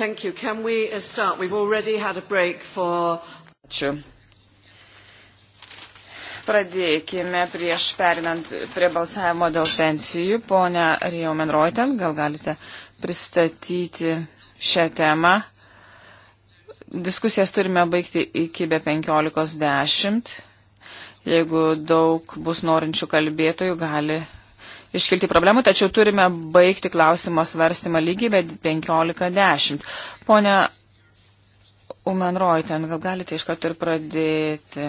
Thank you. Can we uh, start? We've already had a break for... Ačiū. Pradėkime prieš perinant prie balsavimo dėl pensijų. Pone Rio Menroitel, gal galite pristatyti šią temą? Diskusijas turime baigti iki be 15.10. Jeigu daug bus norinčių kalbėtojų, gali iškilti problemų, tačiau turime baigti klausimo svarstymą lygybę 15.10. Pone Umenroiten, gal galite iš karto ir pradėti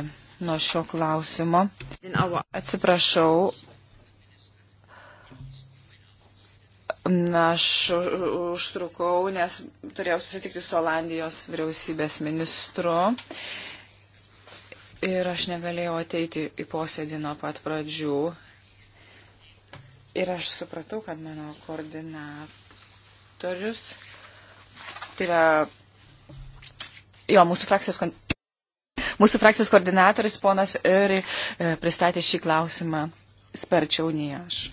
nuo šio klausimo? Atsiprašau. Na, aš užtrukau, nes turėjau susitikti su Olandijos vyriausybės ministru ir aš negalėjau ateiti į posėdį nuo pat pradžių Ir aš supratau, kad mano koordinatorius, tai yra jo mūsų frakcijos, mūsų frakcijos koordinatorius ponas Öri e, pristatė šį klausimą sparčiau nei aš.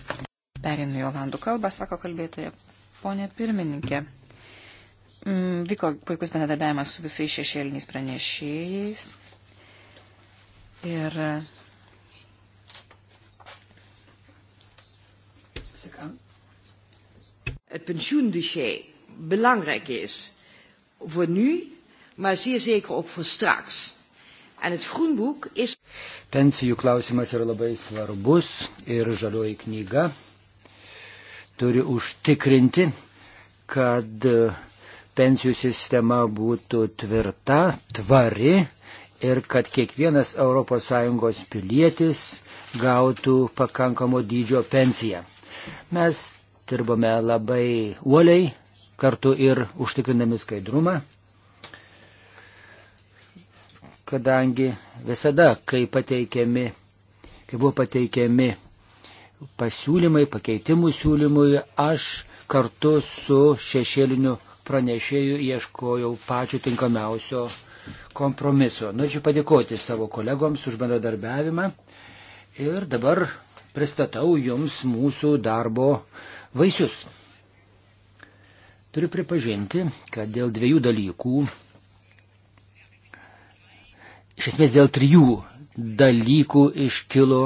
Perinu į olandų kalbą, sako kalbėtoja. Pone pirmininkė, mm, vyko puikus bendradarbiavimas su visais šešėliniais pranešėjais. Ir het pensioendossier belangrijk is voor nu, maar zeer zeker ook voor straks. En het groenboek is. Pensijų klausimas yra labai svarbus ir žalioji knyga turi užtikrinti, kad e, pensijų sistema būtų tvirta, tvari ir kad kiekvienas ES pilietis gautų pakankamo dydžio pensiją. Mes dirbome labai uoliai, kartu ir užtikrindami skaidrumą, kadangi visada, kai, pateikiami, kai buvo pateikiami pasiūlymai, pakeitimų siūlymui, aš kartu su šešėliniu pranešėju ieškojau pačio tinkamiausio kompromiso. Norėčiau padėkoti savo kolegoms už bendradarbiavimą ir dabar pristatau jums mūsų darbo uh, vaisius. Turiu pripažinti, kad dėl dviejų dalykų, iš esmės dėl trijų dalykų iškilo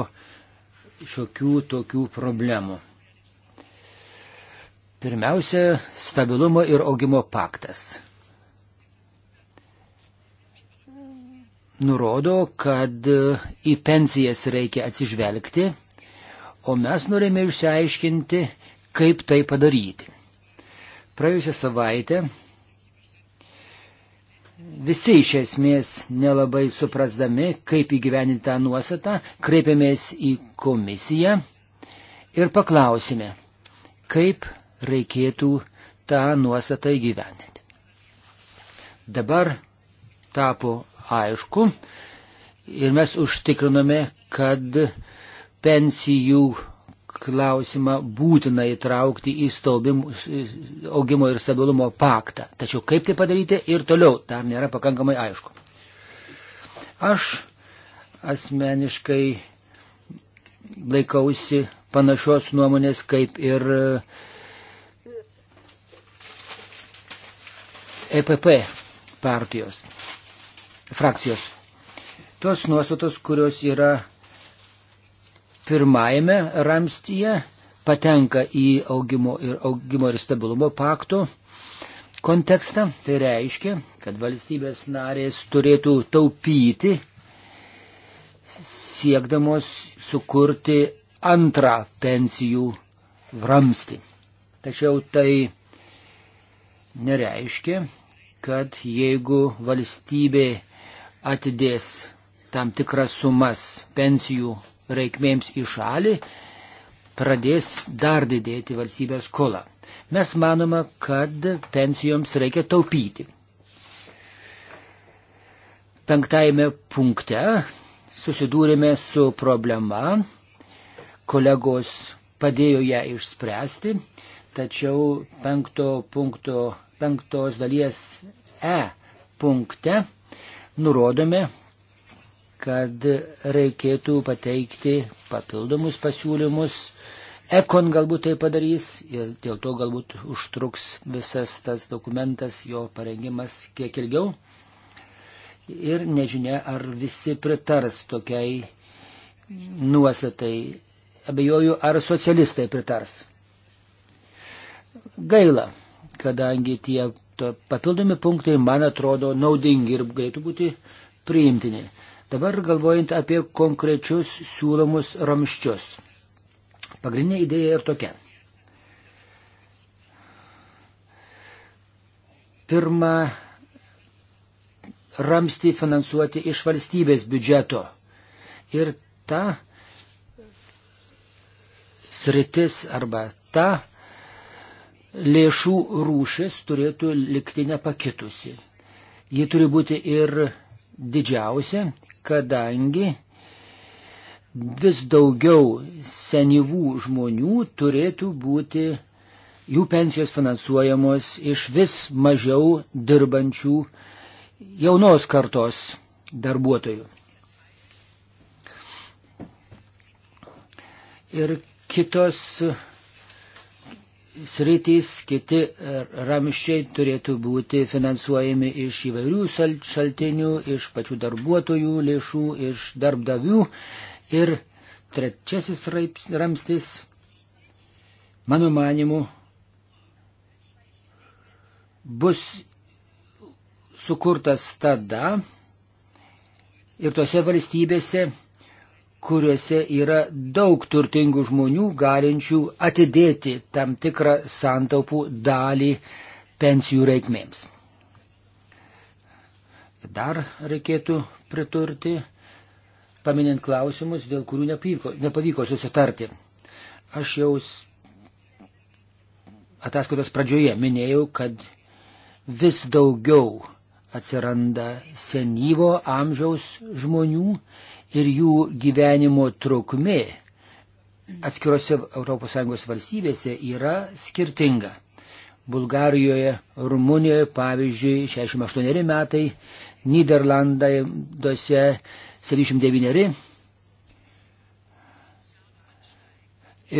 šiokių tokių problemų. Pirmiausia, stabilumo ir augimo paktas. Nurodo, kad į pensijas reikia atsižvelgti, o mes norime išsiaiškinti, kaip tai padaryti. Praėjusią savaitę visi iš esmės nelabai suprasdami, kaip įgyveninti tą nuostatą, kreipėmės į komisiją ir paklausime, kaip reikėtų tą nuostatą įgyveninti. Dabar tapo aišku ir mes užtikrinome, kad pensijų klausimą būtina įtraukti į staubimus, augimo ir stabilumo paktą. Tačiau kaip tai padaryti ir toliau dar nėra pakankamai aišku. Aš asmeniškai laikausi panašios nuomonės kaip ir EPP e partijos, frakcijos. Tos nuostatos, kurios yra pirmajame ramstyje patenka į augimo ir, augimo ir stabilumo pakto kontekstą. Tai reiškia, kad valstybės narės turėtų taupyti siekdamos sukurti antrą pensijų ramstį. Tačiau tai nereiškia, kad jeigu valstybė atidės tam tikras sumas pensijų reikmėms į šalį, pradės dar didėti valstybės skola. Mes manome, kad pensijoms reikia taupyti. Penktajame punkte susidūrėme su problema, kolegos padėjo ją išspręsti, tačiau penkto punkto, penktos dalies E punkte nurodome, kad reikėtų pateikti papildomus pasiūlymus. Ekon galbūt tai padarys ir dėl to galbūt užtruks visas tas dokumentas, jo parengimas kiek ilgiau. Ir nežinia, ar visi pritars tokiai nuostatai. Abejoju, ar socialistai pritars. Gaila, kadangi tie papildomi punktai, man atrodo, naudingi ir galėtų būti priimtini. Dabar galvojant apie konkrečius siūlomus ramščius. Pagrindinė idėja ir tokia. Pirma, ramsti finansuoti iš valstybės biudžeto. Ir ta sritis arba ta lėšų rūšis turėtų likti nepakitusi. Ji turi būti ir didžiausia, kadangi vis daugiau senyvų žmonių turėtų būti jų pensijos finansuojamos iš vis mažiau dirbančių jaunos kartos darbuotojų. Ir kitos sritys, kiti ramščiai turėtų būti finansuojami iš įvairių šaltinių, iš pačių darbuotojų lėšų, iš darbdavių. Ir trečiasis ramstis, mano manimu, bus sukurtas tada ir tose valstybėse, kuriuose yra daug turtingų žmonių galinčių atidėti tam tikrą santaupų dalį pensijų reikmėms. Dar reikėtų priturti, paminint klausimus, dėl kurių nepavyko, nepavyko susitarti. Aš jau ataskaitos pradžioje minėjau, kad vis daugiau atsiranda senyvo amžiaus žmonių ir jų gyvenimo trukmė atskirose ES valstybėse yra skirtinga. Bulgarijoje, Rumunijoje, pavyzdžiui, 68 metai, Niderlanduose 79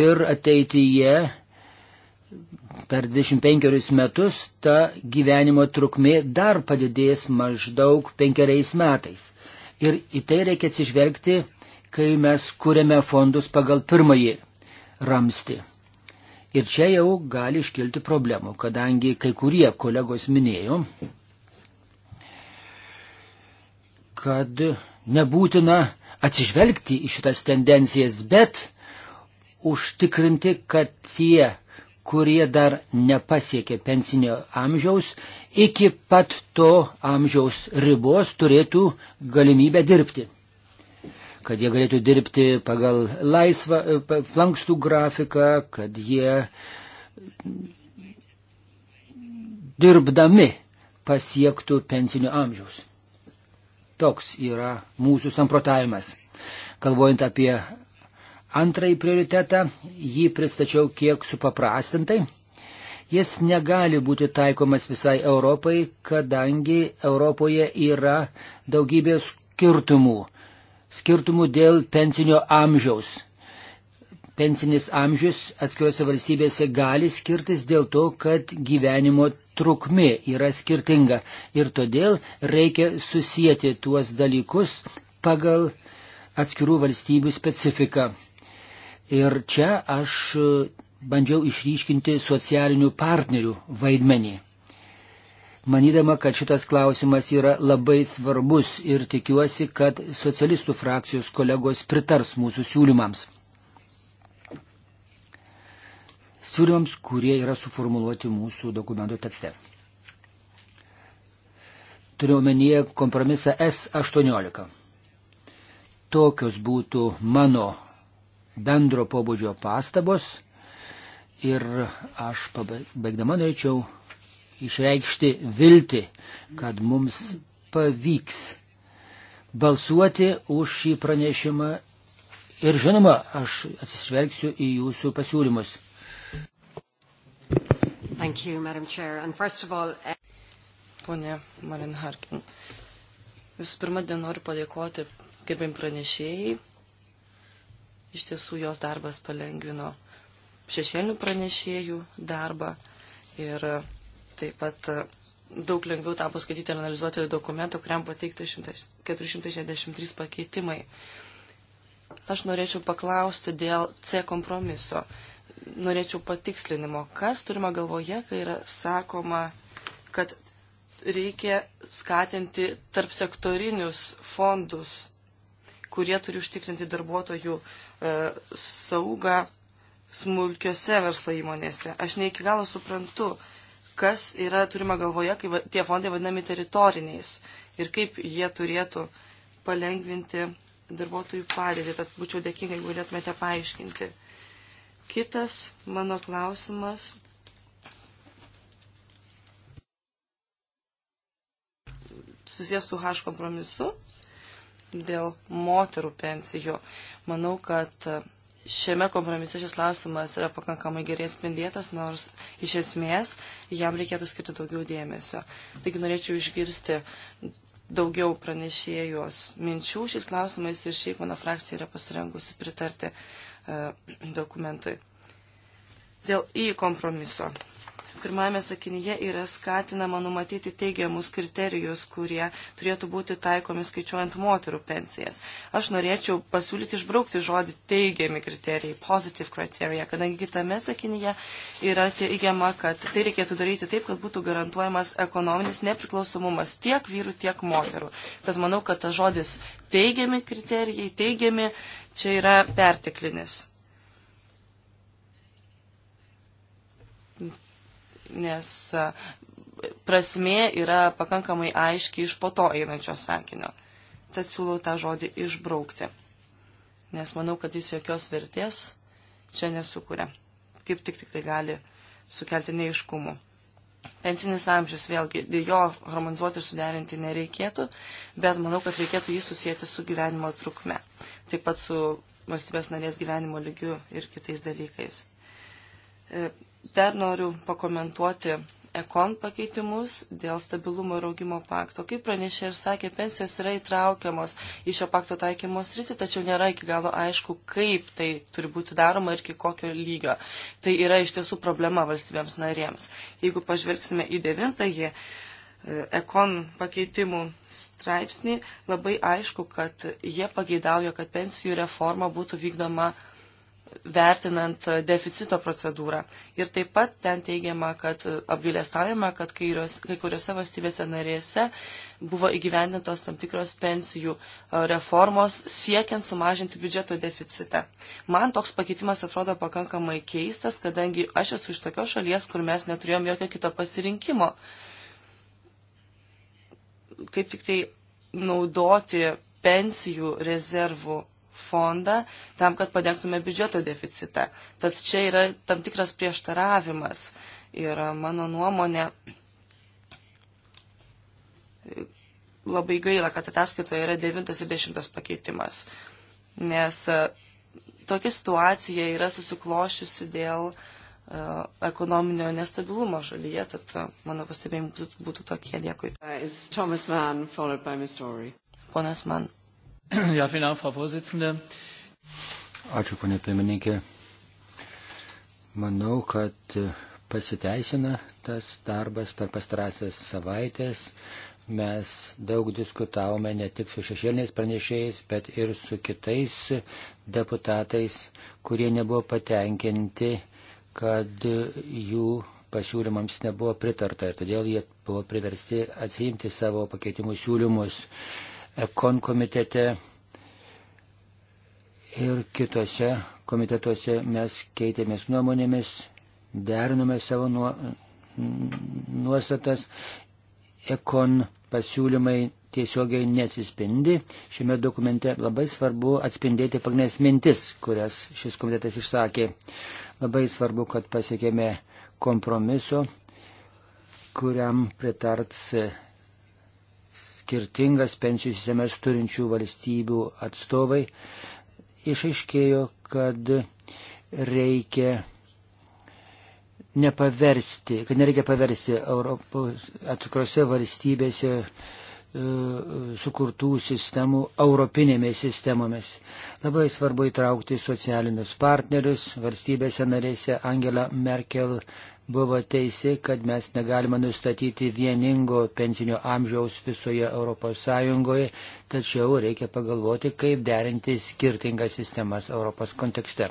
ir ateityje per 25 metus ta gyvenimo trukmė dar padidės maždaug 5 metais ir į tai reikia atsižvelgti, kai mes kūrėme fondus pagal pirmąjį ramsti. Ir čia jau gali iškilti problemų, kadangi kai kurie kolegos minėjo, kad nebūtina atsižvelgti į šitas tendencijas, bet užtikrinti, kad tie, kurie dar nepasiekė pensinio amžiaus, iki pat to amžiaus ribos turėtų galimybę dirbti. Kad jie galėtų dirbti pagal laisvą, e, flankstų grafiką, kad jie dirbdami pasiektų pensinio amžiaus. Toks yra mūsų samprotavimas. Kalvojant apie antrąjį prioritetą, jį pristačiau kiek supaprastintai Jis negali būti taikomas visai Europai, kadangi Europoje yra daugybė skirtumų. Skirtumų dėl pensinio amžiaus. Pensinis amžius atskiriuose valstybėse gali skirtis dėl to, kad gyvenimo trukmė yra skirtinga. Ir todėl reikia susijęti tuos dalykus pagal atskirų valstybių specifiką. Ir čia aš bandžiau išryškinti socialinių partnerių vaidmenį. Manydama, kad šitas klausimas yra labai svarbus ir tikiuosi, kad socialistų frakcijos kolegos pritars mūsų siūlymams. Siūlymams, kurie yra suformuluoti mūsų dokumento tekste. Turiu omenyje kompromisą S18. Tokios būtų mano bendro pobūdžio pastabos Ir aš baigdama norėčiau išreikšti viltį, kad mums pavyks balsuoti už šį pranešimą. Ir žinoma, aš atsižvelgsiu į jūsų pasiūlymus. Thank you, Madam Chair. And first of all, eh, Pone Marin Harkin, visų pirma, dėl noriu padėkoti gerbim pranešėjai. Iš tiesų, jos darbas palengvino šešėlinių pranešėjų darbą ir taip pat e, daug lengviau tą paskaityti ir analizuoti dokumentą, kuriam pateikti 463 pakeitimai. Aš norėčiau paklausti dėl C kompromiso. Norėčiau patikslinimo, kas turima galvoje, kai yra sakoma, kad reikia skatinti tarp sektorinius fondus, kurie turi užtikrinti darbuotojų e, saugą smulkiose verslo įmonėse. Aš ne iki galo suprantu, kas yra turima galvoje, kai tie fondai vadinami teritoriniais ir kaip jie turėtų palengvinti darbuotojų padėtį. Tad būčiau dėkinga, jeigu galėtumėte paaiškinti. Kitas mano klausimas. susijęs su H kompromisu dėl moterų pensijų. Manau, kad šiame kompromise šis klausimas yra pakankamai gerai atspindėtas, nors iš esmės jam reikėtų skirti daugiau dėmesio. Taigi norėčiau išgirsti daugiau pranešėjos minčių šiais klausimais ir šiaip mano frakcija yra pasirengusi pritarti uh, dokumentui. Dėl į kompromiso pirmame sakinyje yra skatinama numatyti teigiamus kriterijus, kurie turėtų būti taikomi skaičiuojant moterų pensijas. Aš norėčiau pasiūlyti išbraukti žodį teigiami kriterijai, positive criteria, kadangi kitame sakinyje yra teigiama, kad tai reikėtų daryti taip, kad būtų garantuojamas ekonominis nepriklausomumas tiek vyrų, tiek moterų. Tad manau, kad tas žodis teigiami kriterijai, teigiami čia yra perteklinis. nes e, prasmė yra pakankamai aiški iš po to einančio sakinio. Tad siūlau tą žodį išbraukti, nes manau, kad jis jokios vertės čia nesukuria. Kaip tik, tik tai gali sukelti neiškumų. Pensinis amžius vėlgi, jo harmonizuoti ir suderinti nereikėtų, bet manau, kad reikėtų jį susijęti su gyvenimo trukme, taip pat su valstybės narės gyvenimo lygiu ir kitais dalykais e, Dar noriu pakomentuoti ekon pakeitimus dėl stabilumo ir augimo pakto. Kaip pranešė ir sakė, pensijos yra įtraukiamos į šio pakto taikymo sritį, tačiau nėra iki galo aišku, kaip tai turi būti daroma ir iki kokio lygio. Tai yra iš tiesų problema valstybėms narėms. Jeigu pažvelgsime į devintąjį ekon pakeitimų straipsnį, labai aišku, kad jie pageidauja, kad pensijų reforma būtų vykdoma vertinant deficito procedūrą. Ir taip pat ten teigiama, kad apgailestavimą, kad kairios, kai kuriuose valstybėse narėse buvo įgyvendintos tam tikros pensijų e, reformos siekiant sumažinti biudžeto deficitą. Man toks pakeitimas atrodo pakankamai keistas, kadangi aš esu iš tokios šalies, kur mes neturėjom jokio kito pasirinkimo. Kaip tik tai naudoti pensijų rezervų fondą tam, kad padengtume biudžeto deficitą. Tad čia yra tam tikras prieštaravimas. Ir mano nuomonė labai gaila, kad ataskaitoje yra 9 ir 10 pakeitimas. Nes e, tokia situacija yra susiklošiusi dėl e, ekonominio nestabilumo šalyje, tad e, mano pastebėjimai būtų tokie. Dėkui. Uh, Ponas Mann. Ja, vielen Dank, Frau Vorsitzende. Ačiū, ponė pirmininkė. Manau, kad e, pasiteisina tas darbas per pastarąsias savaitės. Mes daug diskutavome ne tik su šešėliniais pranešėjais, bet ir su kitais deputatais, kurie nebuvo patenkinti, kad jų pasiūlymams nebuvo pritarta ir todėl jie buvo priversti atsiimti savo pakeitimų siūlymus. Ekon komitete ir kitose komitetuose mes keitėmės nuomonėmis, derinome savo nuo, nuostatas. Ekon pasiūlymai tiesiogiai neatsispindi. Šiame dokumente labai svarbu atspindėti pagrindinės mintis, kurias šis komitetas išsakė. Labai svarbu, kad pasiekėme kompromiso, kuriam pritarts skirtingas pensijų sistemas turinčių valstybių atstovai, išaiškėjo, kad reikia nepaversti, kad nereikia paversti Europos atskirose valstybėse e, sukurtų sistemų europinėmis sistemomis. Labai svarbu įtraukti socialinius partnerius valstybėse narėse Angela Merkel buvo teisi, kad mes negalime nustatyti vieningo pensinio amžiaus visoje ES, tačiau reikia pagalvoti, kaip derinti skirtingas sistemas Europos kontekste.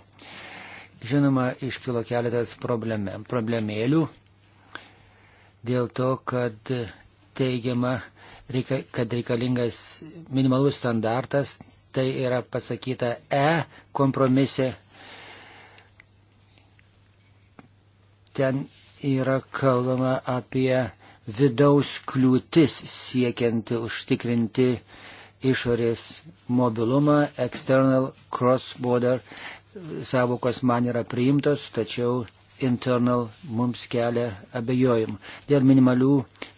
Žinoma, iškilo keletas probleme, problemėlių dėl to, kad teigiama, reika, kad reikalingas minimalus standartas, tai yra pasakyta E kompromise Ten yra kalbama apie vidaus kliūtis siekiant užtikrinti išorės mobilumą, external cross-border savokos man yra priimtos, tačiau internal mums kelia abejojimų. Dėl minimalių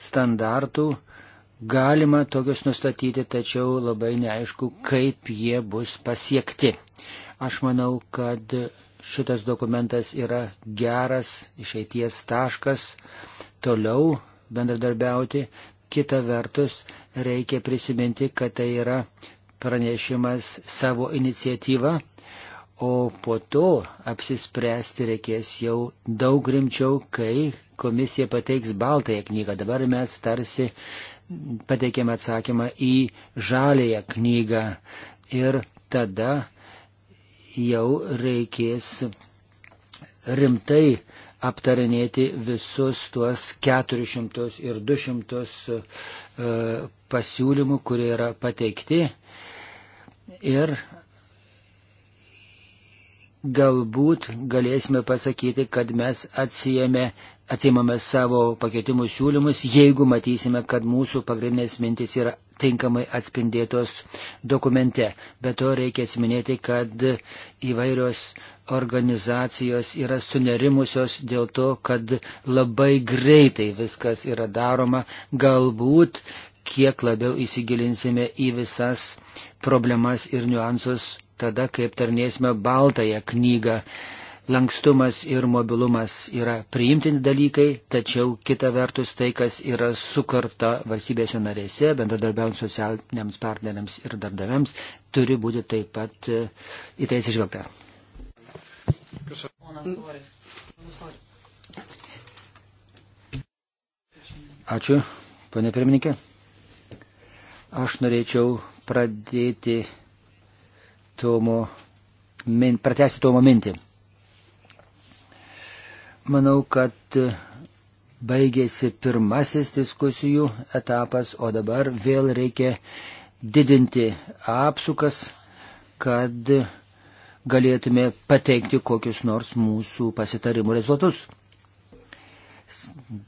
standartų galima tokius nustatyti, tačiau labai neaišku, kaip jie bus pasiekti. Aš manau, kad šitas dokumentas yra geras išeities taškas toliau bendradarbiauti. Kita vertus, reikia prisiminti, kad tai yra pranešimas savo iniciatyva, o po to apsispręsti reikės jau daug rimčiau, kai komisija pateiks baltąją knygą. Dabar mes tarsi pateikėme atsakymą į žalėją knygą ir tada jau reikės rimtai aptarinėti visus tuos 400 ir 200 e, pasiūlymų, kurie yra pateikti. Ir galbūt galėsime pasakyti, kad mes atsijėme, atsijėmame savo pakeitimų siūlymus, jeigu matysime, kad mūsų pagrindinės mintis yra tinkamai atspindėtos dokumente. Be to reikia atsiminėti, kad įvairios organizacijos yra sunerimusios dėl to, kad labai greitai viskas yra daroma. Galbūt kiek labiau įsigilinsime į visas problemas ir niuansus tada, kaip tarnėsime baltąją knygą Lankstumas ir mobilumas yra priimtini dalykai, tačiau kita vertus tai, kas yra sukarta valstybėse narėse, bendradarbiaujant socialiniams partneriams ir darbdaviams, turi būti taip pat e, į tai atsižvelgta. Ačiū, ponė pirmininkė. Aš norėčiau pradėti Tomo, min, pratesti Tomo mintį. Manau, kad e, baigėsi pirmasis diskusijų etapas, o dabar vėl reikia didinti apsukas, kad galėtume pateikti kokius nors mūsų pasitarimų rezultatus.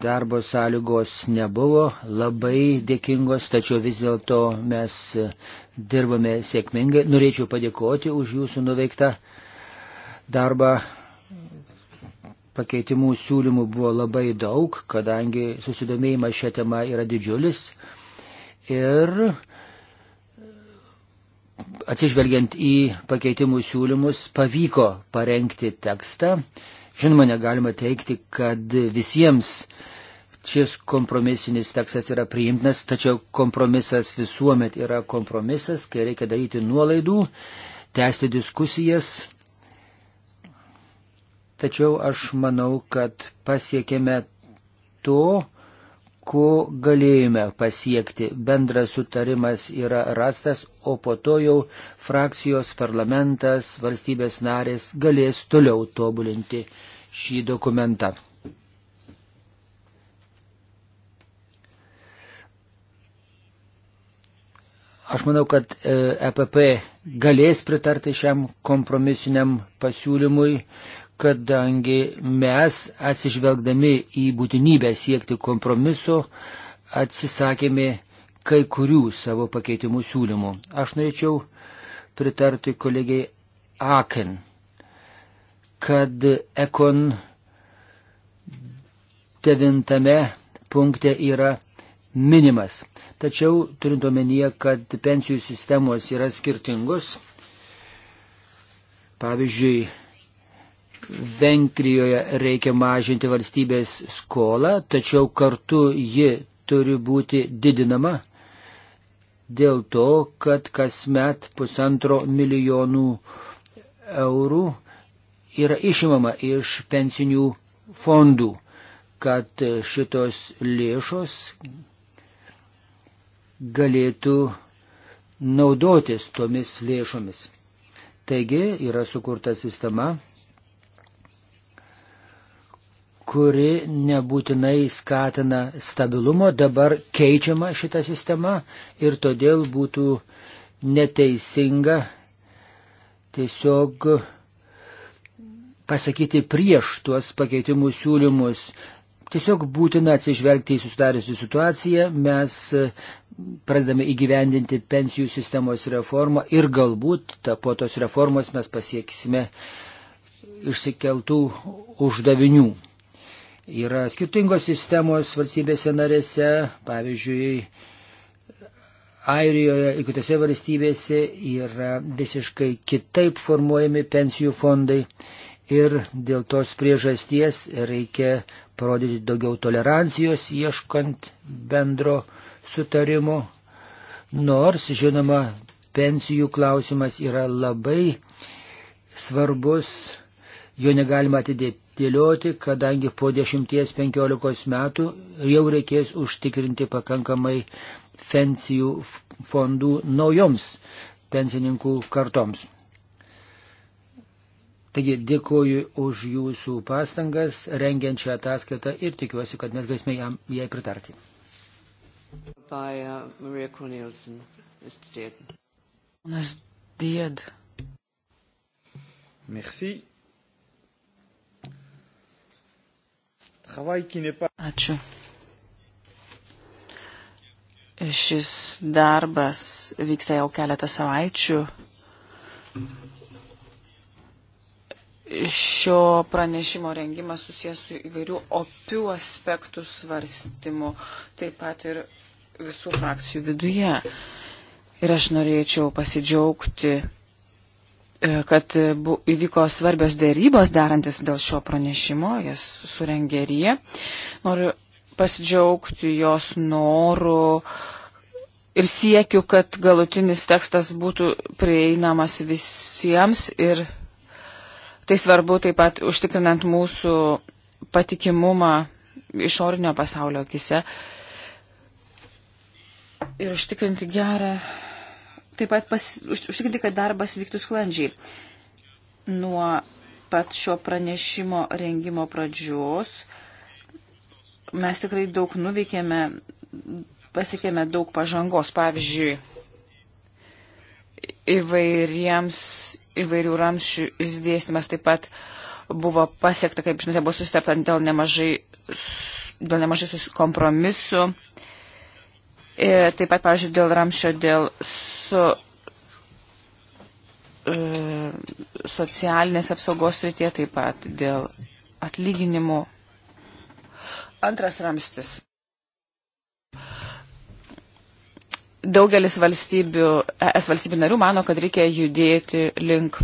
Darbo sąlygos nebuvo labai dėkingos, tačiau vis dėlto mes dirbame sėkmingai. Norėčiau padėkoti už jūsų nuveiktą darbą Pakeitimų siūlymų buvo labai daug, kadangi susidomėjimas šią temą yra didžiulis. Ir atsižvelgiant į pakeitimų siūlymus, pavyko parengti tekstą. Žinoma, negalima teikti, kad visiems šis kompromisinis tekstas yra priimtinas, tačiau kompromisas visuomet yra kompromisas, kai reikia daryti nuolaidų, tęsti diskusijas tačiau aš manau, kad pasiekėme to, ko galėjome pasiekti. Bendras sutarimas yra rastas, o po to jau frakcijos, parlamentas, valstybės narės galės toliau tobulinti šį dokumentą. Aš manau, kad EPP e galės pritarti šiam kompromisiniam pasiūlymui, kadangi mes atsižvelgdami į būtinybę siekti kompromiso atsisakėme kai kurių savo pakeitimų siūlymų. Aš norėčiau pritarti kolegiai Aken, kad Ekon devintame punkte yra minimas. Tačiau turint omenyje, kad pensijų sistemos yra skirtingos, pavyzdžiui, Vengrijoje reikia mažinti valstybės skolą, tačiau kartu ji turi būti didinama dėl to, kad kasmet pusantro milijonų eurų yra išimama iš pensinių fondų, kad šitos lėšos galėtų naudotis tomis lėšomis. Taigi yra sukurta sistema, kuri nebūtinai skatina stabilumo, dabar keičiama šita sistema ir todėl būtų neteisinga tiesiog pasakyti prieš tuos pakeitimų siūlymus. Tiesiog būtina atsižvelgti į susidariusią situaciją, mes e, pradedame įgyvendinti pensijų sistemos reformą ir galbūt ta, po tos reformos mes pasieksime išsikeltų uždavinių. Yra skirtingos sistemos valstybėse narėse, pavyzdžiui, Airijoje ir kitose valstybėse yra visiškai kitaip formuojami pensijų fondai ir dėl tos priežasties reikia parodyti daugiau tolerancijos ieškant bendro sutarimo, nors, žinoma, pensijų klausimas yra labai svarbus, jo negalima atidėti dėlioti, kadangi po 10-15 metų jau reikės užtikrinti pakankamai pensijų fondų naujoms pensininkų kartoms. Taigi dėkoju už jūsų pastangas rengiant šią ataskaitą ir tikiuosi, kad mes galėsime jam, jai pritarti. By, uh, Merci. Ačiū. Šis darbas vyksta jau keletą savaičių. Šio pranešimo rengimas susijęs su įvairių opių aspektų svarstymu, taip pat ir visų frakcijų viduje. Ir aš norėčiau pasidžiaugti E, kad e, bu, įvyko svarbios dėrybos derantis dėl šio pranešimo, jas surengė rie. Noriu pasidžiaugti jos noru ir siekiu, kad galutinis tekstas būtų prieinamas visiems ir tai svarbu taip pat užtikrinant mūsų patikimumą išorinio pasaulio akise ir užtikrinti gerą taip pat pas, užtikrinti, kad darbas vyktų sklandžiai. Nuo pat šio pranešimo rengimo pradžios mes tikrai daug nuveikėme, pasiekėme daug pažangos. Pavyzdžiui, įvairiems, įvairių ramščių įsidėstymas taip pat buvo pasiekta, kaip žinote, buvo susitarta dėl nemažai, dėl nemažai kompromisų. Ir taip pat, pavyzdžiui, dėl ramščio, dėl mūsų e, socialinės apsaugos srityje taip pat dėl atlyginimų. Antras ramstis. Daugelis valstybių, es valstybių narių mano, kad reikia judėti link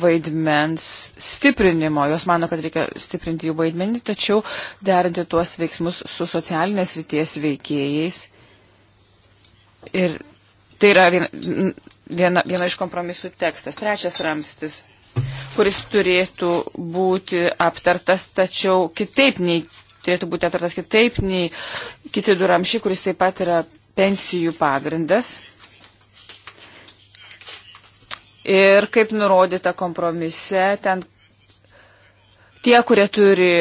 vaidmens stiprinimo. Jos mano, kad reikia stiprinti jų vaidmenį, tačiau derinti tuos veiksmus su socialinės ryties veikėjais Ir tai yra viena, viena, viena iš kompromisų tekstas. Trečias ramstis, kuris turėtų būti aptartas, tačiau kitaip nei, turėtų būti aptartas kitaip nei kiti du ramšiai, kuris taip pat yra pensijų pagrindas. Ir kaip nurodyta kompromise, ten Tie, kurie turi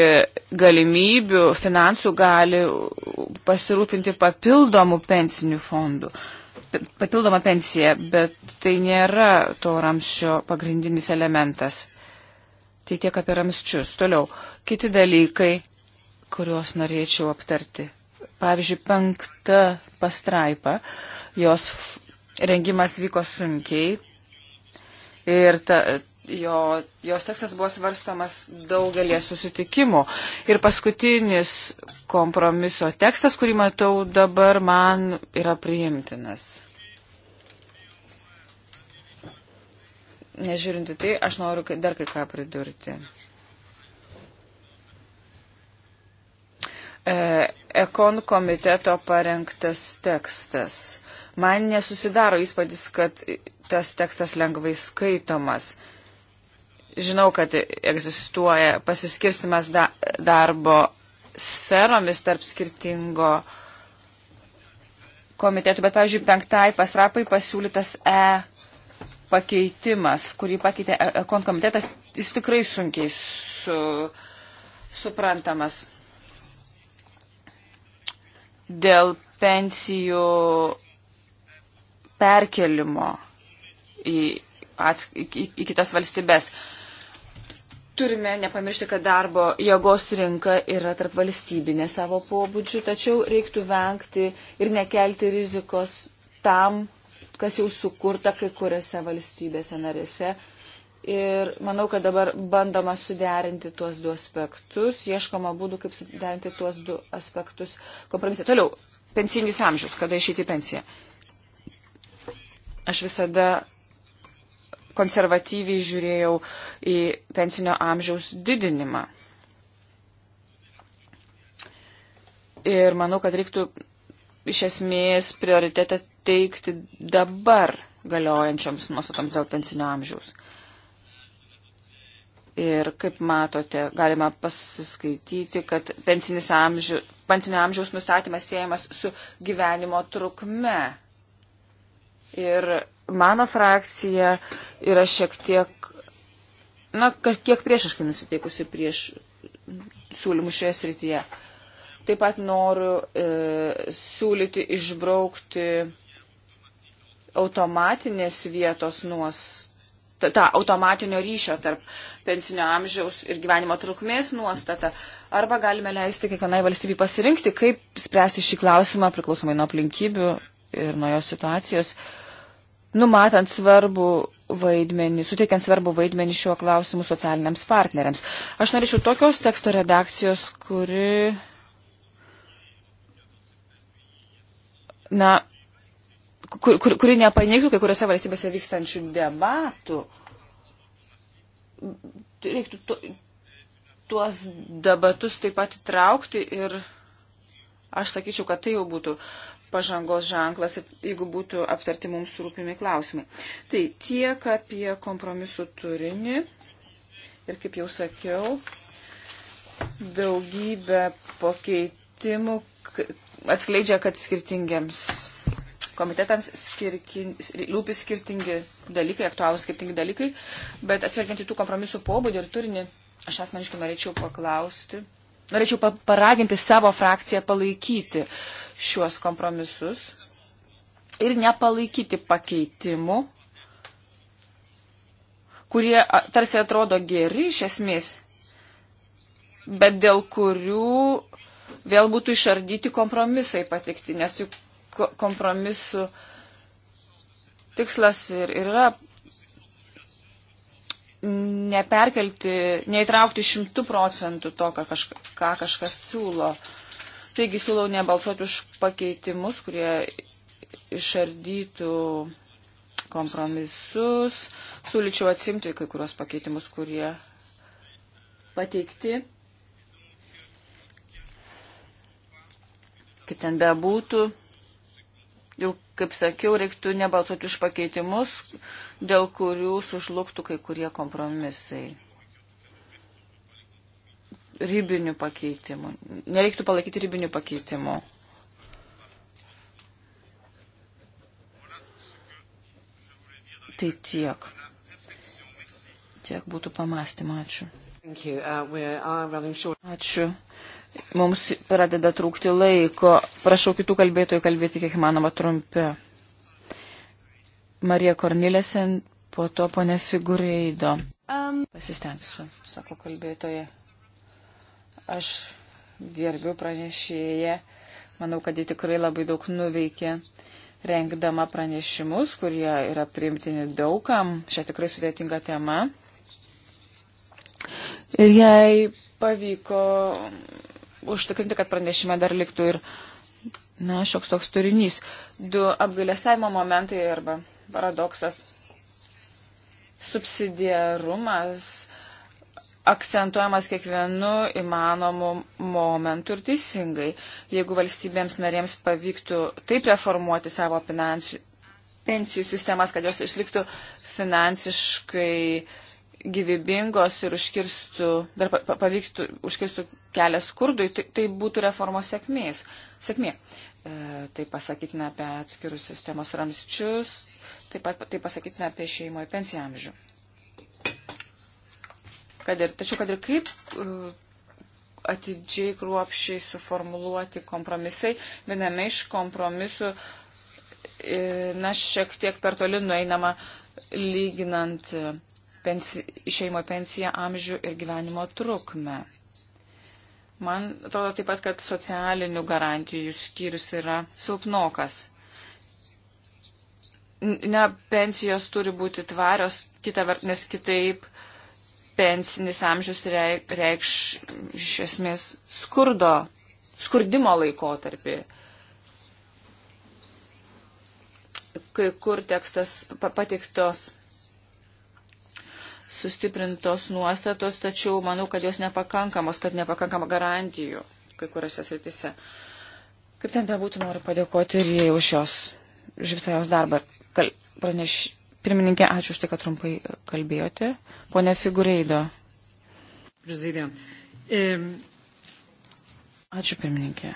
galimybių, finansų, gali pasirūpinti papildomų pensinių fondų papildoma pensija, bet tai nėra to ramščio pagrindinis elementas. Tai tiek apie ramščius. Toliau, kiti dalykai, kuriuos norėčiau aptarti. Pavyzdžiui, penkta pastraipa, jos rengimas vyko sunkiai ir ta, jo, jos tekstas buvo svarstamas daugelį susitikimų. Ir paskutinis kompromiso tekstas, kurį matau dabar, man yra priimtinas. Nežiūrinti tai, aš noriu dar kai ką pridurti. E, Ekon komiteto parengtas tekstas. Man nesusidaro įspūdis, kad tas tekstas lengvai skaitomas. Žinau, kad egzistuoja pasiskirstimas da, darbo sferomis tarp skirtingo komitetų, bet, pavyzdžiui, penktai pasrapai pasiūlytas E pakeitimas, kurį pakeitė e- Ekon komitetas, jis tikrai sunkiai su, suprantamas. Dėl pensijų perkelimo į, atsk, į, į kitas valstybės. Uh, Turime nepamiršti, kad darbo jėgos rinka yra tarp valstybinė savo pobūdžių, tačiau reiktų vengti ir nekelti rizikos tam, kas jau sukurta kai kuriuose valstybėse narėse. Ir manau, kad dabar bandoma suderinti tuos du aspektus, ieškoma būdų, kaip suderinti tuos du aspektus kompromisai. Toliau, pensinis amžius, kada išėti į pensiją. Aš visada konservatyviai žiūrėjau į pensinio amžiaus didinimą. Ir manau, kad reiktų iš esmės prioritetą teikti dabar galiojančioms nuostatoms dėl pensinio amžiaus. Ir kaip matote, galima pasiskaityti, kad amžių, pensinio amžiaus nustatymas siejamas su gyvenimo trukme. Ir mano frakcija yra šiek tiek, na, kiek priešiškai nusiteikusi prieš siūlymus šioje srityje. Taip pat noriu e, siūlyti išbraukti automatinės vietos nuos, ta, ta automatinio ryšio tarp pensinio amžiaus ir gyvenimo trukmės nuostata. Arba galime leisti kiekvienai valstybei pasirinkti, kaip spręsti šį klausimą priklausomai nuo aplinkybių ir nuo jos situacijos. E, numatant svarbų vaidmenį, suteikiant svarbų vaidmenį šiuo klausimu socialiniams partneriams. Aš norėčiau tokios teksto redakcijos, kuri, na, kur, kur, kuri nepaneigtų kai kuriuose valstybėse vykstančių debatų. Reiktų to, tuos debatus taip pat įtraukti ir aš sakyčiau, kad tai jau būtų pažangos ženklas, jeigu būtų aptarti mums rūpimi klausimai. Tai tiek apie kompromisų turinį ir kaip jau sakiau, daugybė pakeitimų atskleidžia, kad skirtingiems komitetams skirkin, rūpi skirtingi dalykai, aktualūs skirtingi dalykai, bet atsvelgiant į tų kompromisų pobūdį ir turinį, aš asmeniškai norėčiau paklausti norėčiau paraginti savo frakciją palaikyti šiuos kompromisus ir nepalaikyti pakeitimų, kurie tarsi atrodo geri iš esmės, bet dėl kurių vėl būtų išardyti kompromisai patikti, nes juk kompromisų tikslas ir yra neperkelti, neįtraukti šimtų procentų to, ką, kažka, ką kažkas siūlo. Taigi siūlau nebalsuoti už pakeitimus, kurie išardytų kompromisus. Sūlyčiau atsimti kai kurios pakeitimus, kurie pateikti. Kaip ten bebūtų. Jau, kaip sakiau, reiktų nebalsuoti už pakeitimus, dėl kurių sužlugtų kai kurie kompromisai. Ribinių pakeitimų. Nereiktų palaikyti ribinių pakeitimų. Tai tiek. Tiek būtų pamastymą. Ačiū. Uh, Ačiū. Mums pradeda trūkti laiko. Prašau kitų kalbėtojų kalbėti kiek manoma trumpiau. Marija Kornilėsen, po to ponė Figureido. Um, Pasistengsiu, sako kalbėtoja. Aš gerbiu pranešėję. Manau, kad ji tikrai labai daug nuveikė, rengdama pranešimus, kurie yra primtini daugam. Šią tikrai sudėtinga tema. Ir jai pavyko užtikrinti, kad pranešime dar liktų ir, na, šioks toks turinys. Du apgailestavimo momentai arba paradoksas. Subsidiarumas akcentuojamas kiekvienu įmanomu momentu ir teisingai. Jeigu valstybėms narėms pavyktų taip reformuoti savo finansijų, pensijų sistemas, kad jos išliktų finansiškai gyvybingos ir užkirstų, dar pavyktų užkirstų kelią skurdui, tai, tai būtų reformos sėkmės. sėkmė. E, tai pasakytina apie atskirus sistemos ramsčius, taip pat tai pasakytina apie šeimo į pensiją amžių. Kad ir, tačiau, kad ir kaip e, atidžiai kruopšiai suformuluoti kompromisai, viename iš kompromisų, e, na, šiek tiek per toli nueinama lyginant pensi, išeimo pensiją amžių ir gyvenimo trukmę. Man atrodo taip pat, kad socialinių garantijų skyrius yra silpnokas. Ne, pensijos turi būti tvarios, kita vert, nes kitaip pensinis amžius reikš iš esmės skurdo, skurdimo laikotarpį. Kai kur tekstas patiktos sustiprintos nuostatos, tačiau manau, kad jos nepakankamos, kad nepakankama garantijų kai kuriuose srityse. Kaip ten bebūtų, noriu padėkoti ir jie už jos, už visą jos darbą. Kal, praneš, pirmininkė, ačiū už tai, kad trumpai kalbėjote. Pone Figureido. Prezident. Um... Ačiū pirmininkė.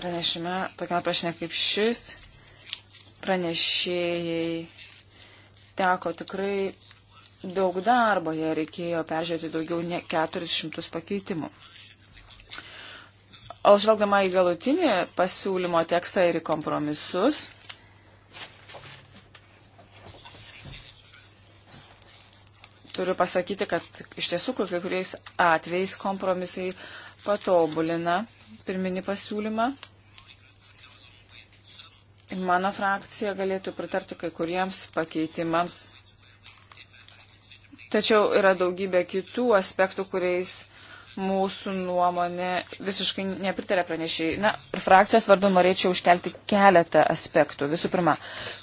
Pranešime tokia prašinė kaip šis pranešėjai teko tikrai daug darbo, jie reikėjo peržiūrėti daugiau ne 400 pakeitimų. O žvelgdama į galutinį pasiūlymo tekstą ir į kompromisus, turiu pasakyti, kad iš tiesų kai kuriais atvejais kompromisai patobulina pirminį pasiūlymą Mano frakcija galėtų pritarti kai kuriems pakeitimams. Tačiau yra daugybė kitų aspektų, kuriais mūsų nuomonė visiškai nepritarė pranešiai. Na, ir frakcijos vardu norėčiau užkelti keletą aspektų. Visų pirma,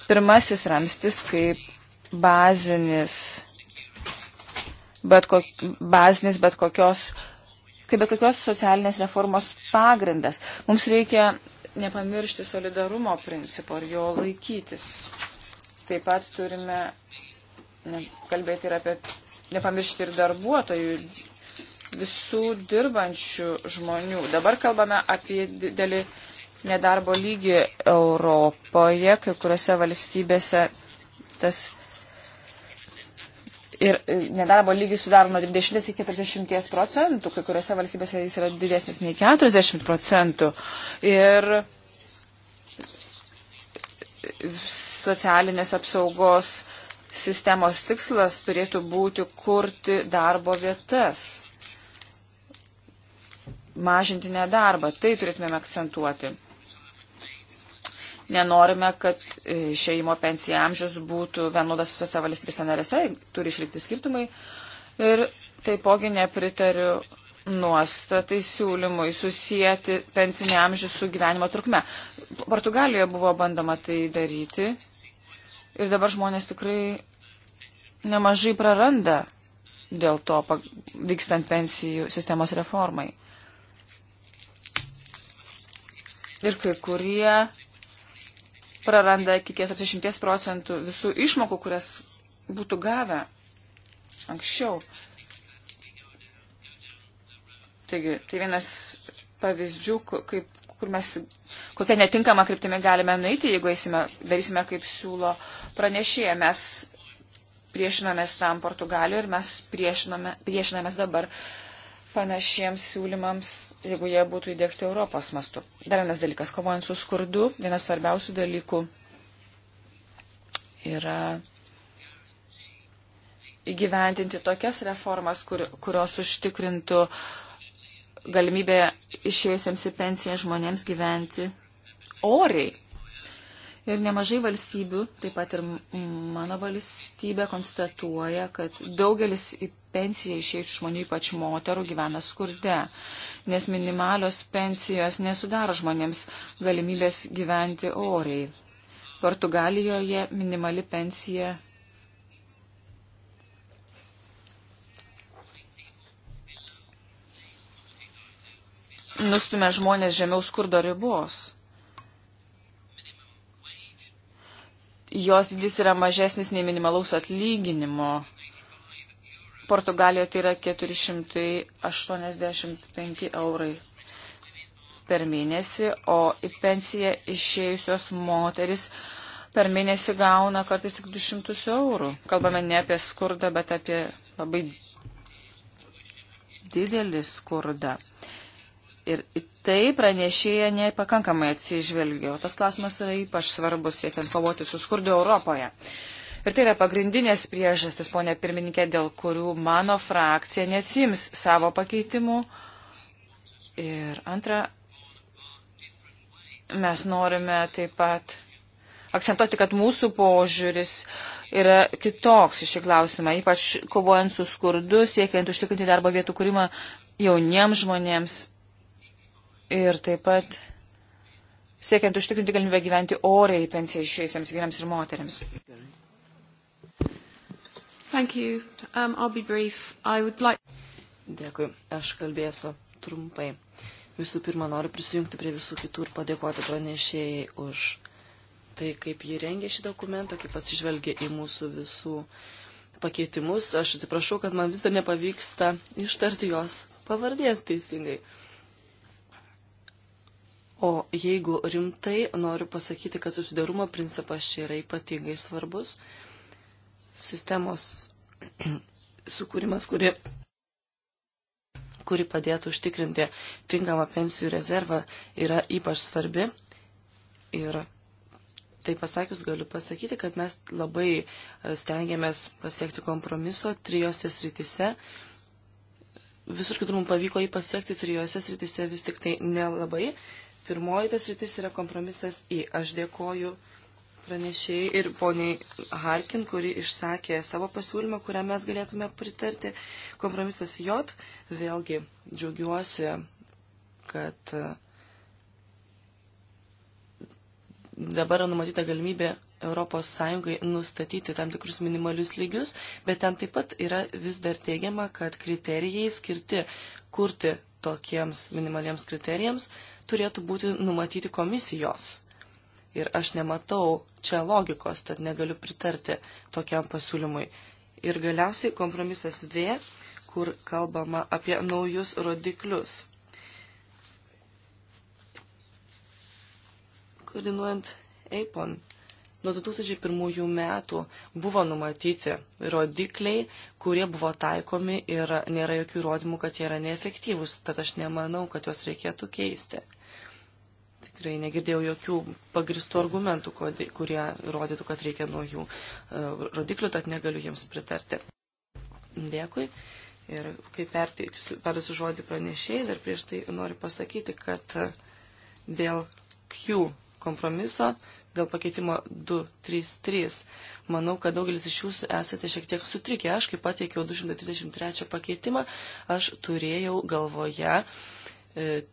pirmasis ramstis kaip bazinis, bet, kok, bazinis bet kokios kaip bet kokios socialinės reformos pagrindas. Mums reikia nepamiršti solidarumo principo ir jo laikytis. Taip pat turime ne, kalbėti ir apie, nepamiršti ir darbuotojų, visų dirbančių žmonių. Dabar kalbame apie didelį nedarbo lygį Europoje, kai kuriuose valstybėse tas Ir e, nedarbo lygis sudaro nuo 20 iki 40 procentų, kai kuriuose valstybėse jis yra didesnis nei 40 procentų. Ir socialinės apsaugos sistemos tikslas turėtų būti kurti darbo vietas, mažinti nedarbą. Tai turėtumėme akcentuoti. Nenorime, kad e, šeimo pensija amžius būtų vienodas visose valstybėse narėse, turi išlikti skirtumai. Ir taipogi nepritariu nuostatai siūlymui susijęti pensinį amžių su gyvenimo trukme. Portugalijoje buvo bandoma tai daryti ir dabar žmonės tikrai nemažai praranda dėl to vykstant pensijų sistemos reformai. Ir kai kurie praranda iki 40 procentų visų išmokų, kurias būtų gavę anksčiau. Taigi, tai vienas pavyzdžių, kaip, kur mes, kokią netinkamą kryptimį galime nueiti, jeigu eisime, darysime, kaip siūlo pranešėja. Mes priešinamės tam Portugaliu ir mes priešinamės dabar panašiems siūlymams, jeigu jie būtų įdėkti Europos mastu. Dar vienas dalykas, kovojant su skurdu, vienas svarbiausių dalykų yra įgyventinti tokias reformas, kur, kurios užtikrintų galimybę išėjusiems į pensiją žmonėms gyventi oriai. Ir nemažai valstybių, taip pat ir mano valstybė, konstatuoja, kad daugelis į pensiją išėjusių žmonių, ypač moterų, gyvena skurde, nes minimalios pensijos nesudaro žmonėms galimybės gyventi oriai. Portugalijoje minimali pensija nustumia žmonės žemiau skurdo ribos. jos dydis yra mažesnis nei minimalaus atlyginimo. Portugalijoje tai yra 485 eurai per mėnesį, o į pensiją išėjusios moteris per mėnesį gauna kartais tik 200 eurų. Kalbame ne apie skurdą, bet apie labai didelį skurdą. Ir į tai pranešėja nepakankamai atsižvelgia. Tas klausimas yra ypač svarbus, siekiant kovoti su skurdu Europoje. Ir tai yra pagrindinės priežastis, ponė pirmininkė, dėl kurių mano frakcija neatsims savo pakeitimų. Ir antra, mes norime taip pat akcentuoti, kad mūsų požiūris yra kitoks iš šį klausimą, ypač kovojant su skurdu, siekiant užtikrinti darbo vietų kūrimą jauniems žmonėms ir taip pat siekiant užtikrinti galimybę gyventi oriai pensiją išėjusiems vyrams ir moteriams. Um, like... Dėkui, aš kalbėsiu trumpai. Visų pirma, noriu prisijungti prie visų kitų ir padėkoti pranešėjai už tai, kaip jį rengė šį dokumentą, kaip atsižvelgė į mūsų visų pakeitimus. Aš atsiprašau, kad man vis dar nepavyksta ištarti jos pavardės teisingai. O jeigu rimtai, noriu pasakyti, kad susidarumo principas čia yra ypatingai svarbus. Sistemos sukūrimas, kuri, kuri padėtų užtikrinti tinkamą pensijų rezervą, yra ypač svarbi. Ir tai pasakius galiu pasakyti, kad mes labai e, stengiamės pasiekti kompromiso trijose sritise visur kitur mums pavyko jį pasiekti trijose sritise vis tik tai nelabai, Pirmoji tas rytis yra kompromisas į. Aš dėkoju pranešėjai ir poniai Harkin, kuri išsakė savo pasiūlymą, kurią mes galėtume pritarti. Kompromisas J, vėlgi džiaugiuosi, kad e, dabar numatyta galimybė ES nustatyti tam tikrus minimalius lygius, bet ten taip pat yra vis dar teigiama, kad kriterijai skirti kurti tokiems minimaliems kriterijams turėtų būti numatyti komisijos. Ir aš nematau čia logikos, tad negaliu pritarti tokiam pasiūlymui. Ir galiausiai kompromisas V, kur kalbama apie naujus rodiklius. Koordinuojant EIPON Nuo 2001 metų buvo numatyti rodikliai, kurie buvo taikomi ir nėra jokių įrodymų, kad jie yra neefektyvūs, tad aš nemanau, kad juos reikėtų keisti. Tikrai negirdėjau jokių pagristų argumentų, kurie rodytų, kad reikia nuo jų e, rodiklių, tad negaliu jiems pritarti. Dėkui. Ir kai perdusiu žodį pranešėjai, dar prieš tai noriu pasakyti, kad dėl Q kompromiso dėl pakeitimo 233. Manau, kad daugelis iš jūsų esate šiek tiek sutrikę. Aš, kai pateikiau 233 pakeitimą, aš turėjau galvoje e,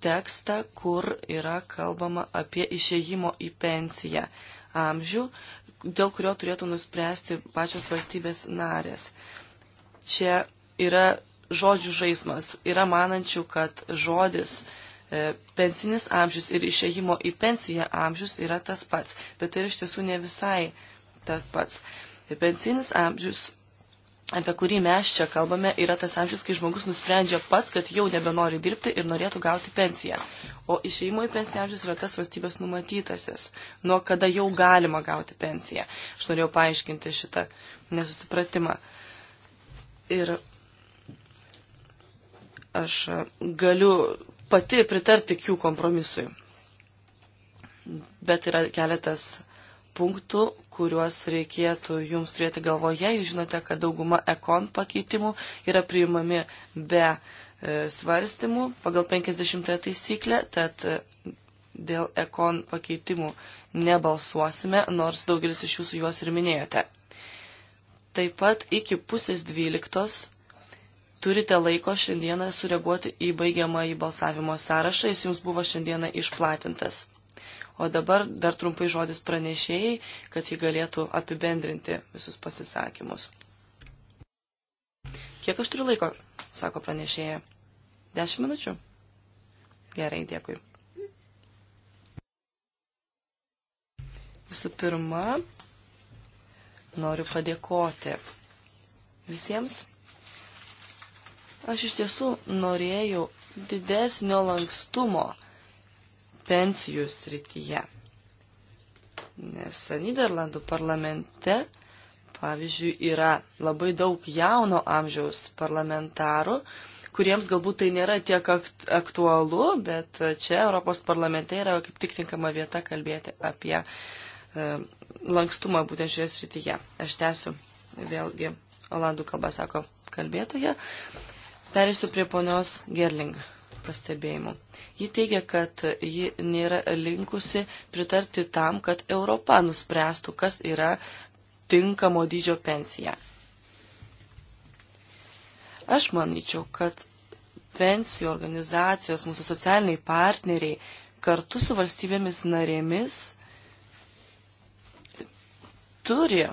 tekstą, kur yra kalbama apie išėjimo į pensiją amžių, dėl kurio turėtų nuspręsti pačios valstybės narės. Čia yra žodžių žaidimas. Yra manančių, kad žodis e, E, pensinis amžius ir išėjimo į pensiją amžius yra tas pats, bet tai iš tiesų ne visai tas pats. E, pensinis amžius, apie kurį mes čia kalbame, yra tas amžius, kai žmogus nusprendžia pats, kad jau nebenori dirbti ir norėtų gauti pensiją. O išėjimo į pensiją amžius yra tas valstybės numatytasis, nuo kada jau galima gauti pensiją. Aš norėjau paaiškinti šitą nesusipratimą. Ir aš galiu pati pritarti Q kompromisui. Bet yra keletas punktų, kuriuos reikėtų jums turėti galvoje. Jūs žinote, kad dauguma ekon pakeitimų yra priimami be e, svarstymų pagal 50 taisyklę, tad e, dėl ekon pakeitimų nebalsuosime, nors daugelis iš jūsų juos ir minėjote. Taip pat iki pusės dvyliktos turite laiko šiandieną sureaguoti į baigiamą į balsavimo sąrašą, jis jums buvo šiandieną išplatintas. O dabar dar trumpai žodis pranešėjai, kad ji galėtų apibendrinti visus pasisakymus. Kiek aš turiu laiko, sako pranešėja. Dešimt minučių. Gerai, dėkui. Visų pirma, noriu padėkoti visiems Aš iš tiesų norėjau didesnio lankstumo pensijų srityje. Nes Niderlandų parlamente, pavyzdžiui, yra labai daug jauno amžiaus parlamentarų, kuriems galbūt tai nėra tiek aktualu, bet čia Europos parlamente yra kaip tik tinkama vieta kalbėti apie e, lankstumą būtent šioje srityje. Aš tęsiu vėlgi, olandų kalba sako kalbėtoja. Perėsiu prie ponios Gerling pastebėjimų. Ji teigia, kad ji nėra linkusi pritarti tam, kad Europa nuspręstų, kas yra tinkamo dydžio pensija. Aš manyčiau, kad pensijų organizacijos, mūsų socialiniai partneriai kartu su valstybėmis narėmis turi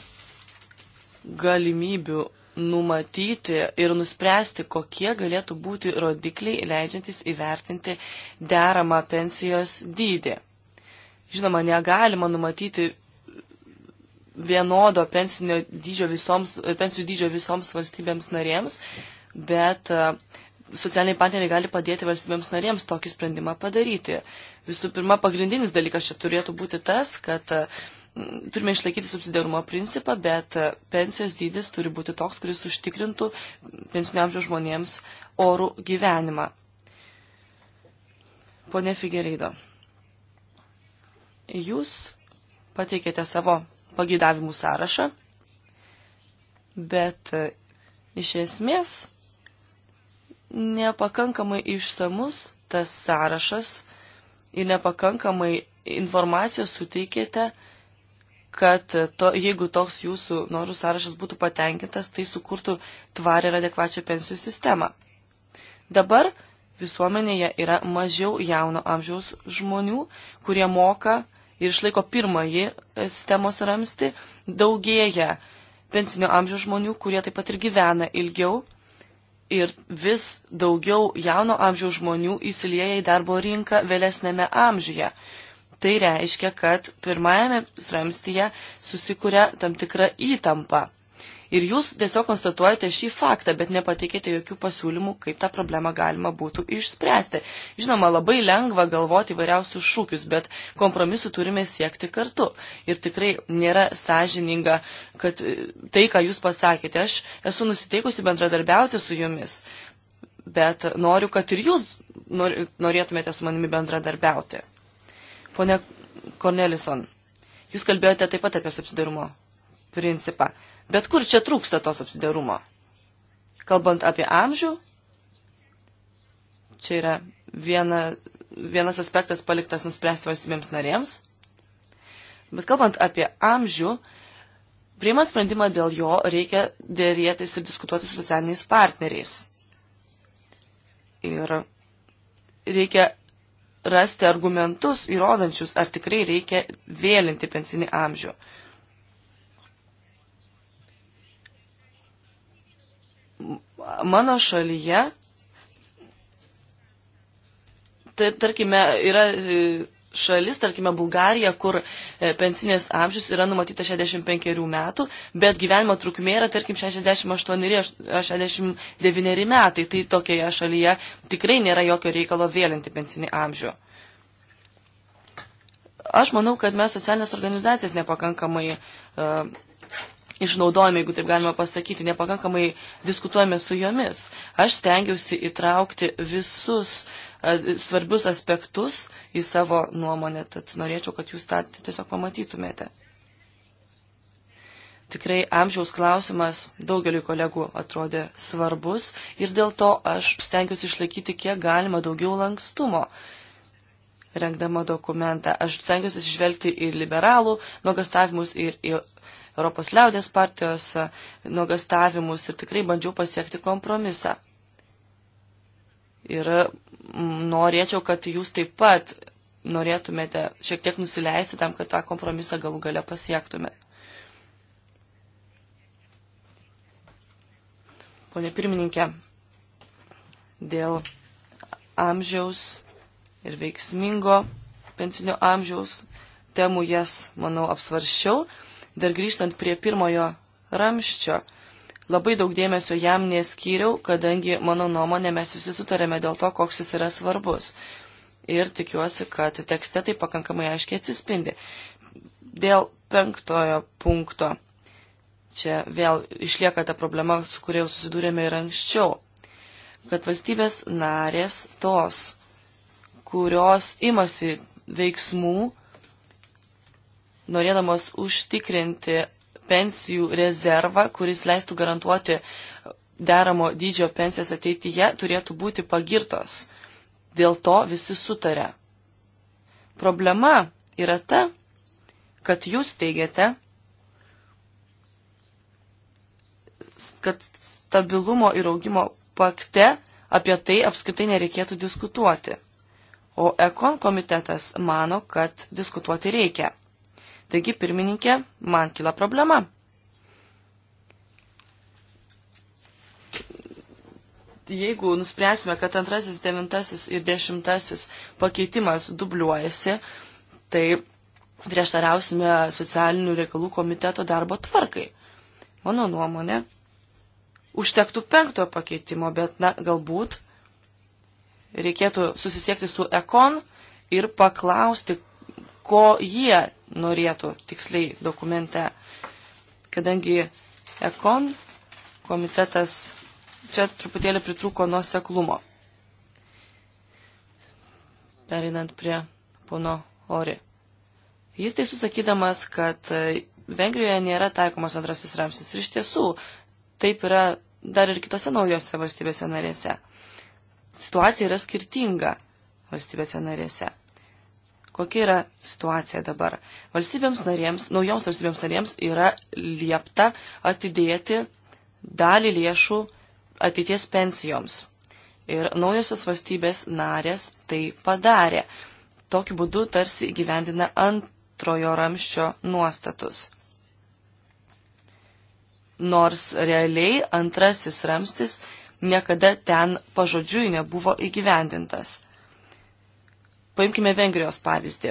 galimybių numatyti ir nuspręsti, kokie galėtų būti rodikliai leidžiantis įvertinti deramą pensijos dydį. Žinoma, negalima numatyti vienodo pensinio dydžio visoms, pensijų dydžio visoms valstybėms narėms, bet e, socialiniai partneriai gali padėti valstybėms narėms tokį sprendimą padaryti. Visų pirma, pagrindinis dalykas čia turėtų būti tas, kad turime išlaikyti subsidiarumo principą, bet pensijos dydis turi būti toks, kuris užtikrintų pensinio amžiaus žmonėms orų gyvenimą. Pone Figereido, jūs pateikėte savo pagydavimų sąrašą, bet e, iš esmės nepakankamai išsamus tas sąrašas ir nepakankamai informacijos suteikėte uh, kad to, jeigu toks jūsų norų sąrašas būtų patenkintas, tai sukurtų tvarę ir adekvačią pensijų sistemą. Dabar visuomenėje yra mažiau jauno amžiaus žmonių, kurie moka ir išlaiko pirmąjį sistemos ramsti, daugėja pensinio amžiaus žmonių, kurie taip pat ir gyvena ilgiau ir vis daugiau jauno amžiaus žmonių įsilieja į darbo rinką vėlesnėme amžiuje. Tai reiškia, kad pirmajame sramstyje susikuria tam tikra įtampa. Ir jūs tiesiog konstatuojate šį faktą, bet nepateikėte jokių pasiūlymų, kaip tą problemą galima būtų išspręsti. Žinoma, labai lengva galvoti įvairiausius šūkius, bet kompromisu turime siekti kartu. Ir tikrai nėra sąžininga, kad e, tai, ką jūs pasakėte, aš esu nusiteikusi bendradarbiauti su jumis, bet noriu, kad ir jūs norėtumėte su manimi bendradarbiauti. Pone Cornelison, jūs kalbėjote taip pat apie subsidarumo principą. Bet kur čia trūksta to subsidarumo? Kalbant apie amžių, čia yra viena, vienas aspektas paliktas nuspręsti valstybėms narėms. Bet kalbant apie amžių, priimant sprendimą dėl jo reikia dėrėtis ir diskutuoti su socialiniais partneriais. Ir reikia rasti argumentus įrodančius, ar tikrai reikia vėlinti pensinį amžių. Mano šalyje, tai tarkime, yra šalis, tarkime Bulgarija, kur e, pensinės amžius yra numatyta 65 metų, bet gyvenimo trukmė yra, tarkim, 68-69 metai. Tai tokioje šalyje tikrai nėra jokio reikalo vėlinti pensinį amžių. Aš manau, kad mes socialinės organizacijas nepakankamai uh, išnaudojame, jeigu taip galima pasakyti, nepakankamai diskutuojame su jomis. Aš stengiausi įtraukti visus svarbius aspektus į savo nuomonę, tad norėčiau, kad jūs tą tiesiog pamatytumėte. Tikrai amžiaus klausimas daugeliu kolegų atrodė svarbus ir dėl to aš stengiuosi išlaikyti kiek galima daugiau lankstumo rengdama dokumentą. Aš stengiuosi išvelgti ir liberalų nuogastavimus, ir Europos liaudės partijos nuogastavimus ir tikrai bandžiau pasiekti kompromisą. Ir norėčiau, kad jūs taip pat norėtumėte šiek tiek nusileisti tam, kad tą kompromisą galų gale pasiektumėte. Pone pirmininkė, dėl amžiaus ir veiksmingo pensinio amžiaus temų jas, manau, apsvaršiau. Dar grįžtant prie pirmojo ramščio, Labai daug dėmesio jam neskyriau, kadangi, mano nuomonė, mes visi sutarėme dėl to, koks jis yra svarbus. Ir tikiuosi, kad tekste tai pakankamai aiškiai atsispindi. Dėl penktojo punkto. Čia vėl išlieka ta problema, su kuria jau susidūrėme ir anksčiau. Kad valstybės narės tos, kurios imasi veiksmų, norėdamos užtikrinti pensijų rezervą, kuris leistų garantuoti deramo dydžio pensijas ateityje, turėtų būti pagirtos. Dėl to visi sutarė. Problema yra ta, kad jūs teigiate, kad stabilumo ir augimo pakte apie tai apskritai nereikėtų diskutuoti. O Ekon komitetas mano, kad diskutuoti reikia. Taigi, pirmininkė, man kila problema. Jeigu nuspręsime, kad antrasis, devintasis ir dešimtasis pakeitimas dubliuojasi, tai prieštarausime socialinių reikalų komiteto darbo tvarkai. Mano nuomonė, užtektų penktojo pakeitimo, bet na, galbūt reikėtų susisiekti su Ekon ir paklausti, ko jie norėtų tiksliai dokumente, kadangi ekon komitetas čia truputėlį pritruko nuoseklumo. Perinant prie pono Ori. Jis tai susakydamas, kad Vengrijoje nėra taikomas antrasis ramsis. Ir iš tiesų, taip yra dar ir kitose naujose valstybėse narėse. Situacija yra skirtinga valstybėse narėse. Kokia yra situacija dabar? Valstybėms narėms, naujoms valstybėms narėms yra liepta atidėti dalį lėšų ateities pensijoms. Ir naujosios valstybės narės tai padarė. Tokiu būdu tarsi gyvendina antrojo ramščio nuostatus. Nors realiai antrasis ramstis niekada ten pažodžiui nebuvo įgyvendintas. Paimkime Vengrijos pavyzdį.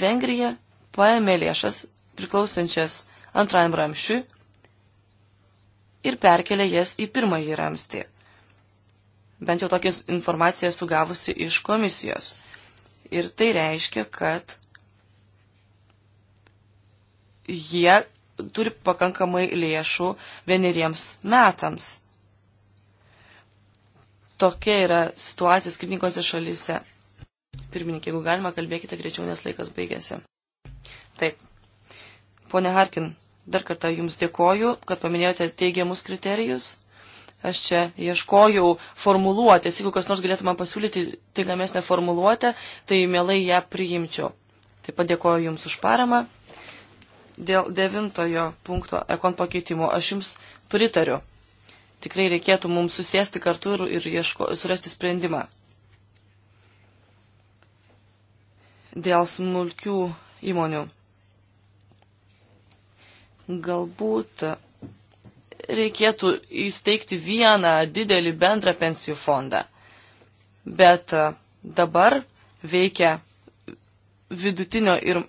Vengrija paėmė lėšas priklausančias antrajam ramščiui ir perkelė jas į pirmąjį ramstį. Bent jau tokią informaciją sugavusi iš komisijos. Ir tai reiškia, kad jie turi pakankamai lėšų vieneriems metams. Tokia yra situacija skirtingose šalyse. Pirmininkė, jeigu galima, kalbėkite greičiau, nes laikas baigėsi. Taip. Pone Harkin, dar kartą Jums dėkoju, kad paminėjote teigiamus kriterijus. Aš čia ieškojau formuluotės, jeigu kas nors galėtų man pasiūlyti tinkamesnę formuluotę, tai mielai ją priimčiau. Taip pat dėkoju Jums už paramą. Dėl devintojo punkto ekon pakeitimo aš Jums pritariu. Tikrai reikėtų mums susėsti kartu ir, ir ieško, surasti sprendimą. dėl smulkių įmonių. Galbūt reikėtų įsteigti vieną didelį bendrą pensijų fondą. Bet e, dabar veikia vidutinio ir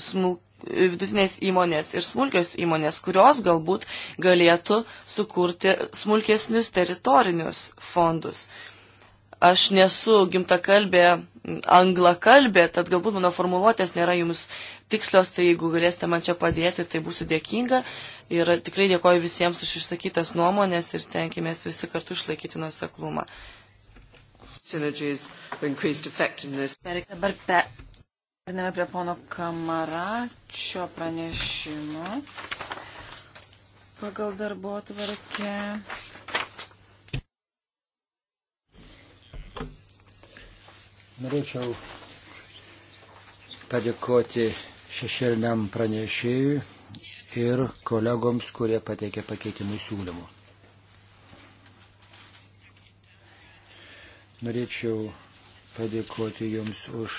smulk, vidutinės įmonės ir smulkios įmonės, kurios galbūt galėtų sukurti smulkesnius teritorinius fondus. Aš nesu gimtakalbė anglakalbė, tad galbūt mano formuluotės nėra jums tikslios, tai jeigu galėsite man čia padėti, tai būsiu dėkinga. Ir tikrai dėkoju visiems už išsakytas nuomonės ir stenkimės visi kartu išlaikyti nuoseklumą. Dabar periname prie pono Kamaračio pranešimo. Pagal darbo tvarkę Norėčiau padėkoti šešėliniam pranešėjui ir kolegoms, kurie pateikė pakeitimų siūlymų. Norėčiau padėkoti Jums už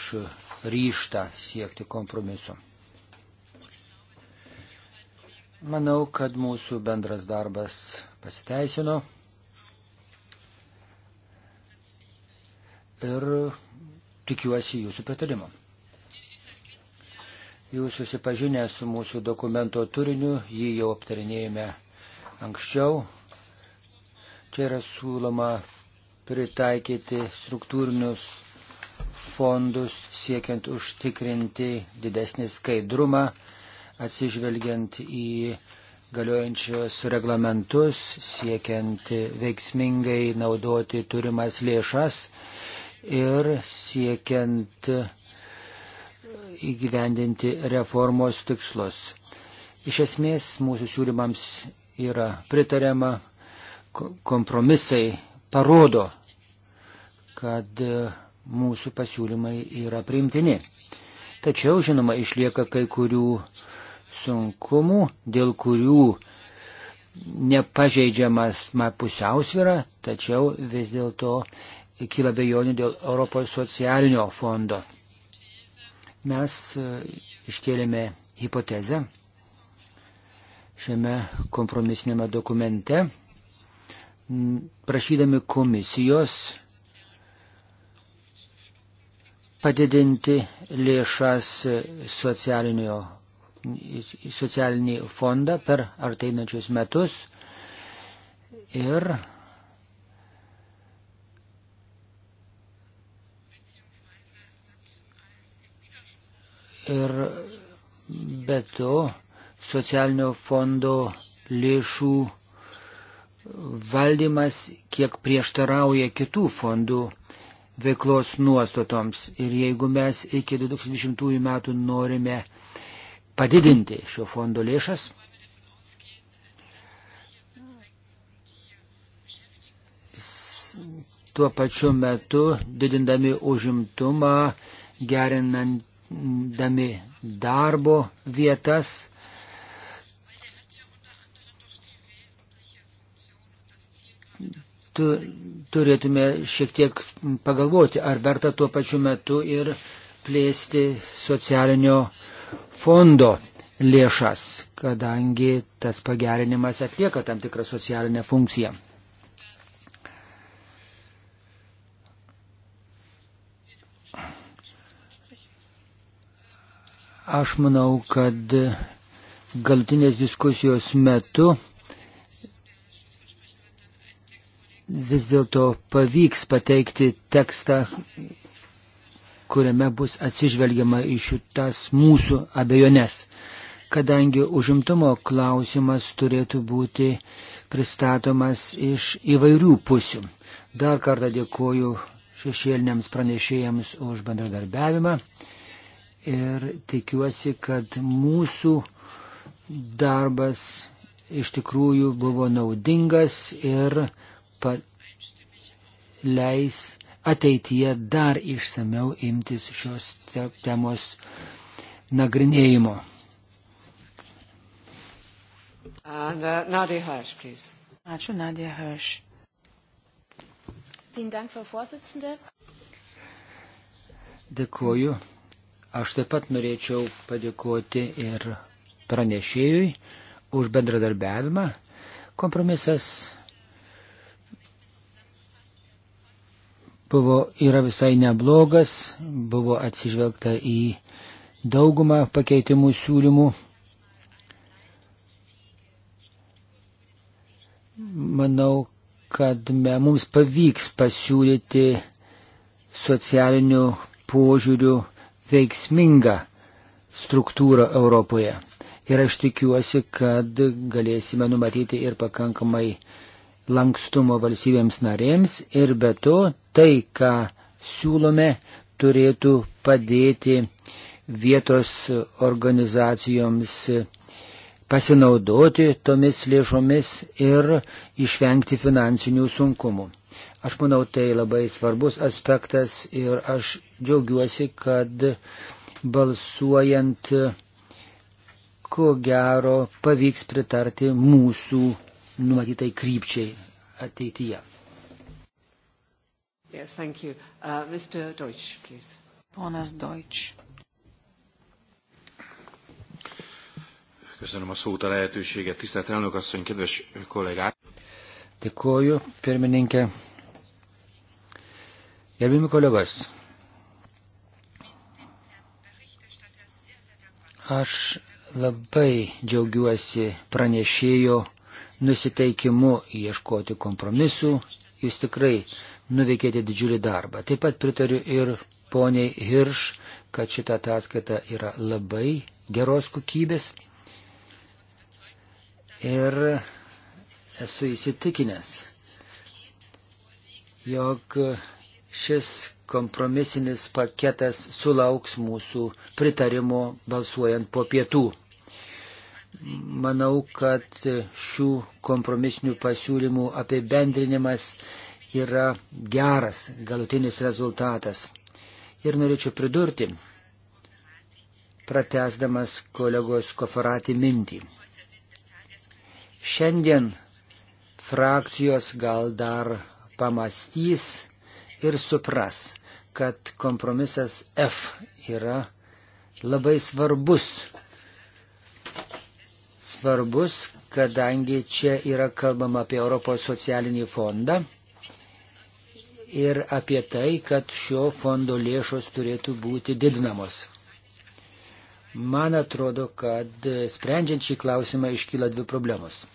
ryštą siekti kompromiso. Manau, kad mūsų bendras darbas pasiteisino ir tikiuosi jūsų pritarimo. Jūs susipažinę su mūsų dokumento turiniu, jį jau aptarinėjome anksčiau. Čia yra siūloma pritaikyti struktūrinius fondus siekiant užtikrinti didesnį skaidrumą, atsižvelgiant į galiojančios reglamentus, siekiant veiksmingai naudoti turimas lėšas ir siekiant įgyvendinti reformos tikslus. Iš esmės mūsų siūlymams yra pritariama, kompromisai parodo, kad mūsų pasiūlymai yra priimtini. Tačiau, žinoma, išlieka kai kurių sunkumų, dėl kurių nepažeidžiamas pusiausvyra, tačiau vis dėlto kyla bejonių dėl Europos socialinio fondo. Mes e, iškėlėme hipotezę šiame kompromisinėme dokumente, prašydami komisijos padidinti lėšas socialinį fondą per arteinančius metus ir ir be to socialinio fondo lėšų valdymas kiek prieštarauja kitų fondų veiklos nuostatoms. Ir jeigu mes iki 2020 metų norime padidinti šio fondo lėšas, tuo pačiu metu didindami užimtumą, gerinant dami darbo vietas. Tu, turėtume šiek tiek pagalvoti, ar verta tuo pačiu metu ir plėsti socialinio fondo lėšas, kadangi tas pagerinimas atlieka tam tikrą socialinę funkciją. Aš manau, kad galtinės diskusijos metu vis dėlto pavyks pateikti tekstą, kuriame bus atsižvelgiama į šitas mūsų abejones, kadangi užimtumo klausimas turėtų būti pristatomas iš įvairių pusių. Dar kartą dėkoju šešėliniams pranešėjams už bendradarbiavimą ir tikiuosi, kad mūsų darbas iš tikrųjų buvo naudingas ir leis ateityje dar išsameu imtis šios temos nagrinėjimo. And, uh, Nadia Hirsch, please. Ačiū, Nadia Hirsch. Vielen Dank, Frau Vorsitzende. Dėkuoju, Aš taip pat norėčiau padėkoti ir pranešėjui už bendradarbiavimą. Kompromisas buvo, yra visai neblogas, buvo atsižvelgta į daugumą pakeitimų siūlymų. Manau, kad me, mums pavyks pasiūlyti socialinių požiūrių veiksmingą struktūrą Europoje. Ir aš tikiuosi, kad galėsime numatyti ir pakankamai lankstumo valstybėms narėms ir be to tai, ką siūlome, turėtų padėti vietos organizacijoms pasinaudoti tomis lėšomis ir išvengti finansinių sunkumų. Aš manau, tai labai svarbus aspektas ir aš džiaugiuosi, kad balsuojant, ko gero, pavyks pritarti mūsų numatytai krypčiai ateityje. Yes, thank you. Uh, Mr. Deutsch, please. Ponas Deutsch. Köszönöm a szót, a lehetőséget. Tisztelt elnök asszony, kedves kollégák! Dėkuoju, pirmininkė. Gerbimi kolegos, aš labai džiaugiuosi pranešėjo nusiteikimu ieškoti kompromisų. Jūs tikrai nuveikėte didžiulį darbą. Taip pat pritariu ir poniai Hirš, kad šita ataskaita yra labai geros kokybės. Ir esu įsitikinęs, jog šis kompromisinis paketas sulauks mūsų pritarimo balsuojant po pietų. Manau, kad šių kompromisinių pasiūlymų apibendrinimas yra geras galutinis rezultatas. Ir norėčiau pridurti, pratesdamas kolegos koferatį mintį. Šiandien frakcijos gal dar pamastys ir supras, kad kompromisas F yra labai svarbus. Svarbus, kadangi čia yra kalbama apie Europos socialinį fondą ir apie tai, kad šio fondo lėšos turėtų būti didinamos. Man atrodo, kad sprendžiant šį klausimą iškyla dvi problemos.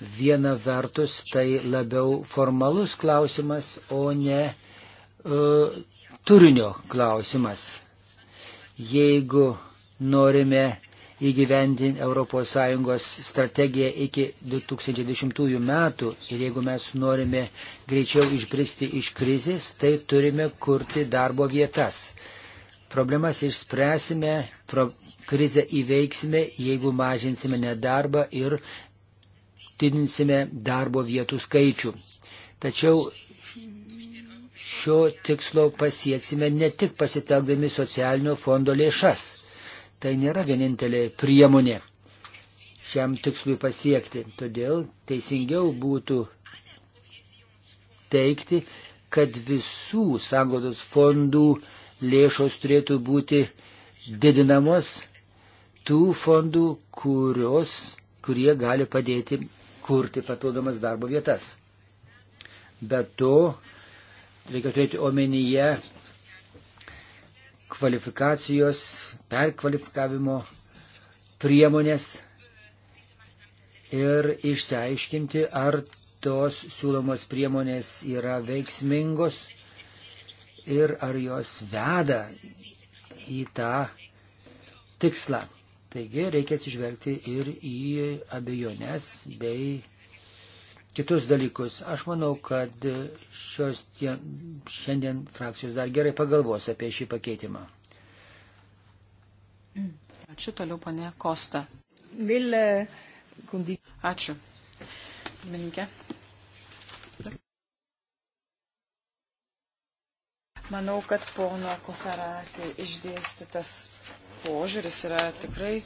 Viena vertus tai labiau formalus klausimas, o ne uh, turinio klausimas. Jeigu norime įgyvendinti ES strategiją iki 2010 metų ir jeigu mes norime greičiau išbristi iš krizės, tai turime kurti darbo vietas. Problemas išspręsime, pro, krizę įveiksime, jeigu mažinsime nedarbą ir didinsime darbo vietų skaičių. Tačiau šio tikslo pasieksime ne tik pasitelkdami socialinio fondo lėšas. Tai nėra vienintelė priemonė šiam tikslui pasiekti. Todėl teisingiau būtų teikti, kad visų sangodos fondų lėšos turėtų būti didinamos tų fondų, kurios, kurie gali padėti kurti papildomas darbo vietas. Bet to reikia turėti omenyje kvalifikacijos, perkvalifikavimo priemonės ir išsiaiškinti, ar tos siūlomos priemonės yra veiksmingos ir ar jos veda į tą tikslą. Taigi reikia atsižvelgti ir į abejonės bei kitus dalykus. Aš manau, kad šios dien, šiandien frakcijos dar gerai pagalvos apie šį pakeitimą. Ačiū toliau, ponė Kosta. E, Ačiū. Pirmininkė. Manau, kad pono Koferatė išdėstytas požiūris yra tikrai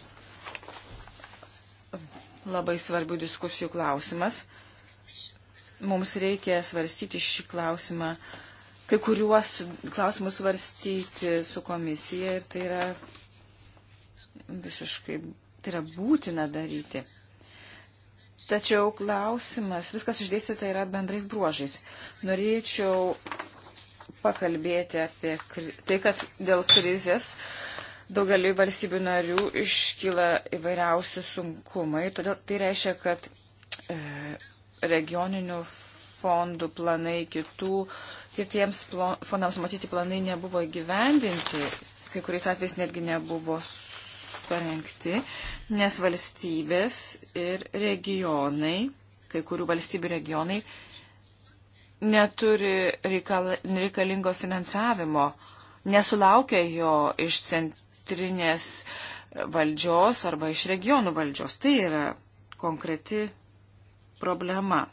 labai svarbių diskusijų klausimas. Mums reikia svarstyti šį klausimą, kai kuriuos klausimus svarstyti su komisija ir tai yra visiškai, tai yra būtina daryti. Tačiau klausimas, viskas išdėstyta yra bendrais bruožais. Norėčiau pakalbėti apie tai, kad dėl krizės uh, daugeliu valstybių narių iškyla įvairiausių sunkumai. Todėl tai reiškia, kad e, regioninių fondų planai kitų, kitiems plon, fondams matyti planai nebuvo įgyvendinti, kai kuriais atvejais netgi nebuvo parengti, nes valstybės ir regionai, kai kurių valstybių regionai, neturi reikal, reikalingo finansavimo, nesulaukia jo iš centrinės centrinės valdžios arba iš regionų valdžios. Tai yra konkreti problema.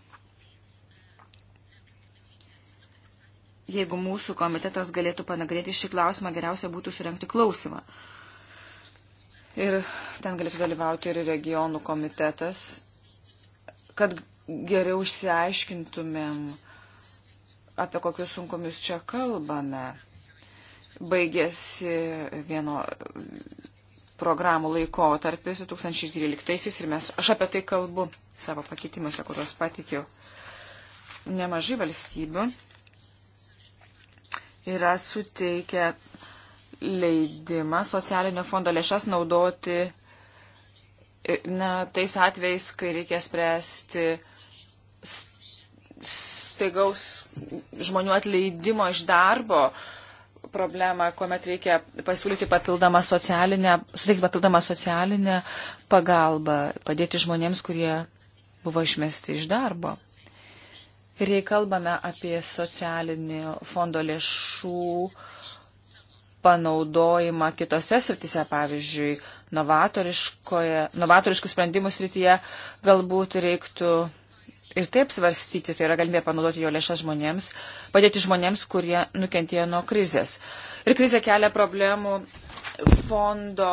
Jeigu mūsų komitetas galėtų panagrėti šį klausimą, geriausia būtų surenkti klausimą. Ir ten galėtų dalyvauti ir regionų komitetas, kad geriau išsiaiškintumėm, apie kokius sunkumus čia kalbame baigėsi vieno programų laikotarpis 2013 ir mes, aš apie tai kalbu savo pakeitimuose, kuriuos patikiu nemažai valstybių, yra suteikę leidimą socialinio fondo lėšas naudoti na, tais atvejais, kai reikia spręsti staigaus žmonių atleidimo iš darbo uh, problemą, kuomet reikia pasiūlyti papildomą socialinę, suteikti papildomą socialinę pagalbą, padėti žmonėms, kurie buvo išmesti iš darbo. Ir jei kalbame apie socialinį fondo lėšų panaudojimą kitose sritise, pavyzdžiui, novatoriškų sprendimų srityje, galbūt reiktų ir taip svarstyti, tai yra galimybė panaudoti jo lėšas žmonėms, padėti žmonėms, kurie nukentėjo nuo krizės. Ir krizė kelia problemų fondo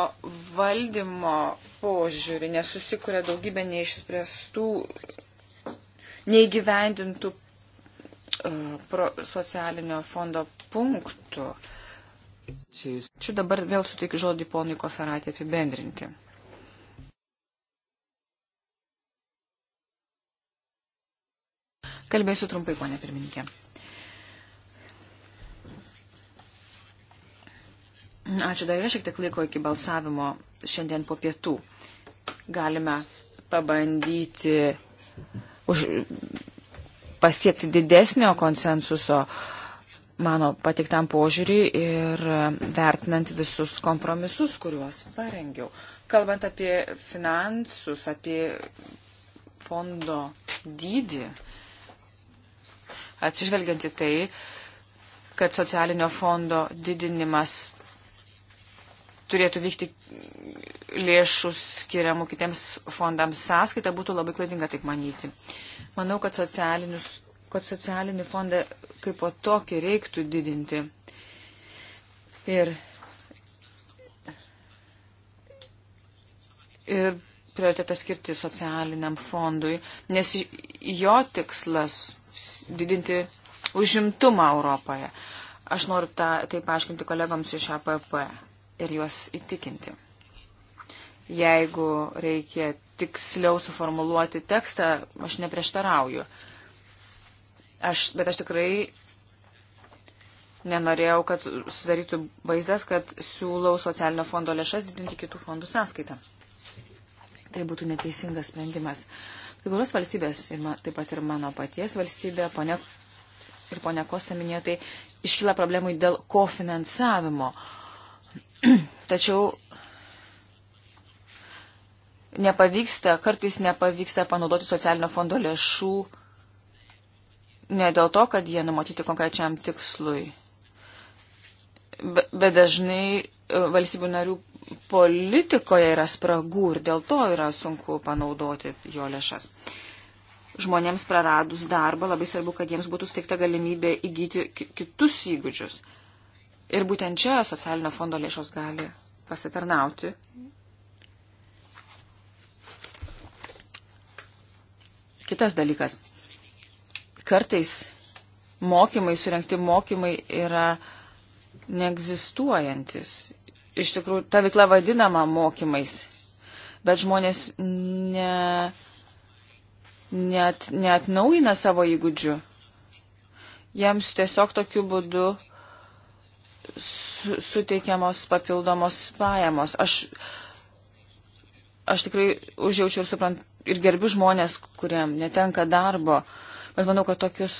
valdymo požiūrį, nes susikuria daugybė neišspręstų, neįgyvendintų e, socialinio fondo punktų. Čia dabar vėl suteikiu žodį ponui Koferatį apibendrinti. Kalbėsiu trumpai, ponė pirmininkė. Ačiū, dar yra šiek tiek laiko iki balsavimo šiandien po pietų. Galime pabandyti už, pasiekti didesnio konsensuso mano patiktam požiūrį ir vertinant visus kompromisus, kuriuos parengiau. Kalbant apie finansus, apie fondo dydį, atsižvelgianti tai, kad socialinio fondo didinimas turėtų vykti lėšų skiriamų kitiems fondams sąskaita, būtų labai klaidinga taip manyti. Manau, kad, kad socialinį fondą kaip po tokį reiktų didinti. Ir, ir prioritetą skirti socialiniam fondui, nes jo tikslas didinti užimtumą Europoje. Aš noriu tą, tai paaiškinti kolegoms iš APP ir juos įtikinti. Jeigu reikia tiksliau suformuluoti tekstą, aš neprieštarauju. Aš, bet aš tikrai nenorėjau, kad sudarytų vaizdas, kad siūlau socialinio fondo lėšas didinti kitų fondų sąskaitą. Tai būtų neteisingas sprendimas. Uh, Kai kurios valstybės, ir ma, taip pat ir mano paties valstybė, ponia, ir ponia Kosta minėjo, tai iškyla problemų dėl kofinansavimo. Tačiau nepavyksta, kartais nepavyksta panaudoti socialinio fondo lėšų ne dėl to, kad jie numatyti konkrečiam tikslui, bet be dažnai e, valstybių narių politikoje yra spragų ir dėl to yra sunku panaudoti jo lėšas. Žmonėms praradus darbą labai svarbu, kad jiems būtų steigta galimybė įgyti kitus įgūdžius. Ir būtent čia socialinio fondo lėšos gali pasitarnauti. Kitas dalykas. Kartais mokymai, surenkti mokymai yra neegzistuojantis iš tikrųjų ta veikla vadinama mokymais, bet žmonės ne, net, neatnaujina savo įgūdžių. Jiems tiesiog tokiu būdu su, suteikiamos papildomos pajamos. Aš, aš tikrai užjaučiu ir suprantu ir gerbiu žmonės, kuriem netenka darbo, bet manau, kad tokius,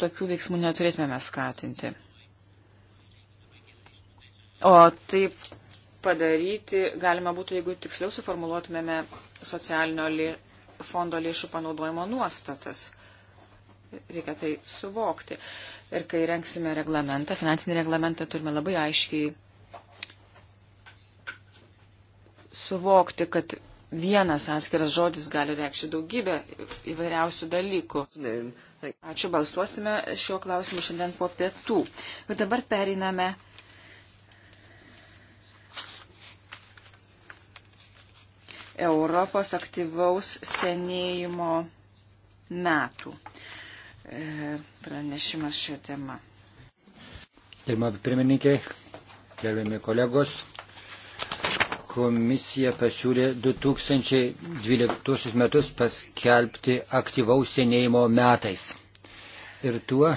tokių veiksmų neturėtume skatinti. O taip padaryti galima būtų, jeigu tiksliau suformuluotumėme socialinio lė, fondo lėšų panaudojimo nuostatas. Reikia tai suvokti. Ir kai renksime reglamentą, finansinį reglamentą, turime labai aiškiai suvokti, kad vienas atskiras žodis gali reikšti daugybę įvairiausių dalykų. Ačiū, balsuosime šiuo klausimu šiandien po pietų. Bet dabar pereiname Europos aktyvaus senėjimo metų. E, pranešimas šią temą. Pirma, pirmininkė, gerbiami kolegos, komisija pasiūlė 2012 metus paskelbti aktyvaus senėjimo metais. Ir tuo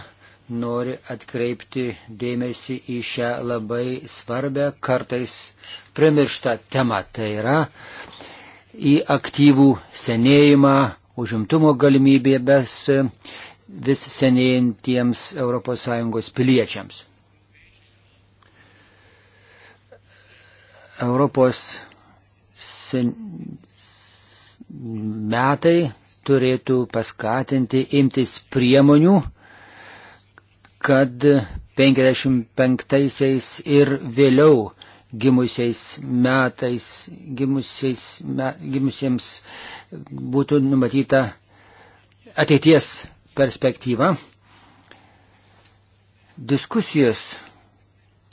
nori atkreipti dėmesį į šią labai svarbę, kartais primirštą temą. Tai yra į aktyvų senėjimą, užimtumo galimybės e, vis senėjantiems ES piliečiams. Europos sen... metai turėtų paskatinti imtis priemonių, kad 55-aisiais ir vėliau gimusiais metais, gimusiais me, gimusiems būtų numatyta ateities perspektyva. Diskusijos,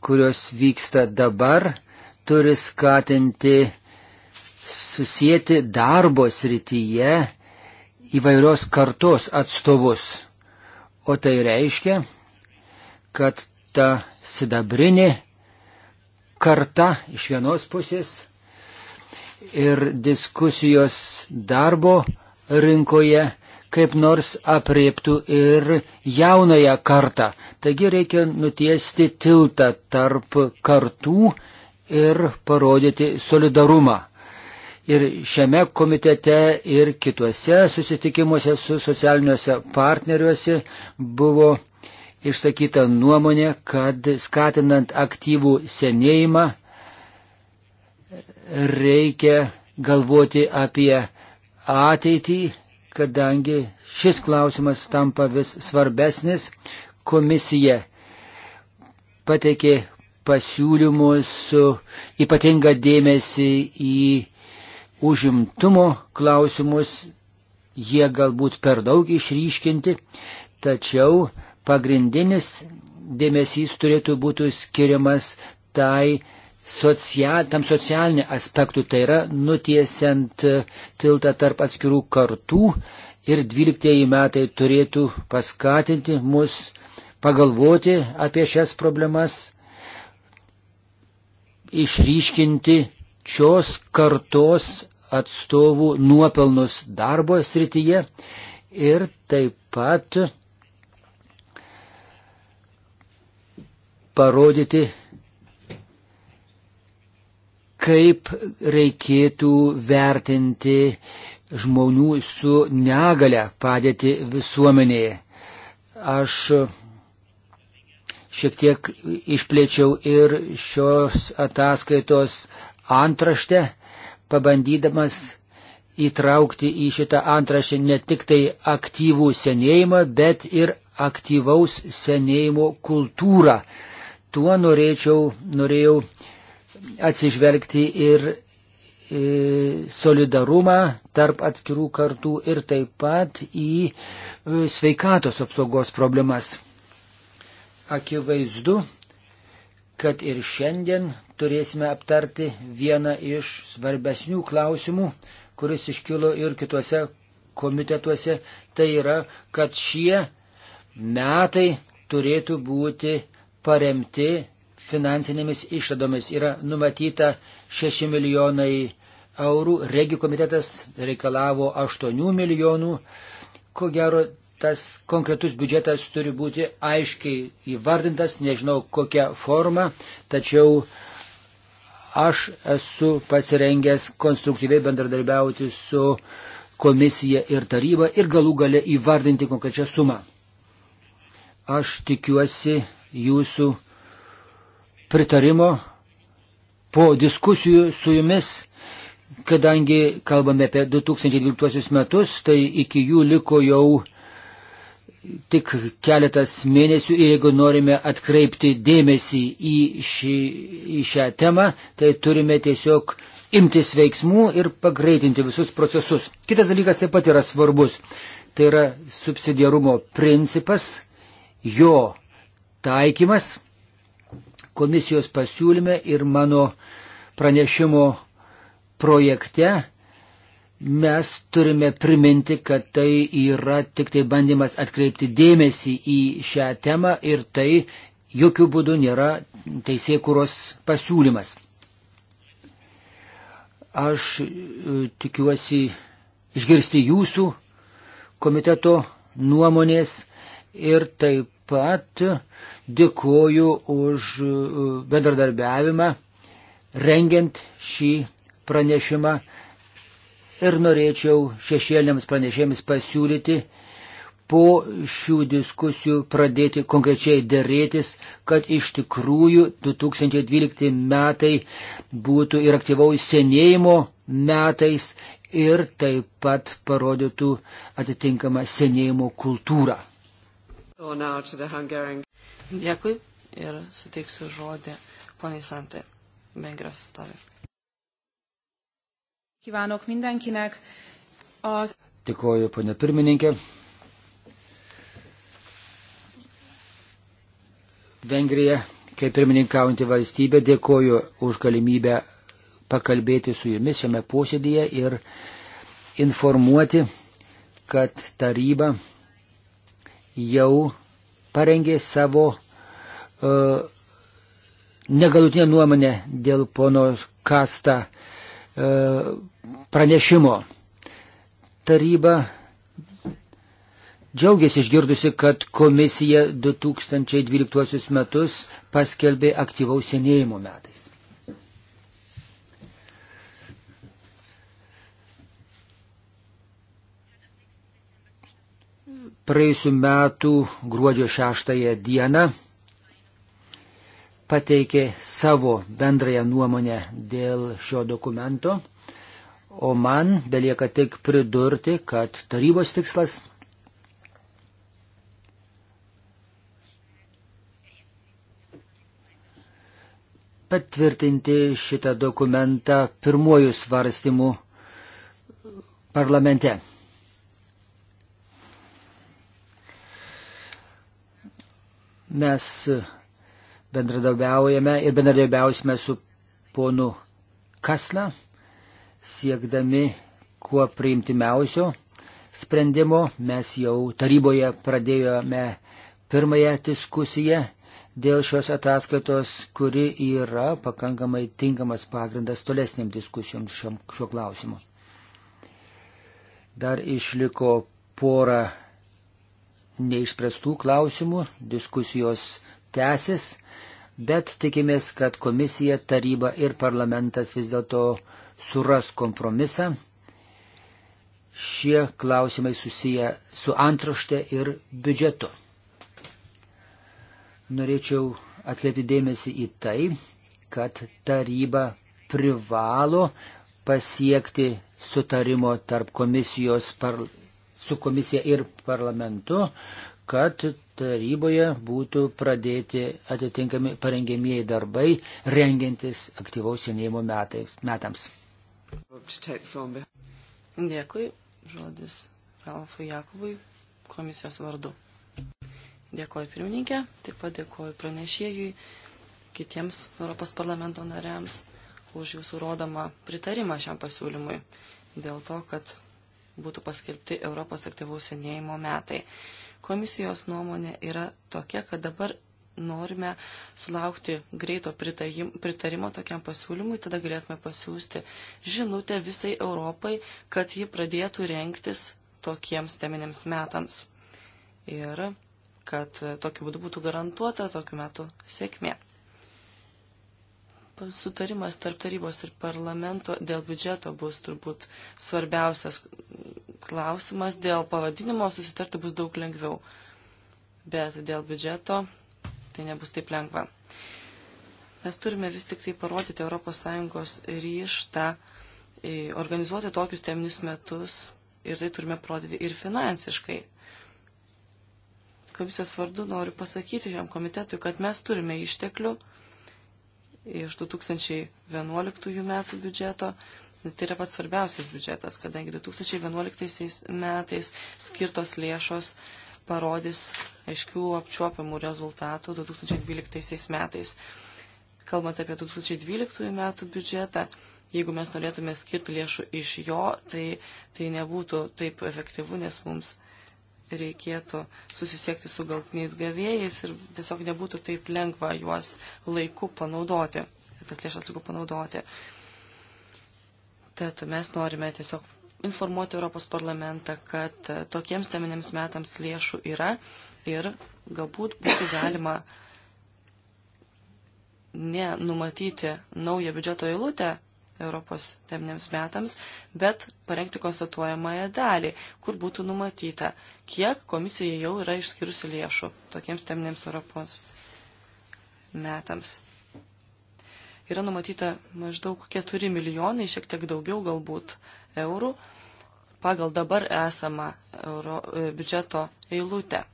kurios vyksta dabar, turi skatinti susijęti darbo srityje įvairios kartos atstovus. O tai reiškia, kad ta sidabrinė karta iš vienos pusės ir diskusijos darbo rinkoje kaip nors apriektų ir jaunąją kartą. Taigi reikia nutiesti tiltą tarp kartų ir parodyti solidarumą. Ir šiame komitete ir kituose susitikimuose su socialiniuose partneriuose buvo išsakyta nuomonė, kad skatinant aktyvų senėjimą reikia galvoti apie ateitį, kadangi šis klausimas tampa vis svarbesnis. Komisija pateikė pasiūlymus ypatingą dėmesį į užimtumo klausimus, jie galbūt per daug išryškinti, tačiau pagrindinis dėmesys turėtų būti skiriamas tai social, tam socialiniu aspektu, tai yra nutiesiant tiltą tarp atskirų kartų ir 12 metai turėtų paskatinti mus pagalvoti apie šias problemas, išryškinti šios kartos atstovų nuopelnus darbo srityje ir taip pat parodyti, kaip reikėtų vertinti žmonių su negale padėti visuomenėje. Aš šiek tiek išplėčiau ir šios ataskaitos antraštę, pabandydamas įtraukti į šitą antraštę ne tik tai aktyvų senėjimą, bet ir aktyvaus senėjimo kultūrą tuo norėčiau, norėjau atsižvelgti ir e, solidarumą tarp atskirų kartų ir taip pat į e, sveikatos apsaugos problemas. Akivaizdu, kad ir šiandien turėsime aptarti vieną iš svarbesnių klausimų, kuris iškilo ir kituose komitetuose, tai yra, kad šie metai turėtų būti paremti finansinėmis išradomis. Yra numatyta 6 milijonai eurų, regi komitetas reikalavo 8 milijonų. Ko gero, tas konkretus biudžetas turi būti aiškiai įvardintas, nežinau kokią formą, tačiau aš esu pasirengęs konstruktyviai bendradarbiauti su komisija ir taryba ir galų gale įvardinti konkrečią sumą. Aš tikiuosi, jūsų pritarimo po diskusijų su jumis, kadangi kalbame apie 2012 metus, tai iki jų liko jau tik keletas mėnesių ir jeigu norime atkreipti dėmesį į, šį, į šią temą, tai turime tiesiog imtis veiksmų ir pagreitinti visus procesus. Kitas dalykas taip pat yra svarbus. Tai yra subsidiarumo principas, jo taikymas komisijos pasiūlyme ir mano pranešimo projekte mes turime priminti, kad tai yra tik tai bandymas atkreipti dėmesį į šią temą ir tai jokių būdų nėra teisėkuros pasiūlymas. Aš e, tikiuosi išgirsti jūsų komiteto nuomonės ir taip pat dėkoju už uh, bendradarbiavimą rengiant šį pranešimą ir norėčiau šešėliniams pranešėjams pasiūlyti po šių diskusijų pradėti konkrečiai dėrėtis, kad iš tikrųjų 2012 metai būtų ir aktyvaus senėjimo metais ir taip pat parodytų atitinkamą senėjimo kultūrą. Dėkui ir suteiksiu žodį poniai Santai, Vengrijos atstovė. Kívánok mindenkinek. Az... Dėkuoju, ponia pirmininkė. Vengrija, kaip pirmininkaujantį valstybę, dėkuoju už galimybę pakalbėti su jumis šiame posėdėje ir informuoti, kad taryba jau parengė savo uh, negalutinę nuomonę dėl pono Kasta uh, pranešimo. Taryba džiaugiasi išgirdusi, kad komisija 2012 metus paskelbė aktyvaus senėjimo metais. praėjusiu metu gruodžio 6 dieną pateikė savo bendrąją nuomonę dėl šio dokumento, o man belieka tik pridurti, kad tarybos tikslas patvirtinti šitą dokumentą pirmojų svarstymų parlamente. Mes bendradarbiaujame ir bendradarbiausime su ponu Kasla, siekdami kuo priimtimiausio sprendimo. Mes jau taryboje pradėjome pirmąją diskusiją dėl šios ataskaitos, kuri yra pakankamai tinkamas pagrindas tolesniam diskusijoms šiuo klausimu. Dar išliko pora neišspręstų klausimų, diskusijos tęsis, bet tikimės, kad komisija, taryba ir parlamentas vis dėlto suras kompromisą. Šie klausimai susiję su antrašte ir biudžetu. Norėčiau atkreipti dėmesį į tai, kad taryba privalo pasiekti sutarimo tarp komisijos par, su komisija ir parlamentu, kad taryboje būtų pradėti atitinkami parengėmieji darbai, rengiantis aktyvaus senėjimo metais, metams. Dėkui, žodis Ralfui Jakubui komisijos vardu. Dėkoju pirmininkė, taip pat dėkoju pranešėjui, kitiems Europos parlamento nariams už jūsų rodomą pritarimą šiam pasiūlymui. Dėl to, kad būtų paskelbti Europos aktyvaus senėjimo metai. Komisijos nuomonė yra tokia, kad dabar norime sulaukti greito pritarimo tokiam pasiūlymui, tada galėtume pasiūsti žinutę visai Europai, kad ji pradėtų renktis tokiems teminėms metams. Ir kad tokiu būdu būtų garantuota tokiu metu sėkmė sutarimas tarp tarybos ir parlamento dėl biudžeto bus turbūt svarbiausias klausimas. Dėl pavadinimo susitarti bus daug lengviau, bet dėl biudžeto tai nebus taip lengva. Mes turime vis tik tai parodyti ES ryštą e, organizuoti tokius teminius metus ir tai turime parodyti ir finansiškai komisijos vardu noriu pasakyti šiam komitetui, kad mes turime išteklių iš 2011 metų biudžeto. Tai yra pats svarbiausias biudžetas, kadangi 2011 metais skirtos lėšos parodys aiškių apčiuopiamų rezultatų 2012 metais. Kalbant apie 2012 metų biudžetą, jeigu mes norėtume skirti lėšų iš jo, tai tai nebūtų taip efektyvu, nes mums reikėtų susisiekti su galtiniais gavėjais ir tiesiog nebūtų taip lengva juos laiku panaudoti, tas lėšas laiku panaudoti. Tad mes norime tiesiog informuoti Europos parlamentą, kad e, tokiems teminėms metams lėšų yra ir galbūt būtų galima nenumatyti naują biudžeto eilutę Europos temniams metams, bet parengti konstatuojamąją dalį, kur būtų numatyta, kiek komisija jau yra išskirusi lėšų tokiems temniams Europos metams. Yra numatyta maždaug 4 milijonai, šiek tiek daugiau galbūt, eurų pagal dabar esamą euro, e, biudžeto eilutę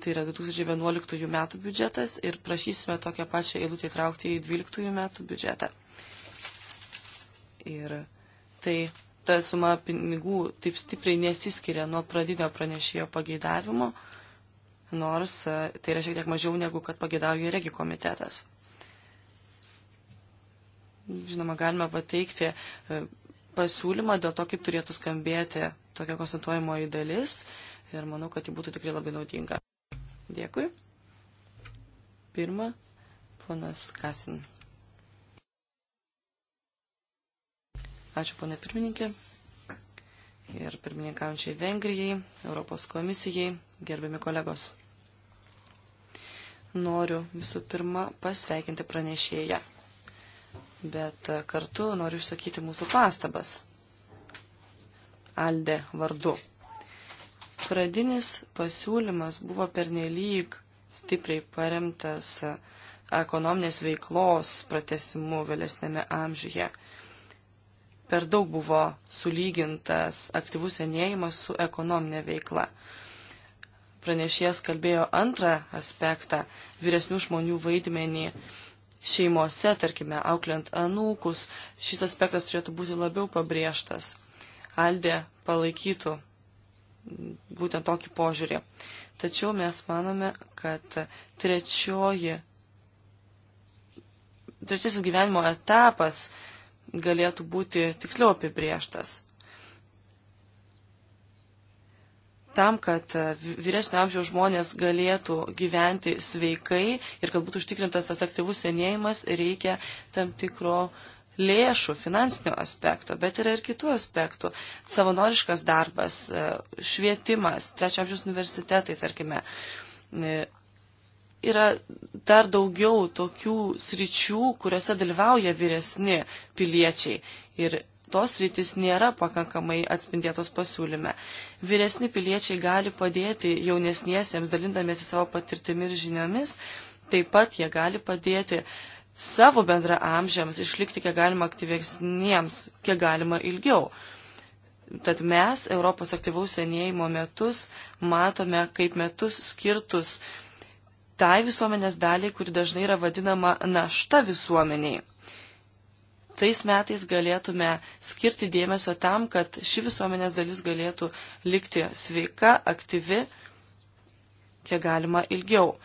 tai yra 2011 metų biudžetas ir prašysime tokią pačią eilutę įtraukti į 12 metų biudžetą. Ir tai ta suma pinigų taip stipriai nesiskiria nuo pradinio pranešėjo pageidavimo, nors e, tai yra šiek tiek mažiau negu kad pageidauja regi komitetas. Žinoma, galime pateikti e, pasiūlymą dėl to, kaip turėtų skambėti tokia konstatuojamoji dalis ir manau, kad ji būtų tikrai labai naudinga. Dėkui. Pirma, ponas Kasin. Ačiū, ponė pirmininkė. Ir pirmininkaujančiai Vengrijai, Europos komisijai, gerbiami kolegos. Noriu visų pirma pasveikinti pranešėją, bet kartu noriu išsakyti mūsų pastabas. Alde vardu. Pradinis pasiūlymas buvo pernelyg stipriai paremtas ekonominės veiklos pratesimu vėlesnėme amžiuje. Per daug buvo sulygintas aktyvus senėjimas su ekonominė veikla. Pranešėjas kalbėjo antrą aspektą - vyresnių žmonių vaidmenį šeimose, tarkime, auklint anūkus. Šis aspektas turėtų būti labiau pabrėžtas. Aldė palaikytų būtent tokį požiūrį. Tačiau mes manome, kad trečioji, trečiasis gyvenimo etapas galėtų būti tiksliau apibrieštas. Tam, kad vyresnio amžiaus žmonės galėtų gyventi sveikai ir kad būtų užtikrintas tas aktyvus senėjimas, reikia tam tikro uh, lėšų, finansinio aspekto, bet yra ir kitų aspektų. Savanoriškas darbas, e, švietimas, trečio amžiaus universitetai, tarkime. E, yra dar daugiau tokių sričių, kuriuose dalyvauja vyresni piliečiai. Ir tos rytis nėra pakankamai atspindėtos pasiūlyme. Vyresni piliečiai gali padėti jaunesniesiems, dalindamėsi savo patirtimi ir žiniomis, taip pat jie gali padėti uh, savo bendra amžiams išlikti kiek galima aktyvesniems, kiek galima ilgiau. Tad mes Europos aktyvaus senėjimo metus matome kaip metus skirtus tai visuomenės daliai, kuri dažnai yra vadinama našta visuomeniai. Tais metais galėtume skirti dėmesio tam, kad ši visuomenės dalis galėtų likti sveika, aktyvi, kiek galima ilgiau.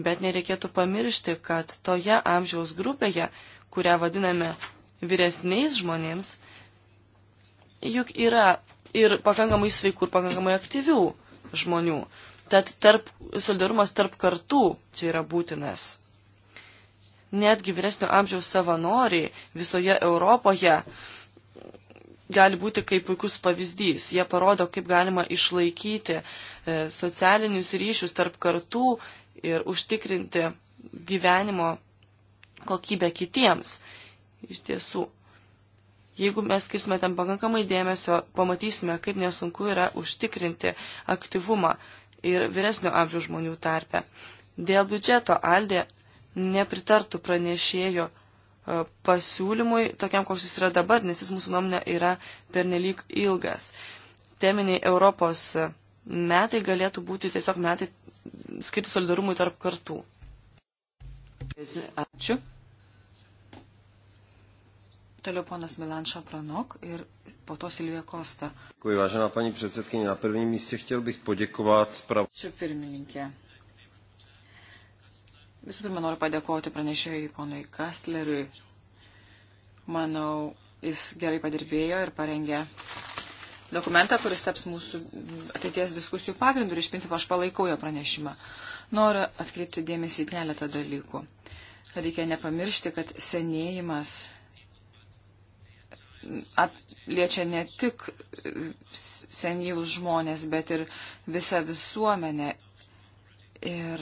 Bet nereikėtų pamiršti, kad toje amžiaus grupėje, kurią vadiname vyresniais žmonėms, juk yra ir pakankamai sveikų, ir pakankamai aktyvių žmonių. Tad tarp, solidarumas tarp kartų čia yra būtinas. Netgi vyresnio amžiaus savanoriai visoje Europoje gali būti kaip puikus pavyzdys. Jie parodo, kaip galima išlaikyti e, socialinius ryšius tarp kartų ir užtikrinti gyvenimo kokybę kitiems. Iš tiesų, jeigu mes skirsime tam pakankamai dėmesio, pamatysime, kaip nesunku yra užtikrinti aktyvumą ir vyresnio amžiaus žmonių tarpe. Dėl biudžeto Aldė nepritartų pranešėjo e, pasiūlymui, tokiam koks jis yra dabar, nes jis mūsų nuomonė yra pernelyg ilgas. Teminiai Europos metai galėtų būti tiesiog metai skirti solidarumui tarp kartų. Ačiū. Toliau ponas Milanša Pranok ir po to Silvija Kosta. Děkuji, vážená paní předsedkyně. Na prvním místě chtěl bych poděkovat sprav... Ačiū pirmininkė. Visų pirma, noriu padėkoti pranešėjai ponui Kastleriui. Manau, jis gerai padirbėjo ir parengė dokumentą, kuris taps mūsų ateities diskusijų pagrindu ir iš principo aš palaikau jo pranešimą. Noriu atkreipti dėmesį į keletą dalykų. Reikia nepamiršti, kad senėjimas liečia ne tik senyvus žmonės, bet ir visą visuomenę. Ir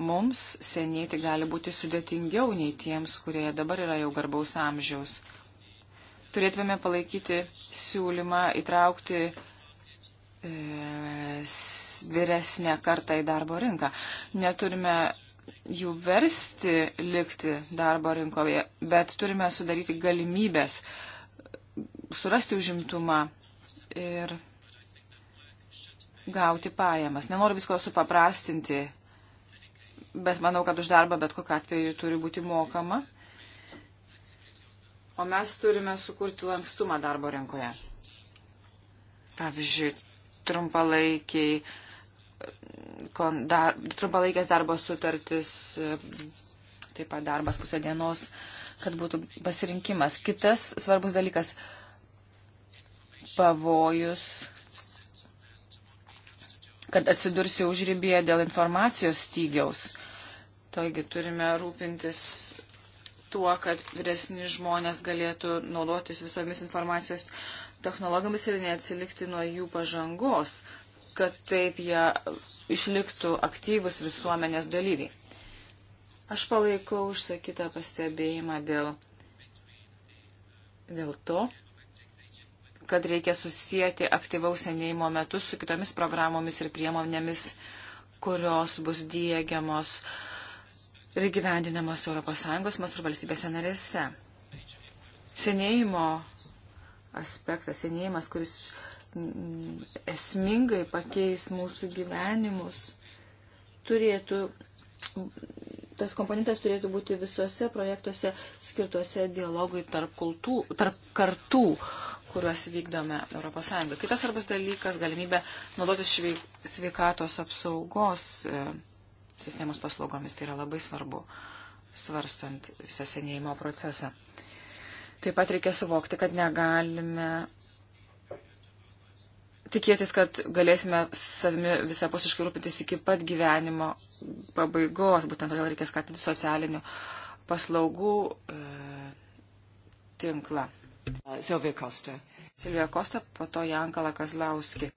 mums senėti gali būti sudėtingiau nei tiems, kurie dabar yra jau garbaus amžiaus turėtume palaikyti siūlymą įtraukti e, vyresnę kartą į darbo rinką. Neturime jų versti likti darbo rinkoje, bet turime sudaryti galimybės e, surasti užimtumą ir gauti pajamas. Nenoriu visko supaprastinti, bet manau, kad už darbą bet kokiu atveju turi būti mokama. O mes turime sukurti lankstumą darbo rinkoje. Pavyzdžiui, trumpalaikiai, dar, trumpalaikės darbo sutartis, taip pat darbas pusę dienos, kad būtų pasirinkimas. Kitas svarbus dalykas - pavojus kad atsidursi užrybėje dėl informacijos stygiaus. Taigi turime rūpintis tuo, kad vyresni žmonės galėtų naudotis visomis informacijos technologijomis ir neatsilikti nuo jų pažangos, kad taip jie išliktų aktyvus visuomenės dalyviai. Aš palaikau užsakytą pastebėjimą dėl, dėl to, kad reikia susijęti aktyvaus senėjimo metus su kitomis programomis ir priemonėmis, kurios bus diegiamos uh, ir gyvendinamos ES mastų valstybėse narėse. Senėjimo aspektas, senėjimas, kuris mm, esmingai pakeis mūsų gyvenimus, turėtų, tas komponentas turėtų būti visuose projektuose skirtuose dialogui tarp, kultų, tarp kartų, kuriuos vykdome ES. Kitas svarbus dalykas - galimybė naudotis sveikatos apsaugos. E, sistemos paslaugomis. Tai yra labai svarbu, svarstant visą senėjimo procesą. Taip pat reikia suvokti, kad negalime tikėtis, kad galėsime savimi visapusiškai rūpintis iki pat gyvenimo pabaigos. Būtent todėl reikia skatinti socialinių paslaugų e, tinklą. Silvija Kosta. Silvija Kosta, po to Jankala Kazlauski.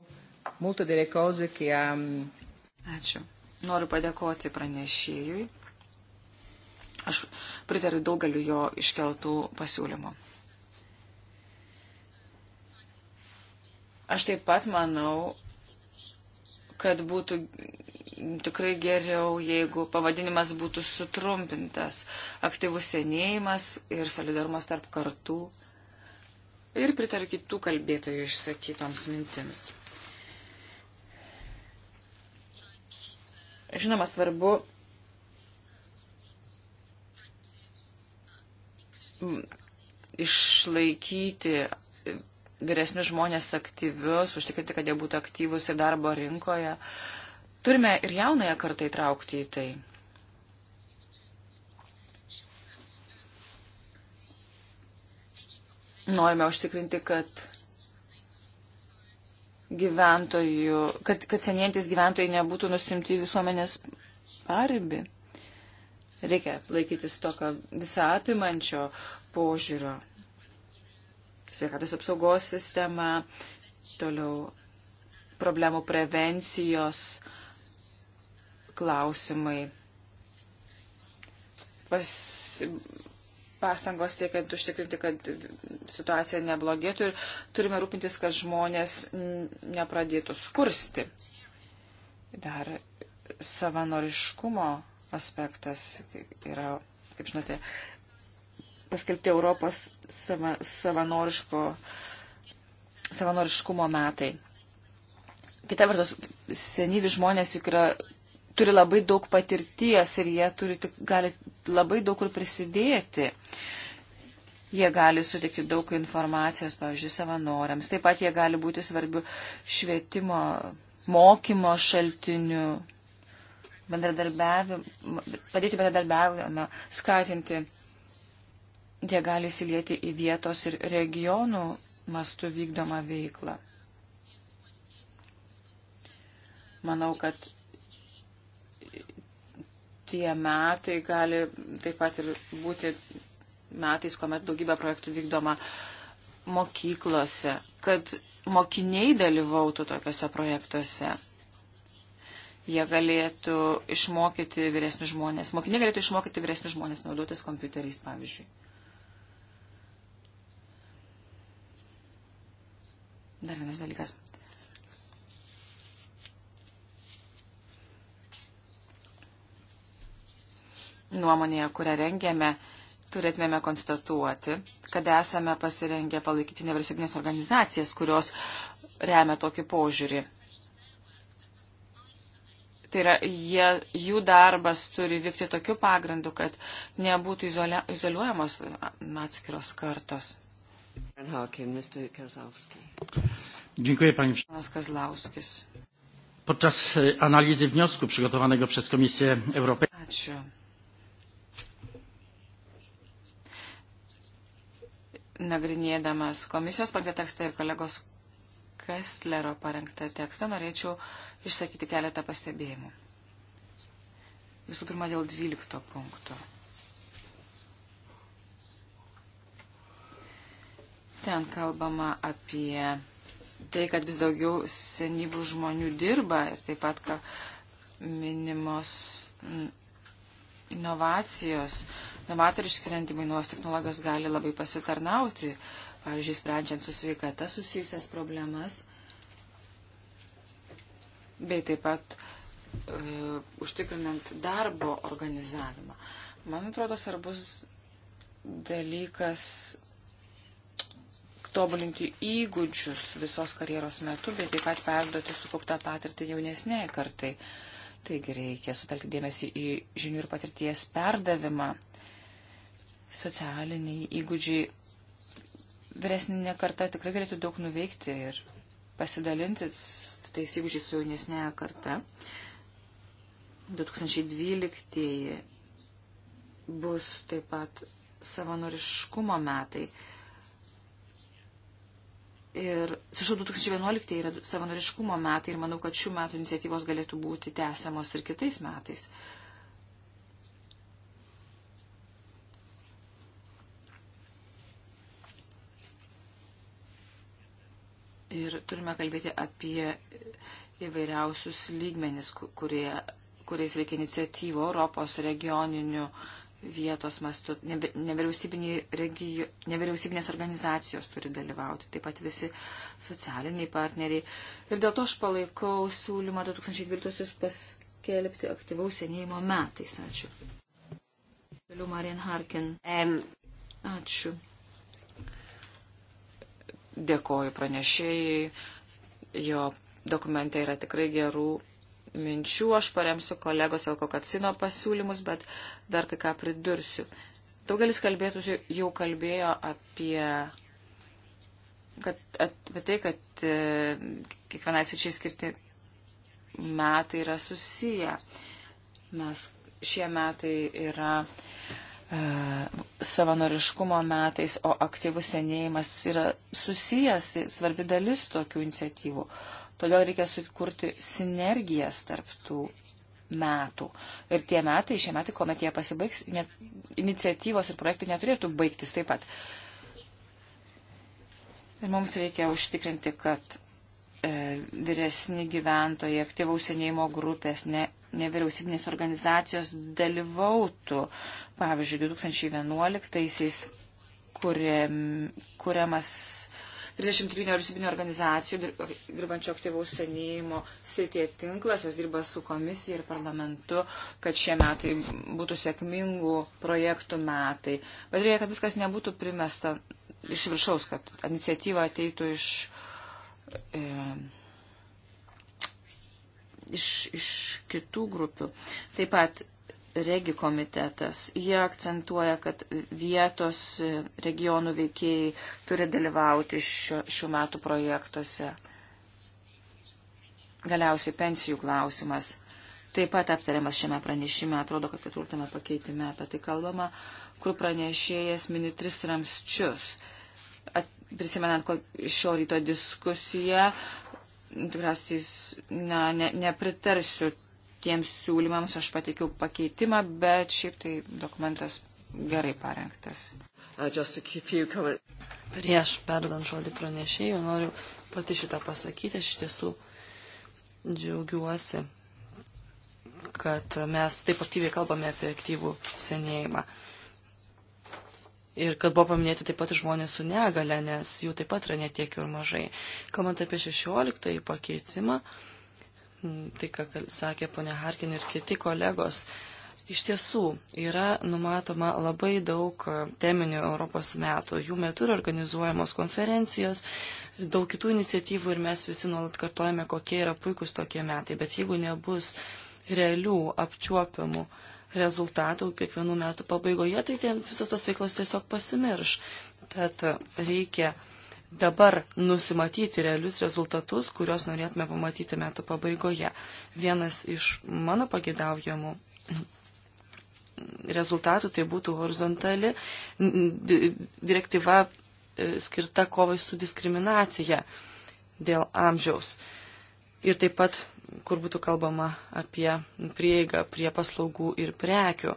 Mm, Ačiū. Noriu padėkoti pranešėjui. Aš pritariu daugeliu jo iškeltų pasiūlymų. Aš taip pat manau, kad būtų tikrai geriau, jeigu pavadinimas būtų sutrumpintas - aktyvus senėjimas ir solidarumas tarp kartų. Ir pritariu kitų kalbėtojų išsakytoms mintims. Žinoma, svarbu išlaikyti vyresnius žmonės aktyvius, užtikrinti, kad jie būtų aktyvus ir darbo rinkoje. Turime ir jaunąją kartą įtraukti į tai. Norime užtikrinti, kad gyventojų, kad, kad senėjantis gyventojai nebūtų nusimti visuomenės paribi. Reikia laikytis tokio visą apimančio požiūrio. Sveikatos apsaugos sistema, toliau problemų prevencijos klausimai. Pas, pastangos siekiant užtikrinti, kad situacija neblogėtų ir turime rūpintis, kad žmonės nepradėtų skursti. Dar savanoriškumo aspektas yra, kaip žinote, paskelbti Europos sava, savanoriško, savanoriškumo metai. Kita vertus, senyvi žmonės juk yra turi labai daug patirties ir jie turi, tik, gali labai daug kur prisidėti. Jie gali sutikti daug informacijos, pavyzdžiui, savanoriams. Taip pat jie gali būti svarbių švietimo, mokymo šaltinių, bendradarbiavimo, padėti bendradarbiavimą, skatinti. Jie gali įsilieti į vietos ir regionų mastų vykdomą veiklą. Manau, kad tie metai gali taip pat ir būti metais, kuomet daugybė projektų vykdoma mokyklose, kad mokiniai dalyvautų tokiuose projektuose. Jie galėtų išmokyti vyresnius žmonės. Mokiniai galėtų išmokyti vyresnius žmonės naudotis kompiuteriais, pavyzdžiui. Dar vienas dalykas. nuomonėje, kurią rengėme, turėtumėme konstatuoti, kad esame pasirengę palaikyti nevyriausybinės organizacijas, kurios remia tokį požiūrį. Tai yra, jie, jų darbas turi vykti tokiu pagrindu, kad nebūtų izolia, izoliuojamos atskiros kartos. Dziękuję Pani Przewodnicząca. Podczas e, analizy wniosku przygotowanego przez Komisję Europejską. nagrinėdamas komisijos pakvietekstą ir kolegos Kestlero parengtą tekstą, norėčiau išsakyti keletą pastebėjimų. Visų pirma, dėl 12 punkto. Ten kalbama apie tai, kad vis daugiau senyvų žmonių dirba ir taip pat, kad minimos inovacijos. Uh, novatoriški sprendimai naujos technologijos gali labai pasitarnauti, pavyzdžiui, sprendžiant su sveikata susijusias problemas, bei taip pat e, užtikrinant darbo organizavimą. Man atrodo, svarbus dalykas tobulinti įgūdžius visos karjeros metu, bet taip pat perduoti sukauptą patirtį jaunesnėje kartai. Taigi reikia sutelkti dėmesį į žinių ir patirties perdavimą socialiniai įgūdžiai. Vyresnė karta tikrai galėtų daug nuveikti ir pasidalinti tais įgūdžiais su jaunesnėje karta. 2012 bus taip pat savanoriškumo metai. Ir, sušau, 2011 yra savanoriškumo metai ir manau, kad šių metų iniciatyvos galėtų būti tęsiamos ir kitais metais. Uh, Ir turime kalbėti apie įvairiausius lygmenis, kurie, kuriais reikia iniciatyvų Europos regioninių vietos mastu. Regio, nevyriausybinės organizacijos turi dalyvauti, taip pat visi socialiniai partneriai. Ir dėl to aš palaikau siūlymą 2012 paskelbti aktyvaus senėjimo metais. Ačiū. Vėliau Marian Harkin. Ačiū. Dėkoju pranešėjai, jo dokumente yra tikrai gerų minčių, aš paremsiu kolegos Alkokacino pasiūlymus, bet dar kai ką pridursiu. Daugelis kalbėtusių jau kalbėjo apie, kad, apie tai, kad e, kiekvienai sričiai skirti metai yra susiję. Mes šie metai yra E, savanoriškumo metais, o aktyvus senėjimas yra susijęs, svarbi dalis tokių iniciatyvų. Todėl reikia sukurti sinergijas tarp tų metų. Ir tie metai, šie metai, kuomet jie pasibaigs, net, iniciatyvos ir projektai neturėtų baigtis taip pat. Ir mums reikia užtikrinti, kad E, vyresni gyventojai, aktyvaus senėjimo grupės, ne, nevyriausybinės organizacijos dalyvautų. Pavyzdžiui, 2011-aisiais kuriamas 33 nevyriausybinio organizacijų dirbančio aktyvaus senėjimo srityje tinklas, jos dirba su komisija ir parlamentu, kad šie metai būtų sėkmingų projektų metai. Bet reikia, kad viskas nebūtų primesta iš viršaus, kad iniciatyva ateitų iš uh, e, iš, iš kitų grupių. Taip pat regi komitetas. Jie akcentuoja, kad vietos regionų veikėjai turi dalyvauti šio, šių metų projektuose. Galiausiai pensijų klausimas. Taip pat aptariamas šiame pranešime, atrodo, kad ketvirtame pakeitime apie tai kalbama, kur pranešėjas mini tris ramščius. At, prisimenant šio ryto diskusiją, tikriausiai na, ne, nepritarsiu tiems siūlymams, aš pateikiau pakeitimą, bet šiaip tai dokumentas gerai parengtas. Uh, Prieš perdant žodį pranešėjų noriu pati šitą pasakyti, aš iš tiesų džiaugiuosi, kad mes taip aktyviai kalbame apie aktyvų senėjimą. Ir kad buvo paminėti taip pat žmonės su negale, nes jų taip pat yra netiek ir mažai. Kalbant apie 16 pakeitimą, tai ką sakė ponia Harkin ir kiti kolegos, iš tiesų yra numatoma labai daug e, teminių Europos metų. Jų metu yra organizuojamos konferencijos, daug kitų iniciatyvų ir mes visi nuolat kartojame, kokie yra puikūs tokie metai. Bet jeigu nebus realių apčiuopiamų, uh, rezultatų kiekvienų metų pabaigoje, tai tie, visos tos veiklos tiesiog pasimirš. Tad reikia dabar nusimatyti realius rezultatus, kuriuos norėtume pamatyti metų pabaigoje. Vienas iš mano pagėdaujamų rezultatų tai būtų horizontali direktyva e, skirta kovai su diskriminacija dėl amžiaus. Ir taip pat kur būtų kalbama apie prieigą prie paslaugų ir prekių.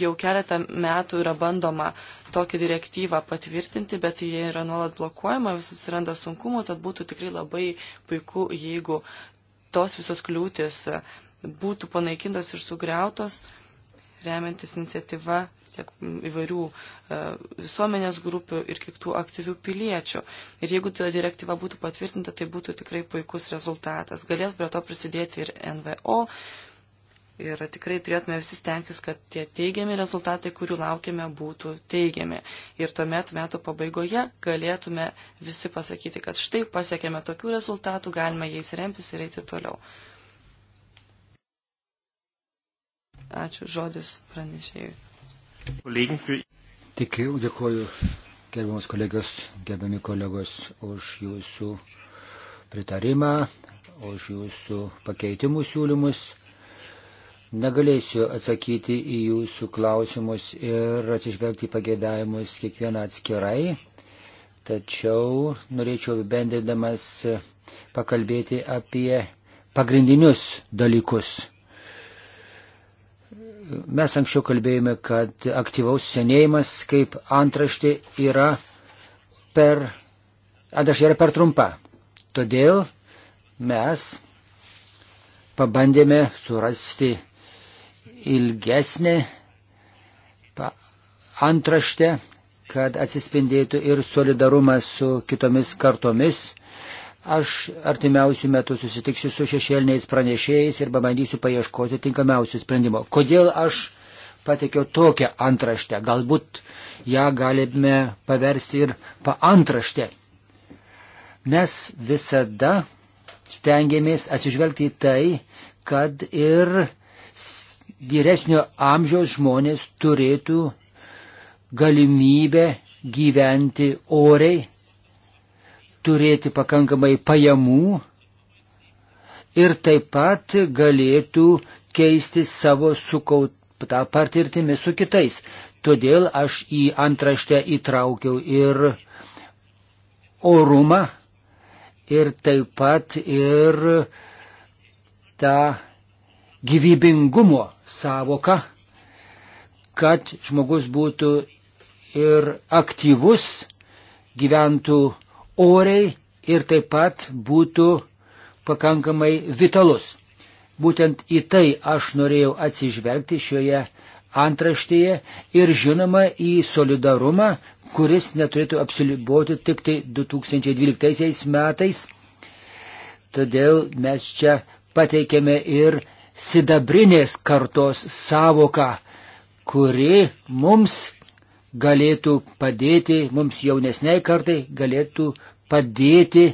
Jau keletą metų yra bandoma tokią direktyvą patvirtinti, bet jie yra nuolat blokuojama, vis atsiranda sunkumų, tad būtų tikrai labai puiku, jeigu tos visos kliūtis būtų panaikintos ir sugriautos, remiantis iniciatyva tiek įvairių e, visuomenės grupių ir kiek tų aktyvių piliečių. Ir jeigu ta direktyva būtų patvirtinta, tai būtų tikrai puikus rezultatas. Galėtų prie to prisidėti ir NVO. Ir tikrai turėtume visi stengtis, kad tie teigiami rezultatai, kurių laukiame, būtų teigiami. Ir tuomet metų pabaigoje galėtume visi pasakyti, kad štai pasiekėme tokių rezultatų, galime jais remtis ir eiti toliau. Ačiū žodis pranešėjui. Tikiu, dėkuoju gerbiamas kolegos, gerbiami kolegos už jūsų pritarimą, už jūsų pakeitimų siūlymus. Negalėsiu atsakyti į jūsų klausimus ir atsižvelgti į pageidavimus kiekvieną atskirai, tačiau norėčiau bendrindamas pakalbėti apie pagrindinius dalykus. Mes anksčiau kalbėjome, kad aktyvaus senėjimas kaip antraštė yra per, antraštė yra per trumpa. Todėl mes pabandėme surasti ilgesnį antraštę, kad atsispindėtų ir solidarumas su kitomis kartomis Aš artimiausių metų susitiksiu su šešėliniais pranešėjais ir pabandysiu paieškoti tinkamiausių sprendimo. Kodėl aš patekiau tokią antraštę? Galbūt ją galime paversti ir paantraštę. Mes visada stengiamės atsižvelgti į tai, kad ir vyresnio amžiaus žmonės turėtų galimybę gyventi oriai turėti pakankamai pajamų ir taip pat galėtų keisti savo sukauptą patirtimį su kitais. Todėl aš į antraštę įtraukiau ir orumą, ir taip pat ir tą gyvybingumo savoką, kad žmogus būtų ir aktyvus, gyventų oriai ir taip pat būtų pakankamai vitalus. Būtent į tai aš norėjau atsižvelgti šioje antraštėje ir žinoma į solidarumą, kuris neturėtų apsiliboti tik tai 2012 metais. Todėl mes čia pateikėme ir sidabrinės kartos savoką, kuri mums galėtų padėti, mums jaunesniai kartai galėtų padėti padėti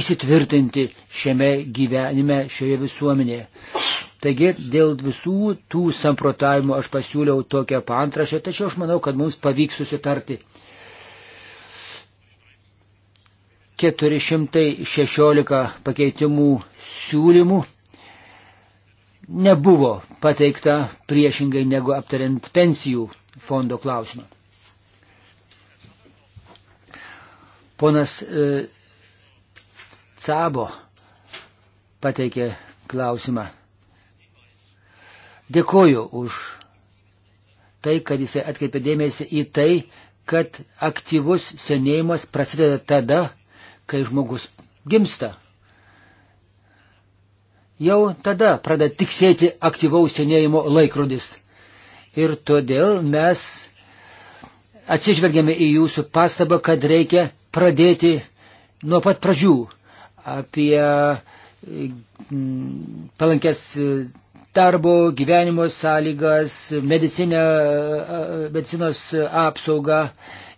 įsitvirtinti šiame gyvenime, šioje visuomenėje. Taigi dėl visų tų samprotavimų aš pasiūliau tokią pantrašę, tačiau aš manau, kad mums pavyks susitarti. 416 pakeitimų siūlymų nebuvo pateikta priešingai negu aptariant pensijų fondo klausimą. Ponas e, Cabo pateikė klausimą. Dėkoju už tai, kad jisai atkreipė dėmesį į tai, kad aktyvus senėjimas prasideda tada, kai žmogus gimsta. Jau tada pradeda tiksėti aktyvaus senėjimo laikrodis. Ir todėl mes atsižvelgėme į jūsų pastabą, kad reikia pradėti nuo pat pradžių apie mm, palankės darbo, gyvenimo sąlygas, medicinę, medicinos apsaugą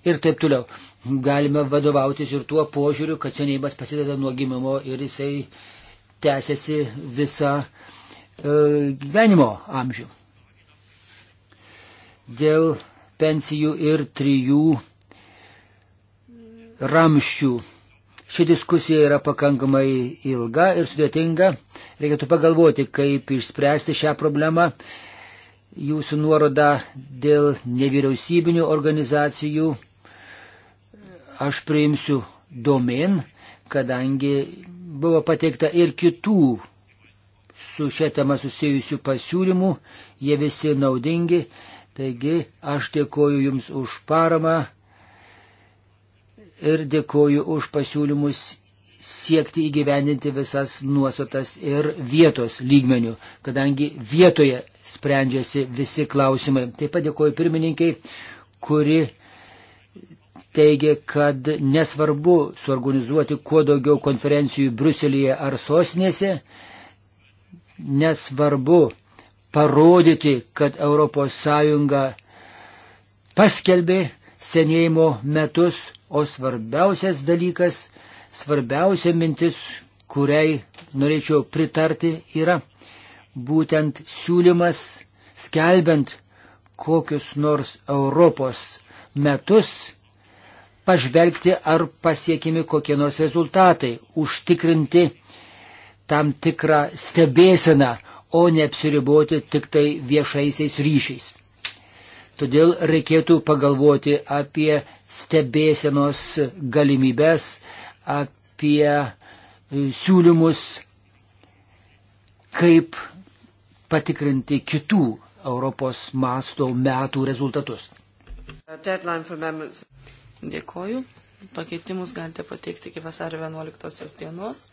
ir taip toliau. Galime vadovautis ir tuo požiūriu, kad senėjimas prasideda nuo gimimo ir jisai tęsiasi visą e, gyvenimo amžių. Dėl pensijų ir trijų ramščių. Ši diskusija yra pakankamai ilga ir sudėtinga. Reikėtų pagalvoti, kaip išspręsti šią problemą. Jūsų nuoroda dėl nevyriausybinių organizacijų aš priimsiu domin, kadangi buvo pateikta ir kitų su šia tema susijusių pasiūlymų, jie visi naudingi. Taigi aš dėkoju Jums už paramą ir dėkoju už pasiūlymus siekti įgyvendinti visas nuostatas ir vietos lygmenių, kadangi vietoje sprendžiasi visi klausimai. Taip pat dėkoju pirmininkiai, kuri teigia, kad nesvarbu suorganizuoti kuo daugiau konferencijų Bruselėje ar sostinėse, nesvarbu parodyti, kad ES paskelbė senėjimo metus O svarbiausias dalykas, svarbiausia mintis, kuriai norėčiau pritarti, yra būtent siūlymas skelbiant kokius nors Europos metus pažvelgti, ar pasiekimi kokie nors rezultatai, užtikrinti tam tikrą stebėseną, o neapsiriboti tik tai viešaisiais ryšiais. Todėl reikėtų pagalvoti apie stebėsenos galimybės, apie e, siūlymus, kaip patikrinti kitų Europos masto metų rezultatus. Dėkoju. Pakeitimus galite pateikti iki vasario 11 dienos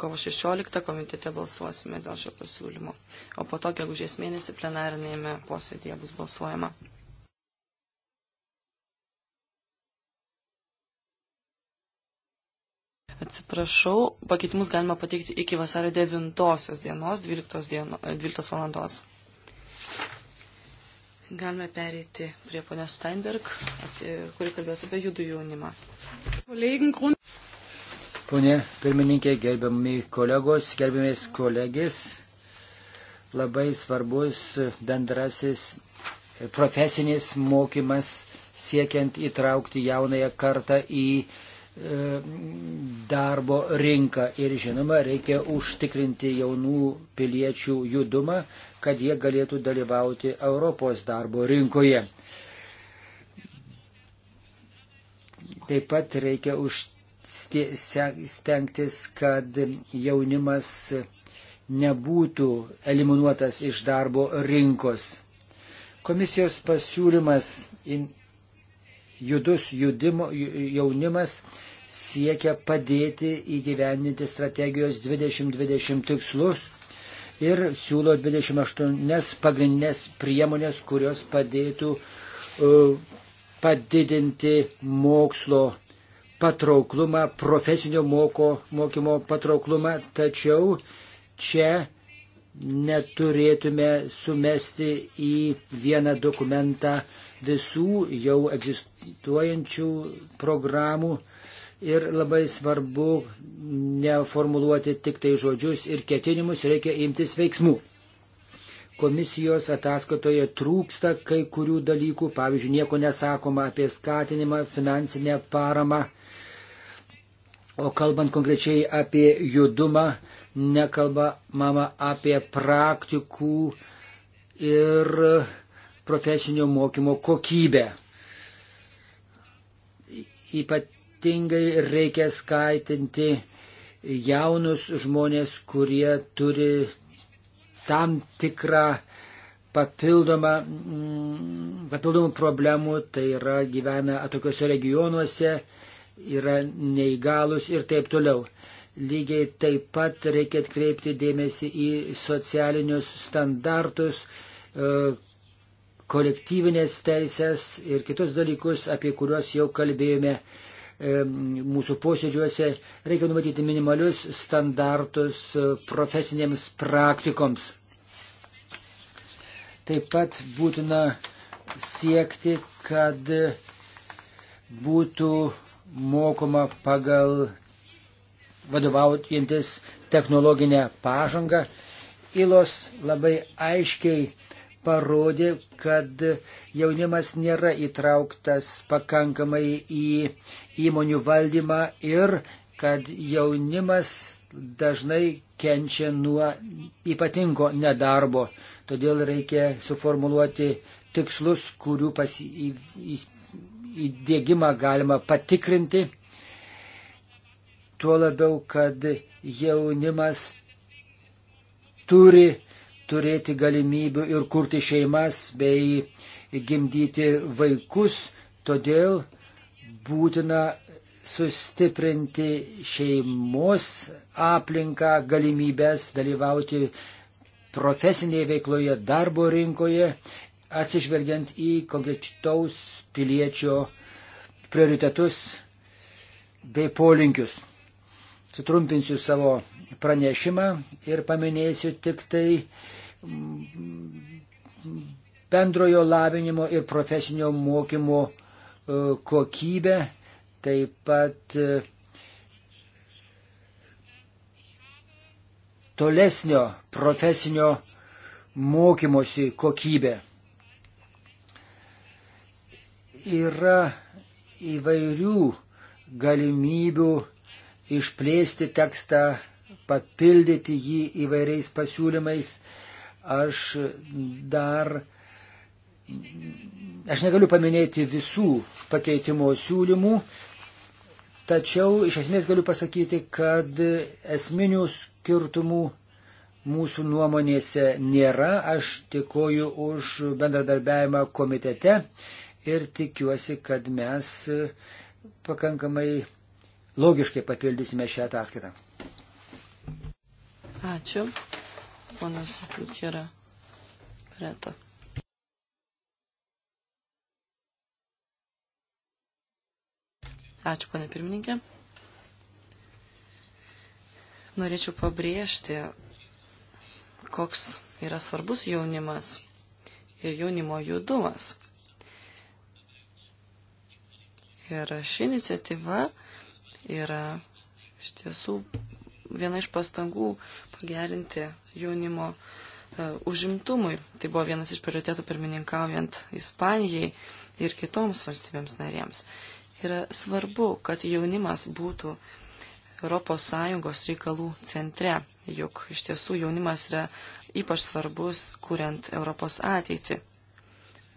kovo 16 komitete balsuosime dėl šio pasiūlymo, o po to, gegužės mėnesį plenarinėme posėdėje bus balsuojama. Atsiprašau, pakeitimus galima pateikti iki vasario 9 dienos, 12, dieno, 12 e, valandos. Galime pereiti prie ponios Steinberg, apie, kuri kalbės apie judų jaunimą. Pone pirmininkė, gerbiami kolegos, gerbiamės kolegės, labai svarbus bendrasis profesinis mokymas siekiant įtraukti jaunąją kartą į E, darbo rinką ir žinoma reikia užtikrinti jaunų piliečių judumą, kad jie galėtų dalyvauti Europos darbo rinkoje. Taip pat reikia stengtis, kad jaunimas nebūtų eliminuotas iš darbo rinkos. Komisijos pasiūlymas in judus judimo, jaunimas siekia padėti įgyvendinti strategijos 2020 tikslus ir siūlo 28 pagrindinės priemonės, kurios padėtų e, padidinti mokslo patrauklumą, profesinio moko, mokymo patrauklumą, tačiau čia neturėtume sumesti į vieną dokumentą visų jau egzistuojančių programų ir labai svarbu neformuluoti tik tai žodžius ir ketinimus, reikia imtis veiksmų. Komisijos ataskatoje trūksta kai kurių dalykų, pavyzdžiui, nieko nesakoma apie skatinimą, finansinę paramą, o kalbant konkrečiai apie judumą, nekalba mama apie praktikų ir profesinio mokymo kokybę. Ypatingai reikia skaitinti jaunus žmonės, kurie turi tam tikrą papildomą, mm, papildomų problemų, tai yra gyvena atokiuose regionuose, yra neįgalus ir taip toliau. Lygiai taip pat reikia atkreipti dėmesį į socialinius standartus, e, kolektyvinės teisės ir kitus dalykus, apie kuriuos jau kalbėjome mūsų posėdžiuose, reikia numatyti minimalius standartus e, profesinėms praktikoms. Taip pat būtina siekti, kad būtų mokoma pagal vadovaujantis technologinę pažangą. Ilos labai aiškiai parodė, kad jaunimas nėra įtrauktas pakankamai į įmonių valdymą ir kad jaunimas dažnai kenčia nuo ypatingo nedarbo. Todėl reikia suformuluoti tikslus, kurių pasi, į, į, įdėgymą galima patikrinti. Tuo labiau, kad jaunimas turi turėti galimybių ir kurti šeimas bei gimdyti vaikus, todėl būtina sustiprinti šeimos aplinką, galimybės dalyvauti profesinėje veikloje, darbo rinkoje, atsižvelgiant į konkrečtaus piliečio prioritetus bei polinkius. Sutrumpinsiu savo pranešimą ir paminėsiu tik tai bendrojo lavinimo ir profesinio mokymo e, kokybę, taip pat e, tolesnio profesinio mokymosi kokybę. Yra įvairių galimybių išplėsti tekstą, papildyti jį įvairiais pasiūlymais, Aš dar. Aš negaliu paminėti visų pakeitimo siūlymų, tačiau iš esmės galiu pasakyti, kad esminių skirtumų mūsų nuomonėse nėra. Aš tikoju už bendradarbiavimą komitete ir tikiuosi, kad mes pakankamai logiškai papildysime šią ataskaitą. Ačiū ponas Gutjera Reto. Ačiū, ponė pirmininkė. Norėčiau pabrėžti, koks yra svarbus jaunimas ir jaunimo judumas. Ir ši iniciatyva yra iš tiesų viena iš pastangų gerinti jaunimo e, užimtumui. Tai buvo vienas iš prioritetų pirmininkaujant Ispanijai ir kitoms valstybėms narėms. Yra svarbu, kad jaunimas būtų ES reikalų centre, juk iš tiesų jaunimas yra ypač svarbus, kuriant Europos ateitį.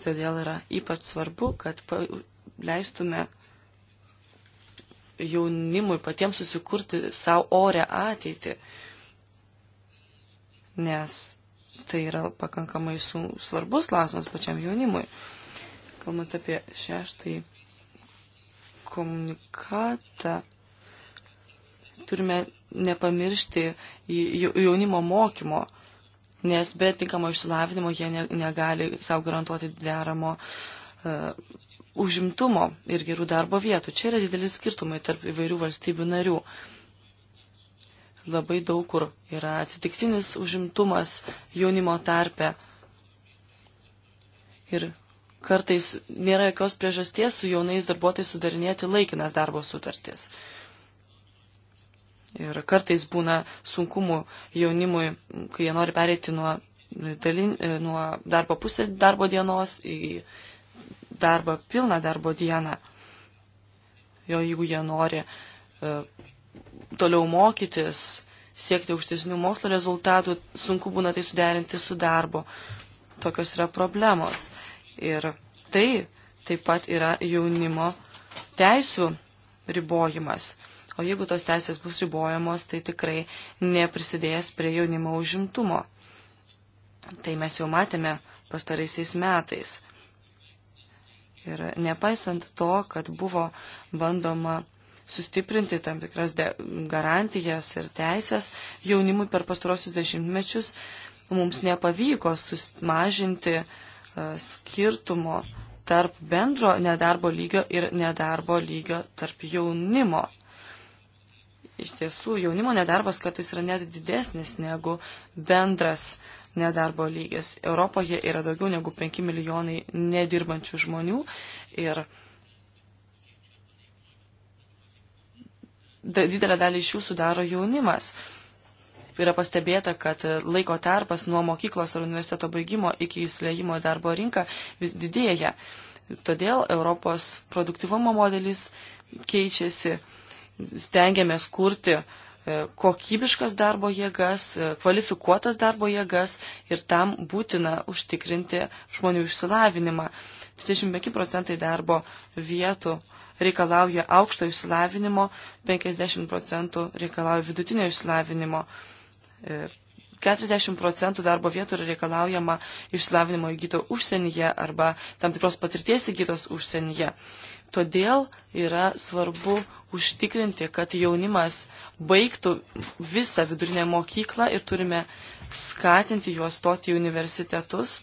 Todėl yra ypač svarbu, kad leistume jaunimui patiems susikurti savo orę ateitį. Uh, nes tai yra pakankamai svarbus klausimas pačiam jaunimui. Kalbant apie šeštąjį komunikatą, turime nepamiršti jaunimo mokymo, nes be tinkamo išsilavinimo jie negali savo garantuoti deramo uh, užimtumo ir gerų darbo vietų. Čia yra didelis skirtumai tarp įvairių valstybių narių. Uh, Labai daug kur yra atsitiktinis užimtumas jaunimo tarpe. Ir kartais nėra jokios priežasties su jaunais darbuotojais sudarinėti laikinas darbo sutartis. Ir kartais būna sunkumų jaunimui, kai jie nori pereiti nuo, dalin, nuo darbo pusė darbo dienos į darbą pilną darbo dieną. Jo, jeigu jie nori e, toliau mokytis, siekti aukštesnių mokslo rezultatų, sunku būna tai suderinti su darbu. Tokios yra problemos. Ir tai taip pat yra jaunimo teisų ribojimas. O jeigu tos teisės bus ribojamos, tai tikrai neprisidės prie jaunimo užimtumo. Tai mes jau matėme pastaraisiais metais. Ir nepaisant to, kad buvo bandoma sustiprinti tam tikras garantijas ir teisės jaunimui per pastarosius dešimtmečius, mums nepavyko sumažinti e, skirtumo tarp bendro nedarbo lygio ir nedarbo lygio tarp jaunimo. Iš tiesų, jaunimo nedarbas kartais yra net didesnis negu bendras nedarbo lygis. Europoje yra daugiau negu 5 milijonai nedirbančių žmonių ir didelę dalį iš jų sudaro jaunimas. Yra pastebėta, kad laiko tarpas nuo mokyklos ar universiteto baigimo iki įsileimo į darbo rinką vis didėja. Todėl Europos produktivumo modelis keičiasi, stengiamės kurti e, kokybiškas darbo jėgas, e, kvalifikuotas darbo jėgas ir tam būtina užtikrinti žmonių išsilavinimą. 25 procentai darbo vietų uh, reikalauja aukšto išsilavinimo, 50 procentų reikalauja vidutinio išsilavinimo. 40 e, procentų darbo vietų yra reikalaujama išsilavinimo įgyto užsienyje arba tam tikros patirties įgytos užsienyje. Todėl yra svarbu užtikrinti, kad jaunimas baigtų visą vidurinę mokyklą ir turime skatinti juos stoti į universitetus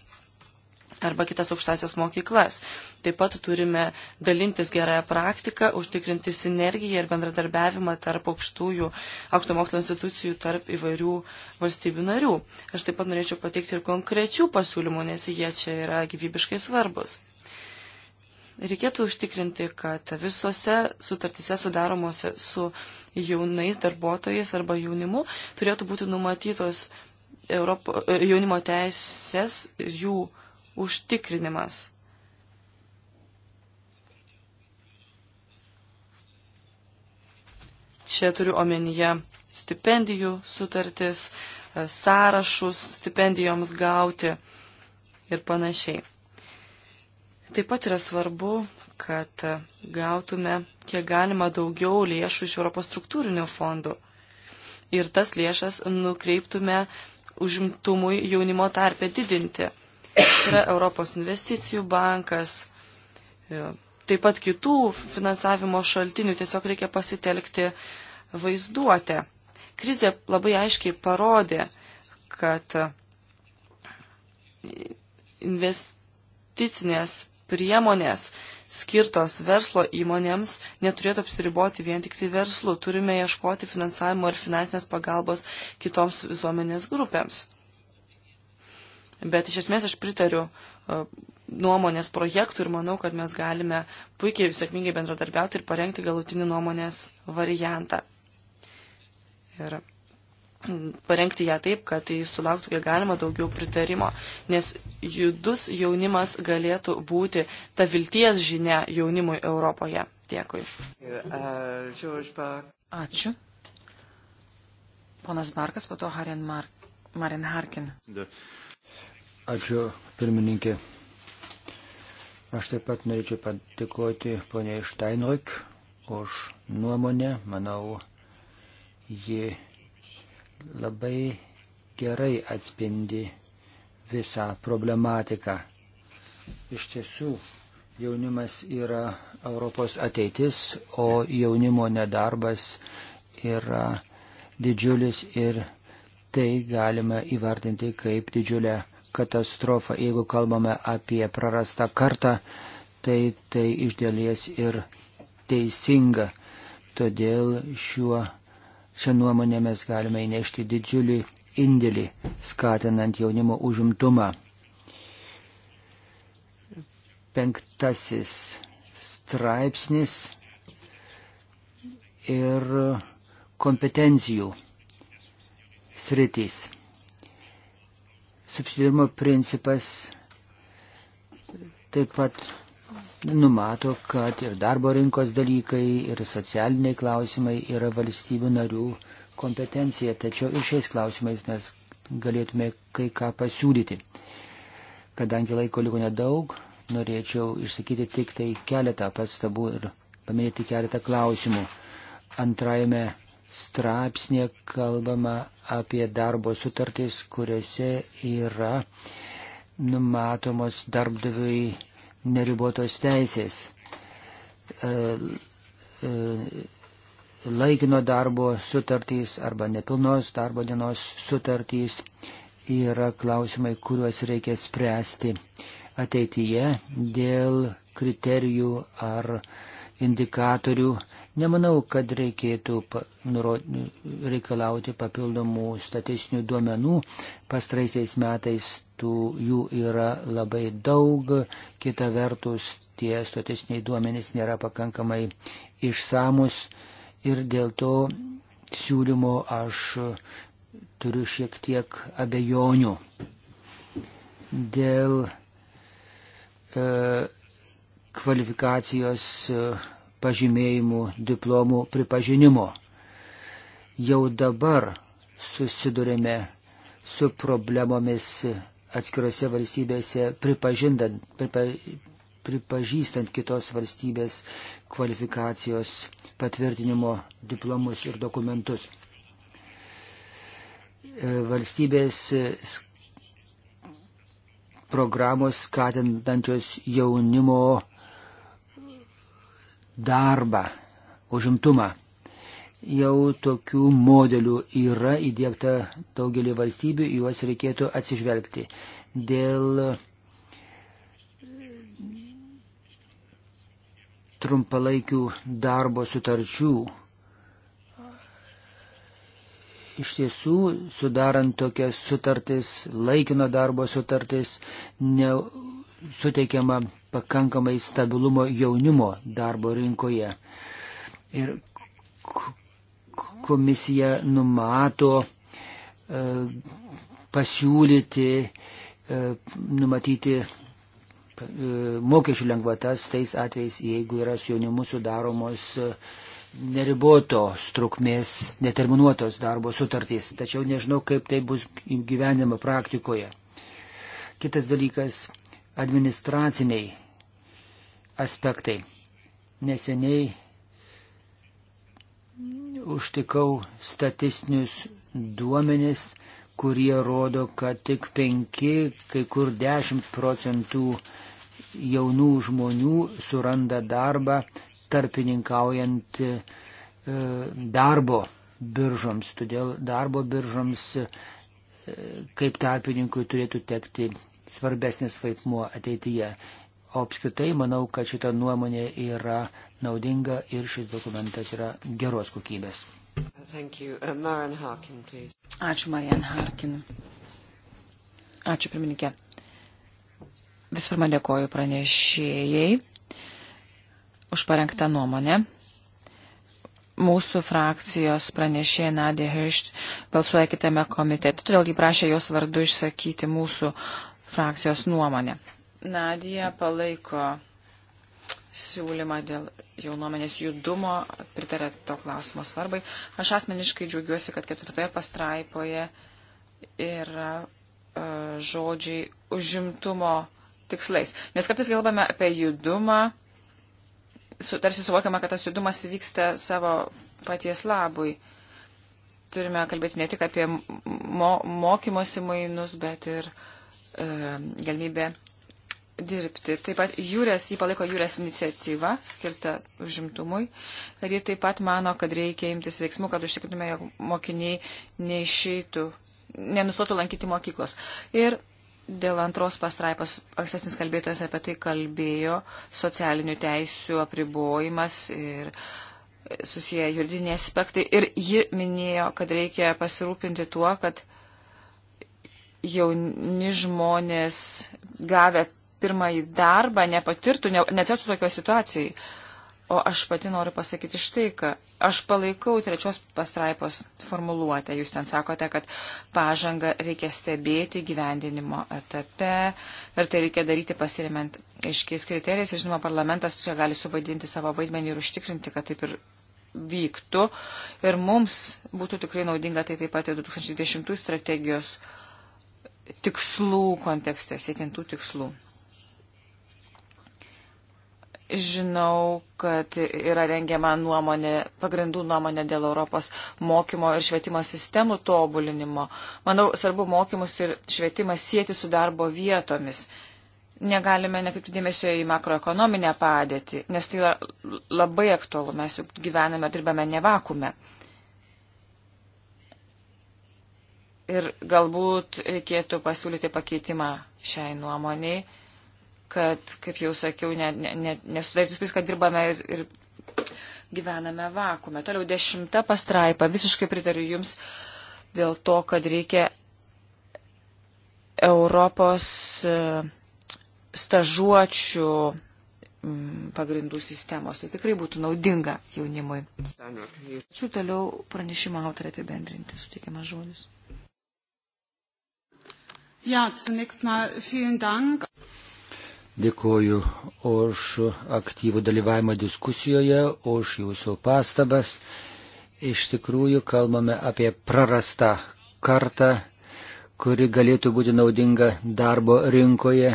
arba kitas aukštasias mokyklas. Taip pat turime dalintis gerąją praktiką, užtikrinti sinergiją ir bendradarbiavimą tarp aukštųjų, aukšto mokslo institucijų, tarp įvairių valstybių narių. Aš taip pat norėčiau pateikti ir konkrečių pasiūlymų, nes jie čia yra gyvybiškai svarbus. Reikėtų užtikrinti, kad visose sutartise sudaromose su jaunais darbuotojais arba jaunimu turėtų būti numatytos Europo, jaunimo teisės ir jų užtikrinimas. Čia turiu omenyje stipendijų sutartis, e, sąrašus stipendijoms gauti ir panašiai. Taip pat yra svarbu, kad gautume kiek galima daugiau lėšų iš Europos struktūrinių fondų ir tas lėšas nukreiptume užimtumui jaunimo tarpę didinti yra Europos investicijų bankas, e, taip pat kitų finansavimo šaltinių, tiesiog reikia pasitelkti vaizduotę. Krizė labai aiškiai parodė, kad investicinės priemonės skirtos verslo įmonėms neturėtų apsiriboti vien tik tai verslu. Turime ieškoti finansavimo ir finansinės pagalbos kitoms visuomenės grupėms. Bet iš esmės aš pritariu e, nuomonės projektų ir manau, kad mes galime puikiai ir sėkmingai bendradarbiauti ir parengti galutinį nuomonės variantą. Ir mm, parengti ją taip, kad tai sulauktų kiek galima daugiau pritarimo, nes judus jaunimas galėtų būti ta vilties žinia jaunimui Europoje. Dėkui. Ačiū. Ponas Barkas, po to Haren Mar Marin Harkin. Ačiū, pirmininkė. Aš taip pat norėčiau padėkoti poniai Štainroik už nuomonę. Manau, ji labai gerai atspindi visą problematiką. Iš tiesų, jaunimas yra Europos ateitis, o jaunimo nedarbas yra didžiulis ir tai galima įvardinti kaip didžiulę katastrofą. Jeigu kalbame apie prarastą kartą, tai tai iš dėlies ir teisinga. Todėl šiuo, šią nuomonę mes galime įnešti didžiulį indėlį, skatinant jaunimo užimtumą. Penktasis straipsnis ir kompetencijų sritys subsidiarumo principas taip pat numato, kad ir darbo rinkos dalykai, ir socialiniai klausimai yra valstybių narių kompetencija, tačiau ir šiais klausimais mes galėtume kai ką pasiūlyti. Kadangi laiko liko nedaug, norėčiau išsakyti tik tai keletą pastabų ir paminėti keletą klausimų. Antrajame straipsnė kalbama apie darbo sutartys, kuriuose yra numatomos darbdaviui neribotos teisės. E, e, laikino darbo sutartys arba nepilnos darbo dienos sutartys yra klausimai, kuriuos reikia spręsti ateityje dėl kriterijų ar indikatorių Nemanau, kad reikėtų reikalauti papildomų statistinių duomenų. Pastraisiais metais tų jų yra labai daug. Kita vertus, tie statistiniai duomenys nėra pakankamai išsamus. Ir dėl to siūlymo aš turiu šiek tiek abejonių. Dėl e, kvalifikacijos. E, pažymėjimų, diplomų pripažinimo. Jau dabar susidurime su problemomis atskirose valstybėse, pripa, pripažįstant kitos valstybės kvalifikacijos patvirtinimo diplomus ir dokumentus. E, valstybės programos skatinančios jaunimo darbą, užimtumą. Jau tokių modelių yra įdėkta daugelį valstybių, juos reikėtų atsižvelgti. Dėl trumpalaikių darbo sutarčių iš tiesų, sudarant tokias sutartis, laikino darbo sutartis, ne, suteikiama pakankamai stabilumo jaunimo darbo rinkoje. Ir komisija numato e, pasiūlyti, e, numatyti e, mokesčių lengvatas tais atvejais, jeigu yra su jaunimu sudaromos neribotos trukmės, neterminuotos darbo sutartys. Tačiau nežinau, kaip tai bus gyvenimo praktikoje. Kitas dalykas administraciniai aspektai. Neseniai užtikau statistinius duomenis, kurie rodo, kad tik 5, kai kur 10 procentų jaunų žmonių suranda darbą tarpininkaujant e, darbo biržoms. Todėl darbo biržoms e, kaip tarpininkui turėtų tekti svarbesnis vaidmuo ateityje. O apskritai manau, kad šita nuomonė yra naudinga ir šis dokumentas yra geros kokybės. Uh, Marian Harkin, Ačiū, Marian Harkin. Ačiū, pirmininkė. Visų pirma, dėkoju pranešėjai už parengtą nuomonę. Mūsų frakcijos pranešėja Nadė Hiršt balsuoja kitame komitete, todėl jį prašė jos vardu išsakyti mūsų uh, frakcijos nuomonę. Nadija palaiko siūlymą dėl jaunuomenės judumo, pritarė to klausimo svarbai. Aš asmeniškai džiaugiuosi, kad ketvirtoje pastraipoje yra uh, žodžiai užimtumo tikslais. Nes kartais kalbame apie judumą, su, tarsi suvokiama, kad tas judumas vyksta savo paties labui. Turime kalbėti ne tik apie mo, mokymosi mainus, bet ir uh, E, galimybę dirbti. Taip pat jūrės, jį palaiko jūrės iniciatyva skirta užimtumui ir ji taip pat mano, kad reikia imtis veiksmų, kad užtikrintume, jog mokiniai neišeitų, nenustotų lankyti mokyklos. Ir dėl antros pastraipos ankstesnis kalbėtojas apie tai kalbėjo socialinių teisių apribojimas ir susiję juridiniai aspektai. Ir ji minėjo, kad reikia pasirūpinti tuo, kad jauni žmonės gavę pirmąjį darbą nepatirtų, ne, neatsirastų tokio situacijai. O aš pati noriu pasakyti štai, kad aš palaikau trečios pastraipos formuluotę. Jūs ten sakote, kad pažangą reikia stebėti gyvendinimo etape ir tai reikia daryti pasirimant aiškiais kriterijais. Ir žinoma, parlamentas čia gali suvaidinti savo vaidmenį ir užtikrinti, kad taip ir vyktų. Ir mums būtų tikrai naudinga tai taip pat ir 2010 strategijos tikslų kontekste, siekiantų tikslų. Žinau, kad yra rengiama nuomonė, pagrindų nuomonė dėl Europos mokymo ir švietimo sistemų tobulinimo. Manau, svarbu mokymus ir švietimą sieti su darbo vietomis. Negalime nekreipti dėmesio į makroekonominę padėtį, nes tai yra labai aktualu. Mes juk gyvename, dirbame ne vakume. Ir galbūt reikėtų pasiūlyti pakeitimą šiai nuomoniai, kad, kaip jau sakiau, ne, ne, ne, nesudarytis viską dirbame ir, ir gyvename vakume. Toliau dešimta pastraipa. Visiškai pritariu Jums dėl to, kad reikia Europos e, stažuočių pagrindų sistemos. Tai tikrai būtų naudinga jaunimui. Ačiū toliau pranešimo autorė apibendrinti suteikiamas žodis. Ja, zunächst mal vielen Dank. Dėkuoju už aktyvų dalyvavimą diskusijoje, už jūsų pastabas. Iš tikrųjų, kalbame apie prarastą kartą, kuri galėtų būti naudinga darbo rinkoje.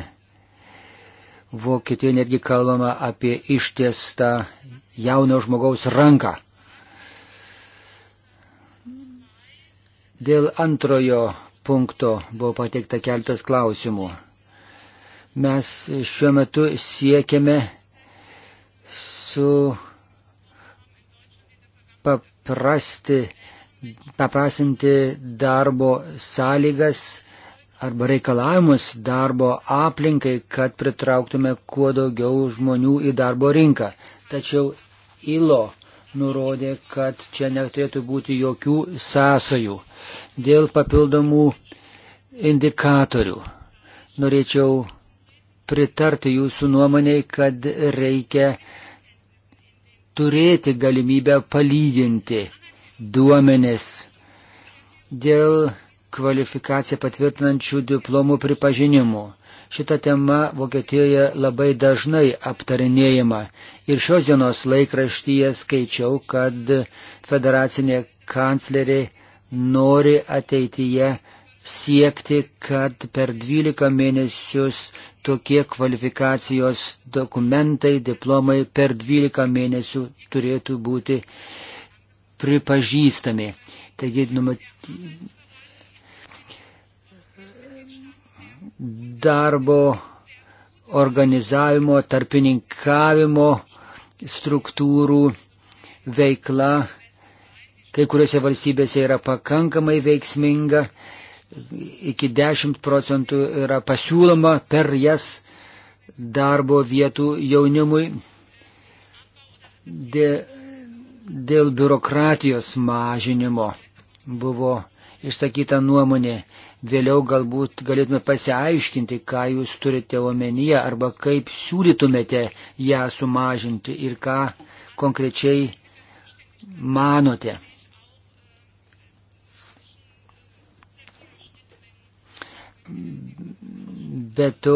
Vokietijoje netgi kalbama apie ištiestą jauno žmogaus ranką. Dėl antrojo punkto buvo pateikta keltas klausimų. Mes šiuo metu siekiame su paprasti, paprasinti darbo sąlygas arba reikalavimus darbo aplinkai, kad pritrauktume kuo daugiau žmonių į darbo rinką. Tačiau ILO nurodė, kad čia neturėtų būti jokių sąsajų dėl papildomų indikatorių. Norėčiau pritarti jūsų nuomonėj, kad reikia turėti galimybę palyginti duomenis dėl kvalifikaciją patvirtinančių diplomų pripažinimų. Šita tema Vokietijoje labai dažnai aptarinėjama ir šios dienos laikraštyje skaičiau, kad federacinė kanclerė nori ateityje siekti, kad per 12 mėnesius tokie kvalifikacijos dokumentai, diplomai per 12 mėnesių turėtų būti pripažįstami. Taigi, numaty... darbo organizavimo, tarpininkavimo struktūrų veikla kai kuriuose valstybėse yra pakankamai veiksminga, iki 10 procentų yra pasiūloma per jas darbo vietų jaunimui. Dėl, dėl biurokratijos mažinimo buvo išsakyta nuomonė. Vėliau galbūt galėtume pasiaiškinti, ką jūs turite omenyje arba kaip siūlytumėte ją sumažinti ir ką konkrečiai manote. Be to,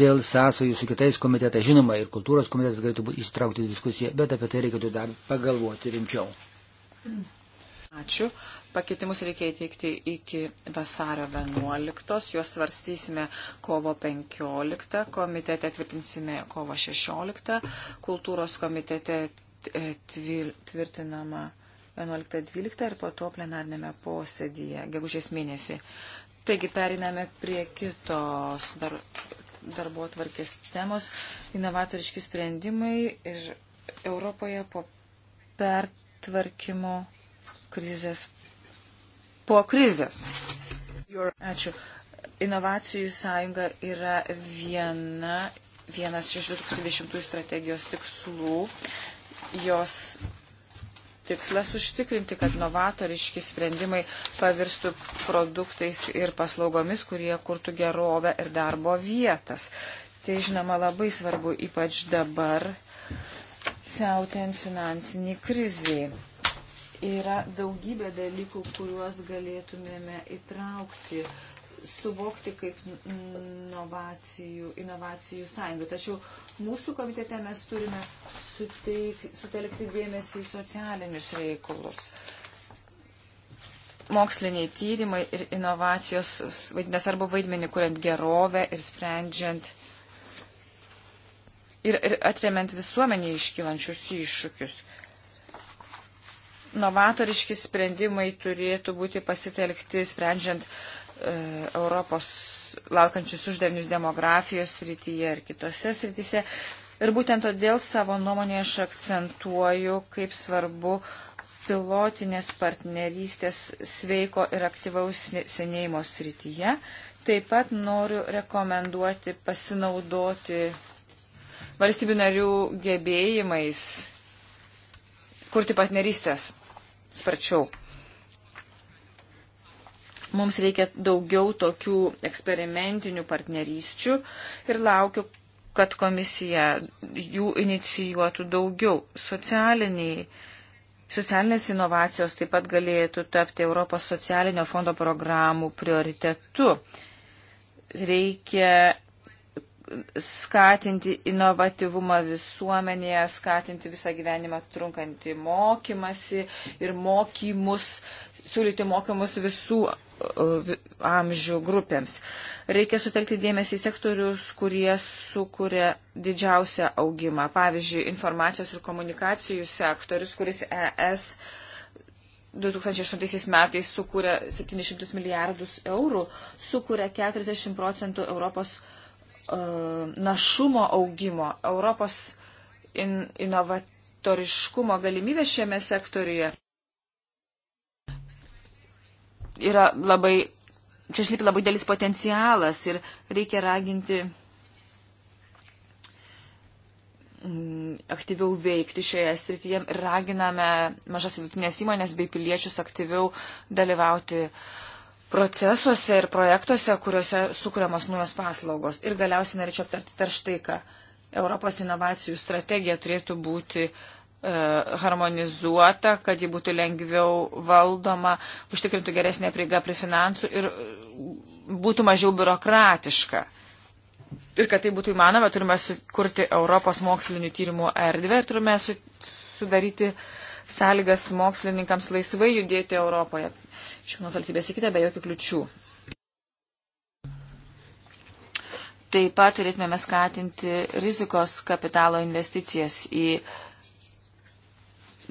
dėl sąsojų su kitais komitetais, žinoma, ir kultūros komitetas galėtų būti įsitraukti į diskusiją, bet apie tai reikėtų dar pagalvoti rimčiau. Ačiū. Pakeitimus reikia įteikti iki vasario 11, juos svarstysime kovo 15, komitete tvirtinsime kovo 16, kultūros komitete e, tvirtinama 11.12 ir po to plenarnėme posėdyje, gegužės mėnesį. Taigi periname prie kitos dar, darbo atvarkės temos - inovatoriški sprendimai ir Europoje po pertvarkymo krizės. Po krizės. Ačiū. Inovacijų sąjunga yra viena, vienas iš 2020 strategijos tikslų. Jos tikslas užtikrinti, kad novatoriški sprendimai pavirstų produktais ir paslaugomis, kurie kurtų gerovę ir darbo vietas. Tai žinoma labai svarbu ypač dabar, siautėjant finansinį krizį. Yra daugybė dalykų, kuriuos galėtumėme įtraukti suvokti kaip inovacijų, inovacijų sąjungą. Tačiau mūsų komitete mes turime suteik, sutelkti dėmesį į socialinius reikalus. Moksliniai tyrimai ir inovacijos vaidina svarbu vaidmenį, kuriant gerovę ir sprendžiant ir, ir atremiant visuomenį iškylančius iššūkius novatoriški sprendimai turėtų būti pasitelkti, sprendžiant E, Europos laukiančius uždavinius demografijos srityje ir kitose srityse. Ir būtent todėl savo nuomonėje aš akcentuoju, kaip svarbu pilotinės partnerystės sveiko ir aktyvaus senėjimo srityje. Taip pat noriu rekomenduoti pasinaudoti valstybių narių gebėjimais kurti partnerystės sparčiau. Mums reikia daugiau tokių eksperimentinių partnerysčių ir laukiu, kad komisija jų inicijuotų daugiau. Socialiniai, socialinės inovacijos taip pat galėtų tapti Europos socialinio fondo programų prioritetu. Reikia skatinti inovatyvumą visuomenėje, skatinti visą gyvenimą trunkantį mokymasi ir mokymus siūlyti mokymus visų e, amžių grupėms. Reikia sutelkti dėmesį į sektorius, kurie sukuria didžiausią augimą. Pavyzdžiui, informacijos ir komunikacijų sektorius, kuris ES 2008 metais sukūrė 700 milijardus eurų, sukūrė 40 procentų Europos uh, našumo augimo, Europos in, inovatoriškumo galimybės šiame sektoriuje yra labai, čia slypi labai dėlis potencialas ir reikia raginti mm, aktyviau veikti šioje srityje. Raginame mažas vidutinės įmonės bei piliečius aktyviau dalyvauti procesuose ir projektuose, kuriuose sukūriamos naujos paslaugos. Ir galiausiai norėčiau aptarti dar štai, ką Europos inovacijų strategija turėtų būti uh, E, harmonizuota, kad ji būtų lengviau valdoma, užtikrintų geresnę prieigą prie finansų ir e, būtų mažiau biurokratiška. Ir kad tai būtų įmanoma, turime sukurti Europos mokslinių tyrimų erdvę ir turime su, sudaryti sąlygas mokslininkams laisvai judėti Europoje. Iš vienos valstybės į kitą be jokių kliučių. Taip pat turėtume skatinti rizikos kapitalo investicijas į uh,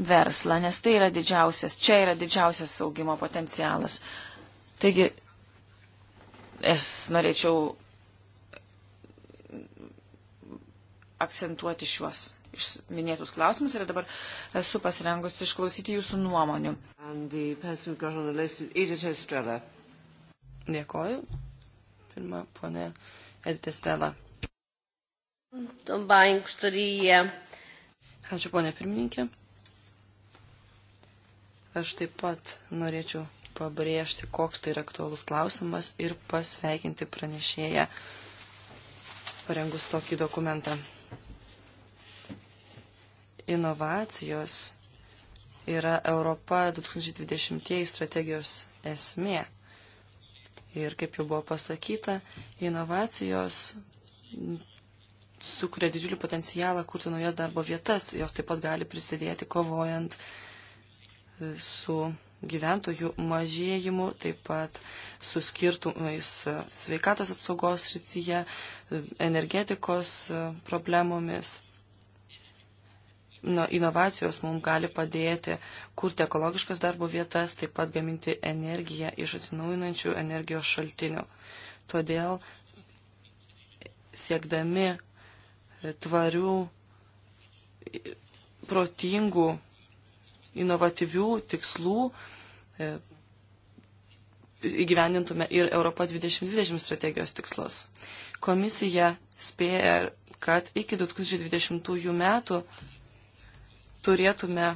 verslą, nes tai yra didžiausias, čia yra didžiausias saugimo potencialas. Taigi, es norėčiau akcentuoti šiuos minėtus klausimus ir dabar esu pasirengusi išklausyti jūsų nuomonių. Dėkoju. Pirma, ponė Edita Stela. Ačiū, ponė pirmininkė. Aš taip pat norėčiau pabrėžti, koks tai yra aktualus klausimas ir pasveikinti pranešėją parengus tokį dokumentą. Inovacijos yra Europa 2020 strategijos esmė. Ir kaip jau buvo pasakyta, inovacijos sukuria didžiulį potencialą kurti naujas darbo vietas, jos taip pat gali prisidėti kovojant uh, su gyventojų mažėjimu, taip pat su skirtumais sveikatos apsaugos srityje, energetikos problemomis. Nu, inovacijos mums gali padėti kurti ekologiškas darbo vietas, taip pat gaminti energiją iš atsinaujinančių energijos šaltinių. Todėl siekdami tvarių, protingų inovatyvių tikslų e, įgyvendintume ir Europą 2020 strategijos tikslus. Komisija spėja, kad iki 2020 metų turėtume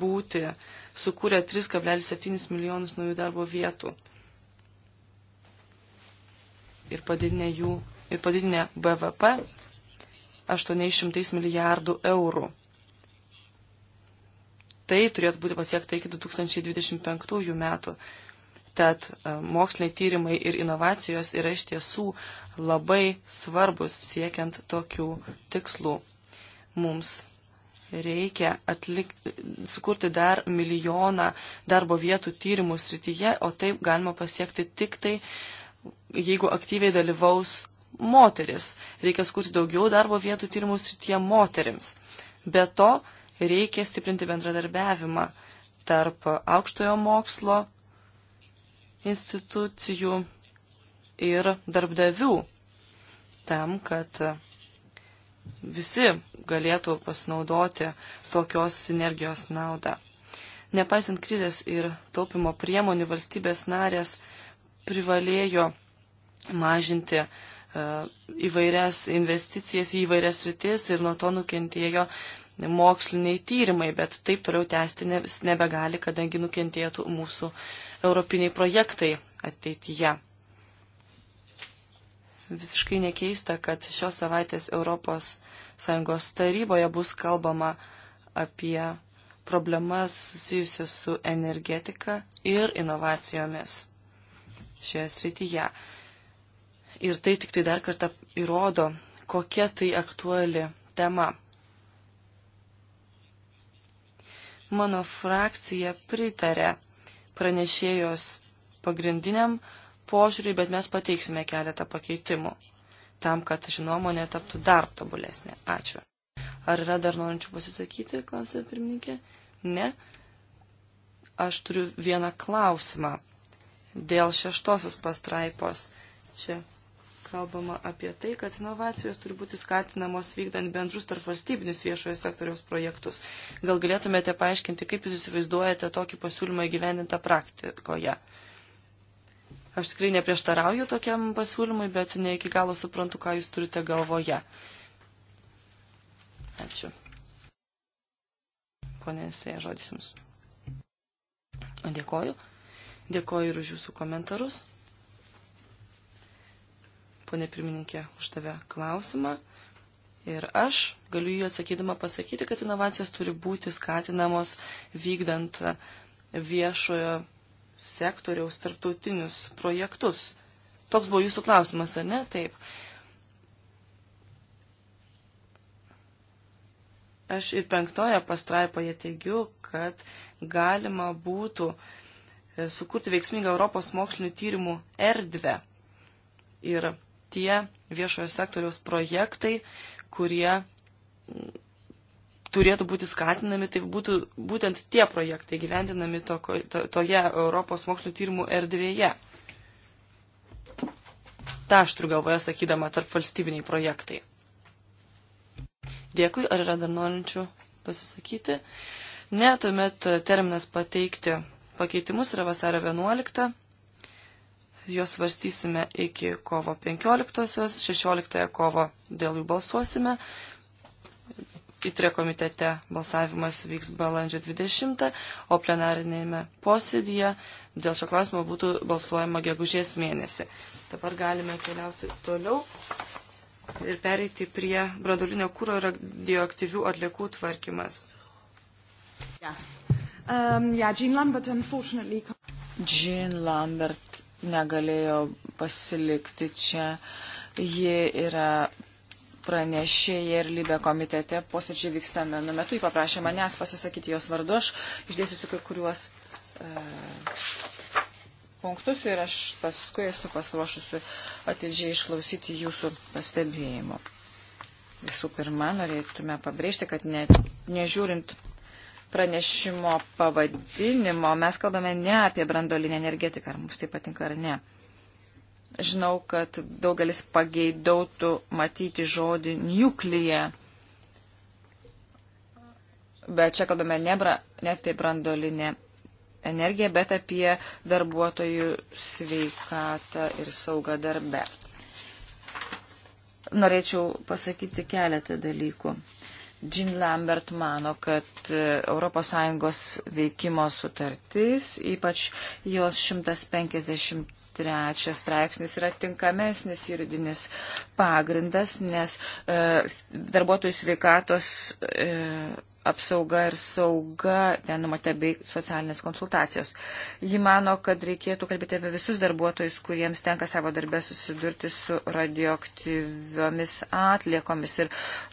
būti sukūrę 3,7 milijonus naujų darbo vietų ir padidinę jų ir padidinę BVP 800 milijardų eurų tai turėtų būti pasiekta iki 2025 metų. Tad e, moksliniai tyrimai ir inovacijos yra iš tiesų labai svarbus siekiant tokių tikslų. Mums reikia atlik, sukurti dar milijoną darbo vietų tyrimų srityje, o taip galima pasiekti tik tai, jeigu aktyviai dalyvaus moteris. Reikia skurti daugiau darbo vietų tyrimų srityje moterims. Be to, reikia stiprinti bendradarbiavimą tarp aukštojo mokslo institucijų ir darbdavių tam, kad visi galėtų pasinaudoti tokios sinergijos naudą. Nepaisant krizės ir taupimo priemonių, valstybės narės privalėjo mažinti uh, įvairias investicijas į įvairias rytis ir nuo to nukentėjo uh, moksliniai tyrimai, bet taip toliau tęsti nebegali, kadangi nukentėtų mūsų europiniai projektai ateityje. Visiškai nekeista, kad šios savaitės ES taryboje bus kalbama apie problemas susijusias su energetika ir inovacijomis šioje srityje. Ir tai tik tai dar kartą įrodo, kokia tai aktuali tema. mano frakcija pritarė pranešėjos pagrindiniam požiūriui, bet mes pateiksime keletą pakeitimų tam, kad ši nuomonė taptų dar tobulesnė. Ačiū. Ar yra dar norinčių pasisakyti, klausė pirmininkė? Ne. Aš turiu vieną klausimą dėl šeštosios pastraipos. Čia kalbama apie tai, kad inovacijos turi būti skatinamos vykdant bendrus tarp valstybinius viešojo sektoriaus projektus. Gal galėtumėte paaiškinti, kaip jūs įsivaizduojate tokį pasiūlymą įgyvendintą praktikoje? Aš tikrai neprieštarauju tokiam pasiūlymui, bet ne iki galo suprantu, ką jūs turite galvoje. Ačiū. Pone Sėja, žodis jums. Dėkoju. Dėkoju ir už jūsų komentarus ponė pirmininkė, uždavė klausimą. Ir aš galiu jį atsakydama pasakyti, kad inovacijos turi būti skatinamos vykdant viešojo sektoriaus tarptautinius projektus. Toks buvo jūsų klausimas, ar ne? Taip. Aš ir penktoje pastraipoje teigiu, kad galima būtų e, sukurti veiksmingą Europos mokslinių tyrimų erdvę. Ir tie viešojo sektoriaus projektai, kurie turėtų būti skatinami, tai būtų būtent tie projektai gyvendinami to, to, toje Europos mokslo tyrimų erdvėje. Ta aš turiu galvoje sakydama tarp valstybiniai projektai. Dėkui, ar yra dar norinčių pasisakyti? Ne, tuomet terminas pateikti pakeitimus yra vasario 11 juos svarstysime iki kovo 15-osios, 16-ąją kovo dėl jų balsuosime. Įtrė komitete balsavimas vyks balandžio 20, o plenarinėme posėdėje dėl šio klausimo būtų balsuojama gegužės mėnesį. Dabar galime keliauti toliau ir pereiti prie brandolinio kūro ir radioaktyvių atliekų tvarkymas. Yeah. Um, yeah, Jean Lambert, unfortunately... Jean Lambert negalėjo pasilikti čia. Ji yra pranešėja ir lybė komitete posėdžiai vyksta vienu metu. Ji paprašė manęs pasisakyti jos vardu. Aš išdėsiu kai kuriuos e, punktus ir aš paskui esu pasiruošusi atidžiai išklausyti jūsų pastebėjimo. Visų pirma, norėtume pabrėžti, kad ne, nežiūrint pranešimo pavadinimo mes kalbame ne apie brandolinę energetiką, ar mums tai patinka ar ne. Žinau, kad daugelis pageidautų matyti žodį nuklyje, bet čia kalbame ne, bra, ne apie brandolinę energiją, bet apie darbuotojų sveikatą ir saugą darbe. Norėčiau pasakyti keletą dalykų. Jean Lambert mano, kad ES veikimo sutartis, ypač jos 153 straipsnis yra tinkamesnis juridinis pagrindas, nes e, darbuotojų sveikatos e, apsauga ir sauga, ten numatė bei socialinės konsultacijos. Ji mano, kad reikėtų kalbėti apie visus darbuotojus, kuriems tenka savo darbę susidurti su radioaktyviomis atliekomis ir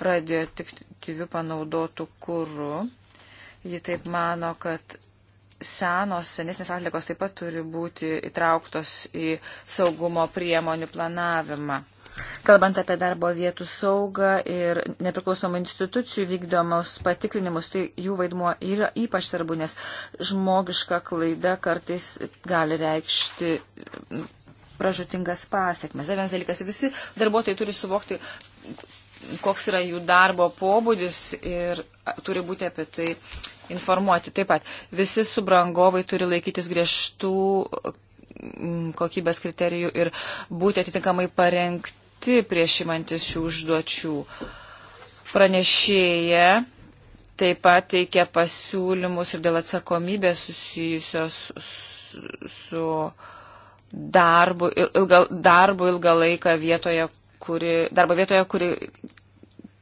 radioaktyviomis alternatyviu panaudotų kūru. Ji taip mano, kad senos, senesnės atlikos taip pat turi būti įtrauktos į saugumo priemonių planavimą. Kalbant apie darbo vietų saugą ir nepriklausomų institucijų vykdomus patikrinimus, tai jų vaidmuo yra ypač svarbu, nes žmogiška klaida kartais gali reikšti pražutingas pasiekmes. Dar vienas dalykas, visi darbuotojai turi suvokti, koks yra jų darbo pobūdis ir turi būti apie tai informuoti. Taip pat visi subrangovai turi laikytis griežtų kokybės kriterijų ir būti atitinkamai parengti prieš imantis šių užduočių. Pranešėja taip pat teikia pasiūlymus ir dėl atsakomybės susijusios su darbu, ilga, darbu ilgą laiką vietoje, kuri, darbo vietoje, kuri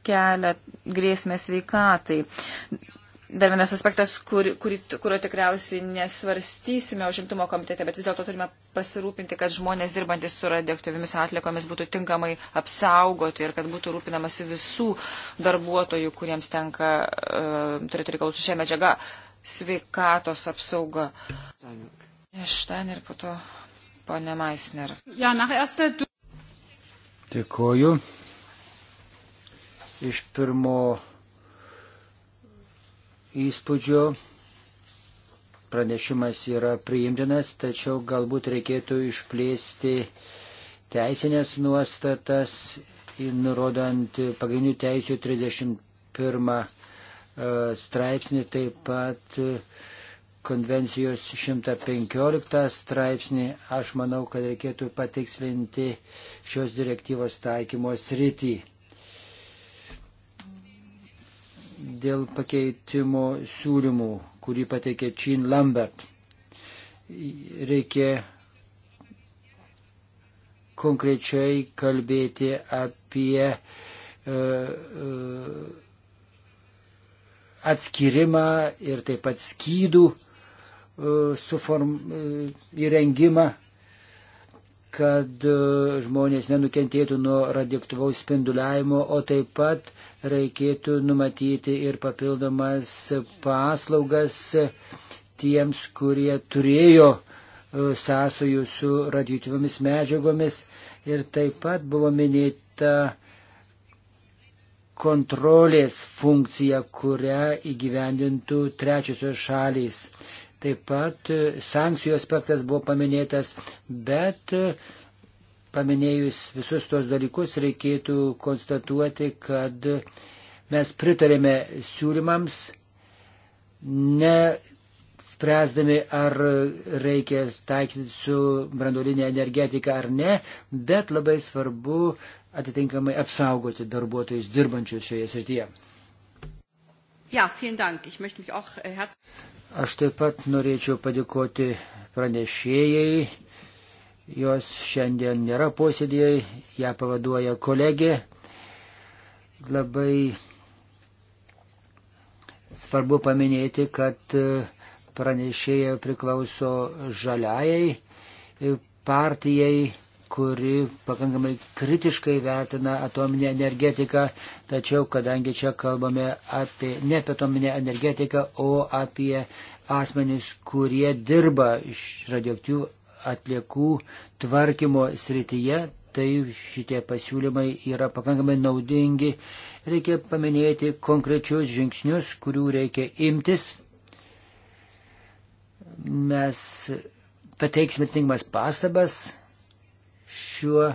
kelia grėsmę sveikatai. Dar vienas aspektas, kur, kur, kurio tikriausiai nesvarstysime užimtumo komitete, bet vis dėlto turime pasirūpinti, kad žmonės dirbantis su radioaktyvimis atlikomis būtų tinkamai apsaugoti ir kad būtų rūpinamasi visų darbuotojų, kuriems tenka uh, turėti reikalų su šia medžiaga, sveikatos apsauga. Iš ten ir po to, ponė Maisner. Ja, Dėkoju. Iš pirmo įspūdžio pranešimas yra priimtinas, tačiau galbūt reikėtų išplėsti teisinės nuostatas, nurodant pagrindinių teisių 31 e, straipsnį, taip pat konvencijos 115 straipsnį, aš manau, kad reikėtų patikslinti šios direktyvos taikymo sritį. Dėl pakeitimo siūlymų, kurį pateikė Čin Lambert, reikia konkrečiai kalbėti apie uh, uh, atskirimą ir taip pat skydų uh, suform, įrengimą, kad e, žmonės nenukentėtų nuo radioaktyvaus spinduliavimo, o taip pat reikėtų numatyti ir papildomas paslaugas tiems, kurie turėjo e, sąsojų su radioaktyvomis medžiagomis. Ir taip pat buvo minėta kontrolės funkcija, kurią įgyvendintų trečiosios šalys. Taip pat e, sankcijų aspektas buvo paminėtas, bet e, paminėjus visus tos dalykus reikėtų konstatuoti, kad mes pritarėme siūlymams, nespręsdami ar reikia taikyti su brandolinė energetika ar ne, bet labai svarbu atitinkamai apsaugoti darbuotojus dirbančius šioje srityje. Ja, vielen Dank. Ich möchte mich auch äh, herzlich. Aš taip pat norėčiau padėkoti pranešėjai. Jos šiandien nėra posėdėje, ją pavaduoja kolegė. Labai svarbu paminėti, kad e, pranešėja priklauso žaliajai e, partijai kuri pakankamai kritiškai vertina atominę energetiką, tačiau kadangi čia kalbame apie, ne apie atominę energetiką, o apie asmenys, kurie dirba iš radioaktyvių atliekų tvarkymo srityje, tai šitie pasiūlymai yra pakankamai naudingi. Reikia paminėti konkrečius žingsnius, kurių reikia imtis. Mes pateiksime tinkamas pastabas šiuo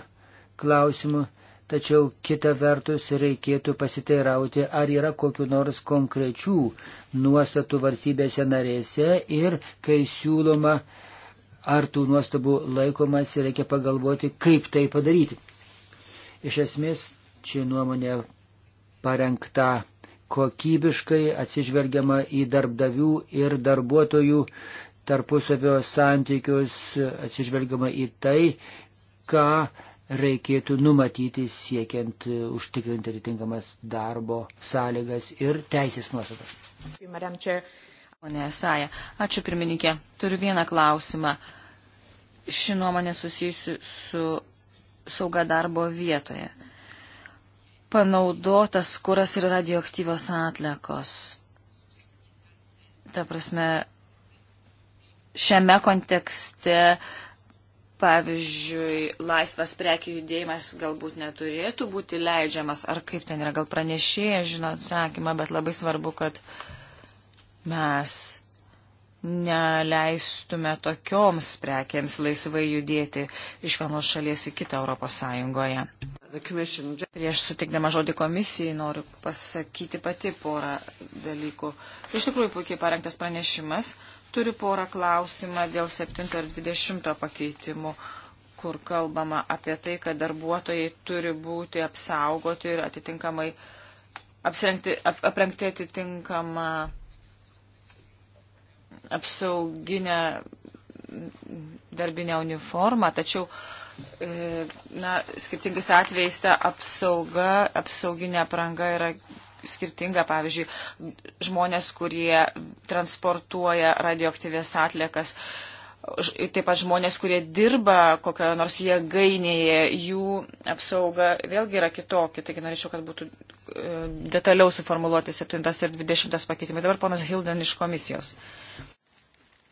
klausimu, tačiau kita vertus reikėtų pasiteirauti, ar yra kokiu nors konkrečių nuostatų valstybėse narėse ir kai siūloma, ar tų nuostabų laikomasi, reikia pagalvoti, kaip tai padaryti. Iš esmės, čia nuomonė parengta kokybiškai atsižvelgiama į darbdavių ir darbuotojų tarpusavio santykius, atsižvelgiama į tai, ką reikėtų numatyti siekiant e, užtikrinti atitinkamas darbo sąlygas ir teisės nuostatas. Pone Esaja, ačiū pirmininkė. Turiu vieną klausimą. Ši nuomonė susijusi su sauga darbo vietoje. Panaudotas kuras ir radioaktyvios atlikos. Ta prasme, šiame kontekste uh, Pavyzdžiui, laisvas prekių judėjimas galbūt neturėtų būti leidžiamas, ar kaip ten yra, gal pranešėja, žinot, sakymą, bet labai svarbu, kad mes neleistume tokioms prekiams laisvai judėti iš vienos šalies į kitą Europos Sąjungoje. Prieš sutikdama žodį komisijai noriu pasakyti pati porą dalykų. Iš tikrųjų puikiai parengtas pranešimas. Uh, Turiu porą klausimą dėl 7 ir 20 pakeitimų, kur kalbama apie tai, kad darbuotojai turi būti apsaugoti ir atitinkamai apsirengti, ap, aprengti atitinkamą apsauginę darbinę uniformą, tačiau e, na, skirtingais atvejais ta apsauga, apsauginė apranga yra skirtinga, pavyzdžiui, žmonės, kurie transportuoja radioaktyvės atliekas, taip pat žmonės, kurie dirba kokioje nors jėgainėje, jų apsauga vėlgi yra kitokia. Taigi norėčiau, kad būtų e, detaliau suformuoluoti 7 ir 20 pakeitimai. Dabar ponas Hilden iš komisijos.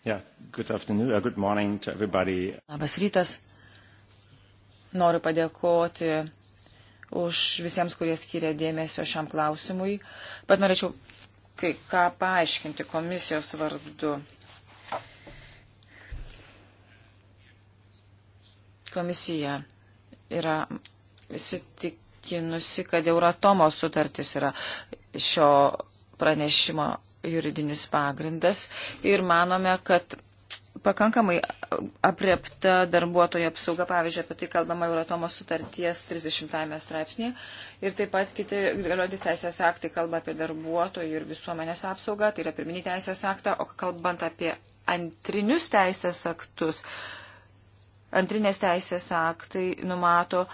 Yeah, good afternoon, uh, good morning to everybody. Labas rytas. Noriu padėkoti už visiems, kurie skiria dėmesio šiam klausimui, bet norėčiau kai ką paaiškinti komisijos vardu. Komisija yra įsitikinusi, kad Euratomo sutartis yra šio pranešimo juridinis pagrindas ir manome, kad pakankamai apriepta darbuotojo apsauga, pavyzdžiui, apie tai kalbama Euratomo sutarties 30-ame straipsnėje. Ir taip pat kiti galiojantis teisės aktai kalba apie darbuotojų ir visuomenės apsaugą, tai yra pirminį teisės aktą, o kalbant apie antrinius teisės aktus, antrinės teisės aktai numato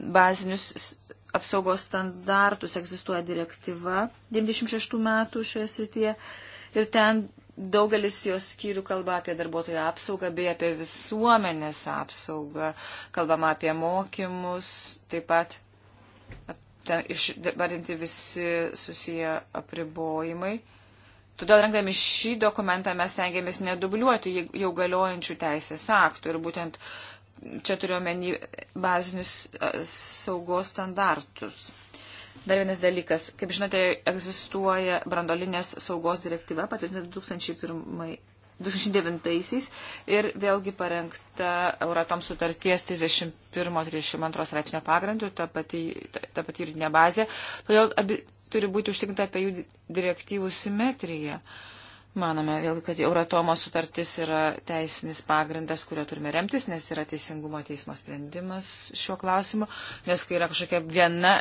bazinius apsaugos standartus, egzistuoja direktyva 96 metų šioje srityje. Ir ten Daugelis jos skyrių kalba apie darbuotojų apsaugą bei apie visuomenės apsaugą, kalbama apie mokymus, taip pat ten išvardinti visi susiję apribojimai. Todėl rengdami šį dokumentą mes tengiamės nedubliuoti jau galiojančių teisės aktų ir būtent čia turiuomenį bazinius saugos standartus. Dar vienas dalykas. Kaip žinote, egzistuoja brandolinės saugos direktyva patvirtinta 2001 2009-aisiais ir vėlgi parengta Euratom sutarties 31-32 straipsnio pagrindų, ta pati, ta, ta pati juridinė bazė. Todėl abi, turi būti užtikrinta apie jų direktyvų simetriją. Uh, Manome vėlgi, kad Euratomo sutartis yra teisinis pagrindas, kurio turime remtis, nes yra teisingumo teismo sprendimas šiuo klausimu, nes kai yra kažkokia viena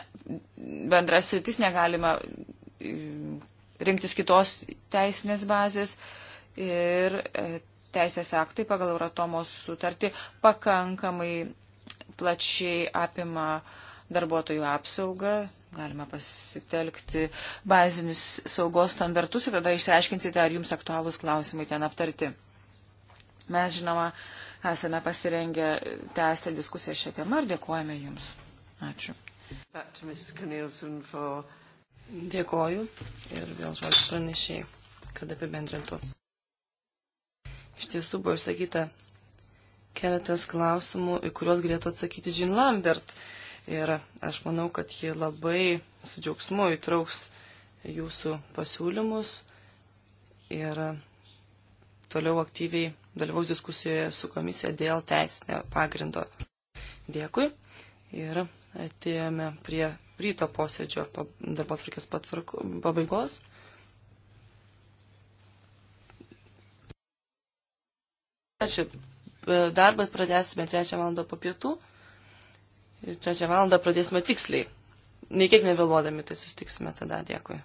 bendra sritis, negalima mm, rinktis kitos teisinės bazės ir e, teisės aktai pagal Euratomo sutartį pakankamai plačiai apima uh, darbuotojų apsaugą, galima pasitelkti bazinius saugos standartus ir tada išsiaiškinsite, ar jums aktualūs klausimai ten aptarti. Mes, žinoma, esame pasirengę tęsti diskusiją šią temą ir dėkojame Jums. Ačiū. Dėkoju ir vėl žodžiu pranešėjai, kad apibendrintų. Iš tiesų buvo išsakyta keletas klausimų, į kuriuos galėtų atsakyti Jean Lambert. Uh, Ir aš manau, kad ji labai su džiaugsmu įtrauks jūsų pasiūlymus ir toliau aktyviai dalyvaus diskusijoje su komisija dėl teisinio pagrindo. Dėkui. Ir atėjome prie ryto posėdžio darbo atvarkės pabaigos. Ačiū. Darbą pradėsime 3 val. po pietų. Ir trečią valandą pradėsime tiksliai. Nei kiek nevėluodami, tai susitiksime tada. Dėkui.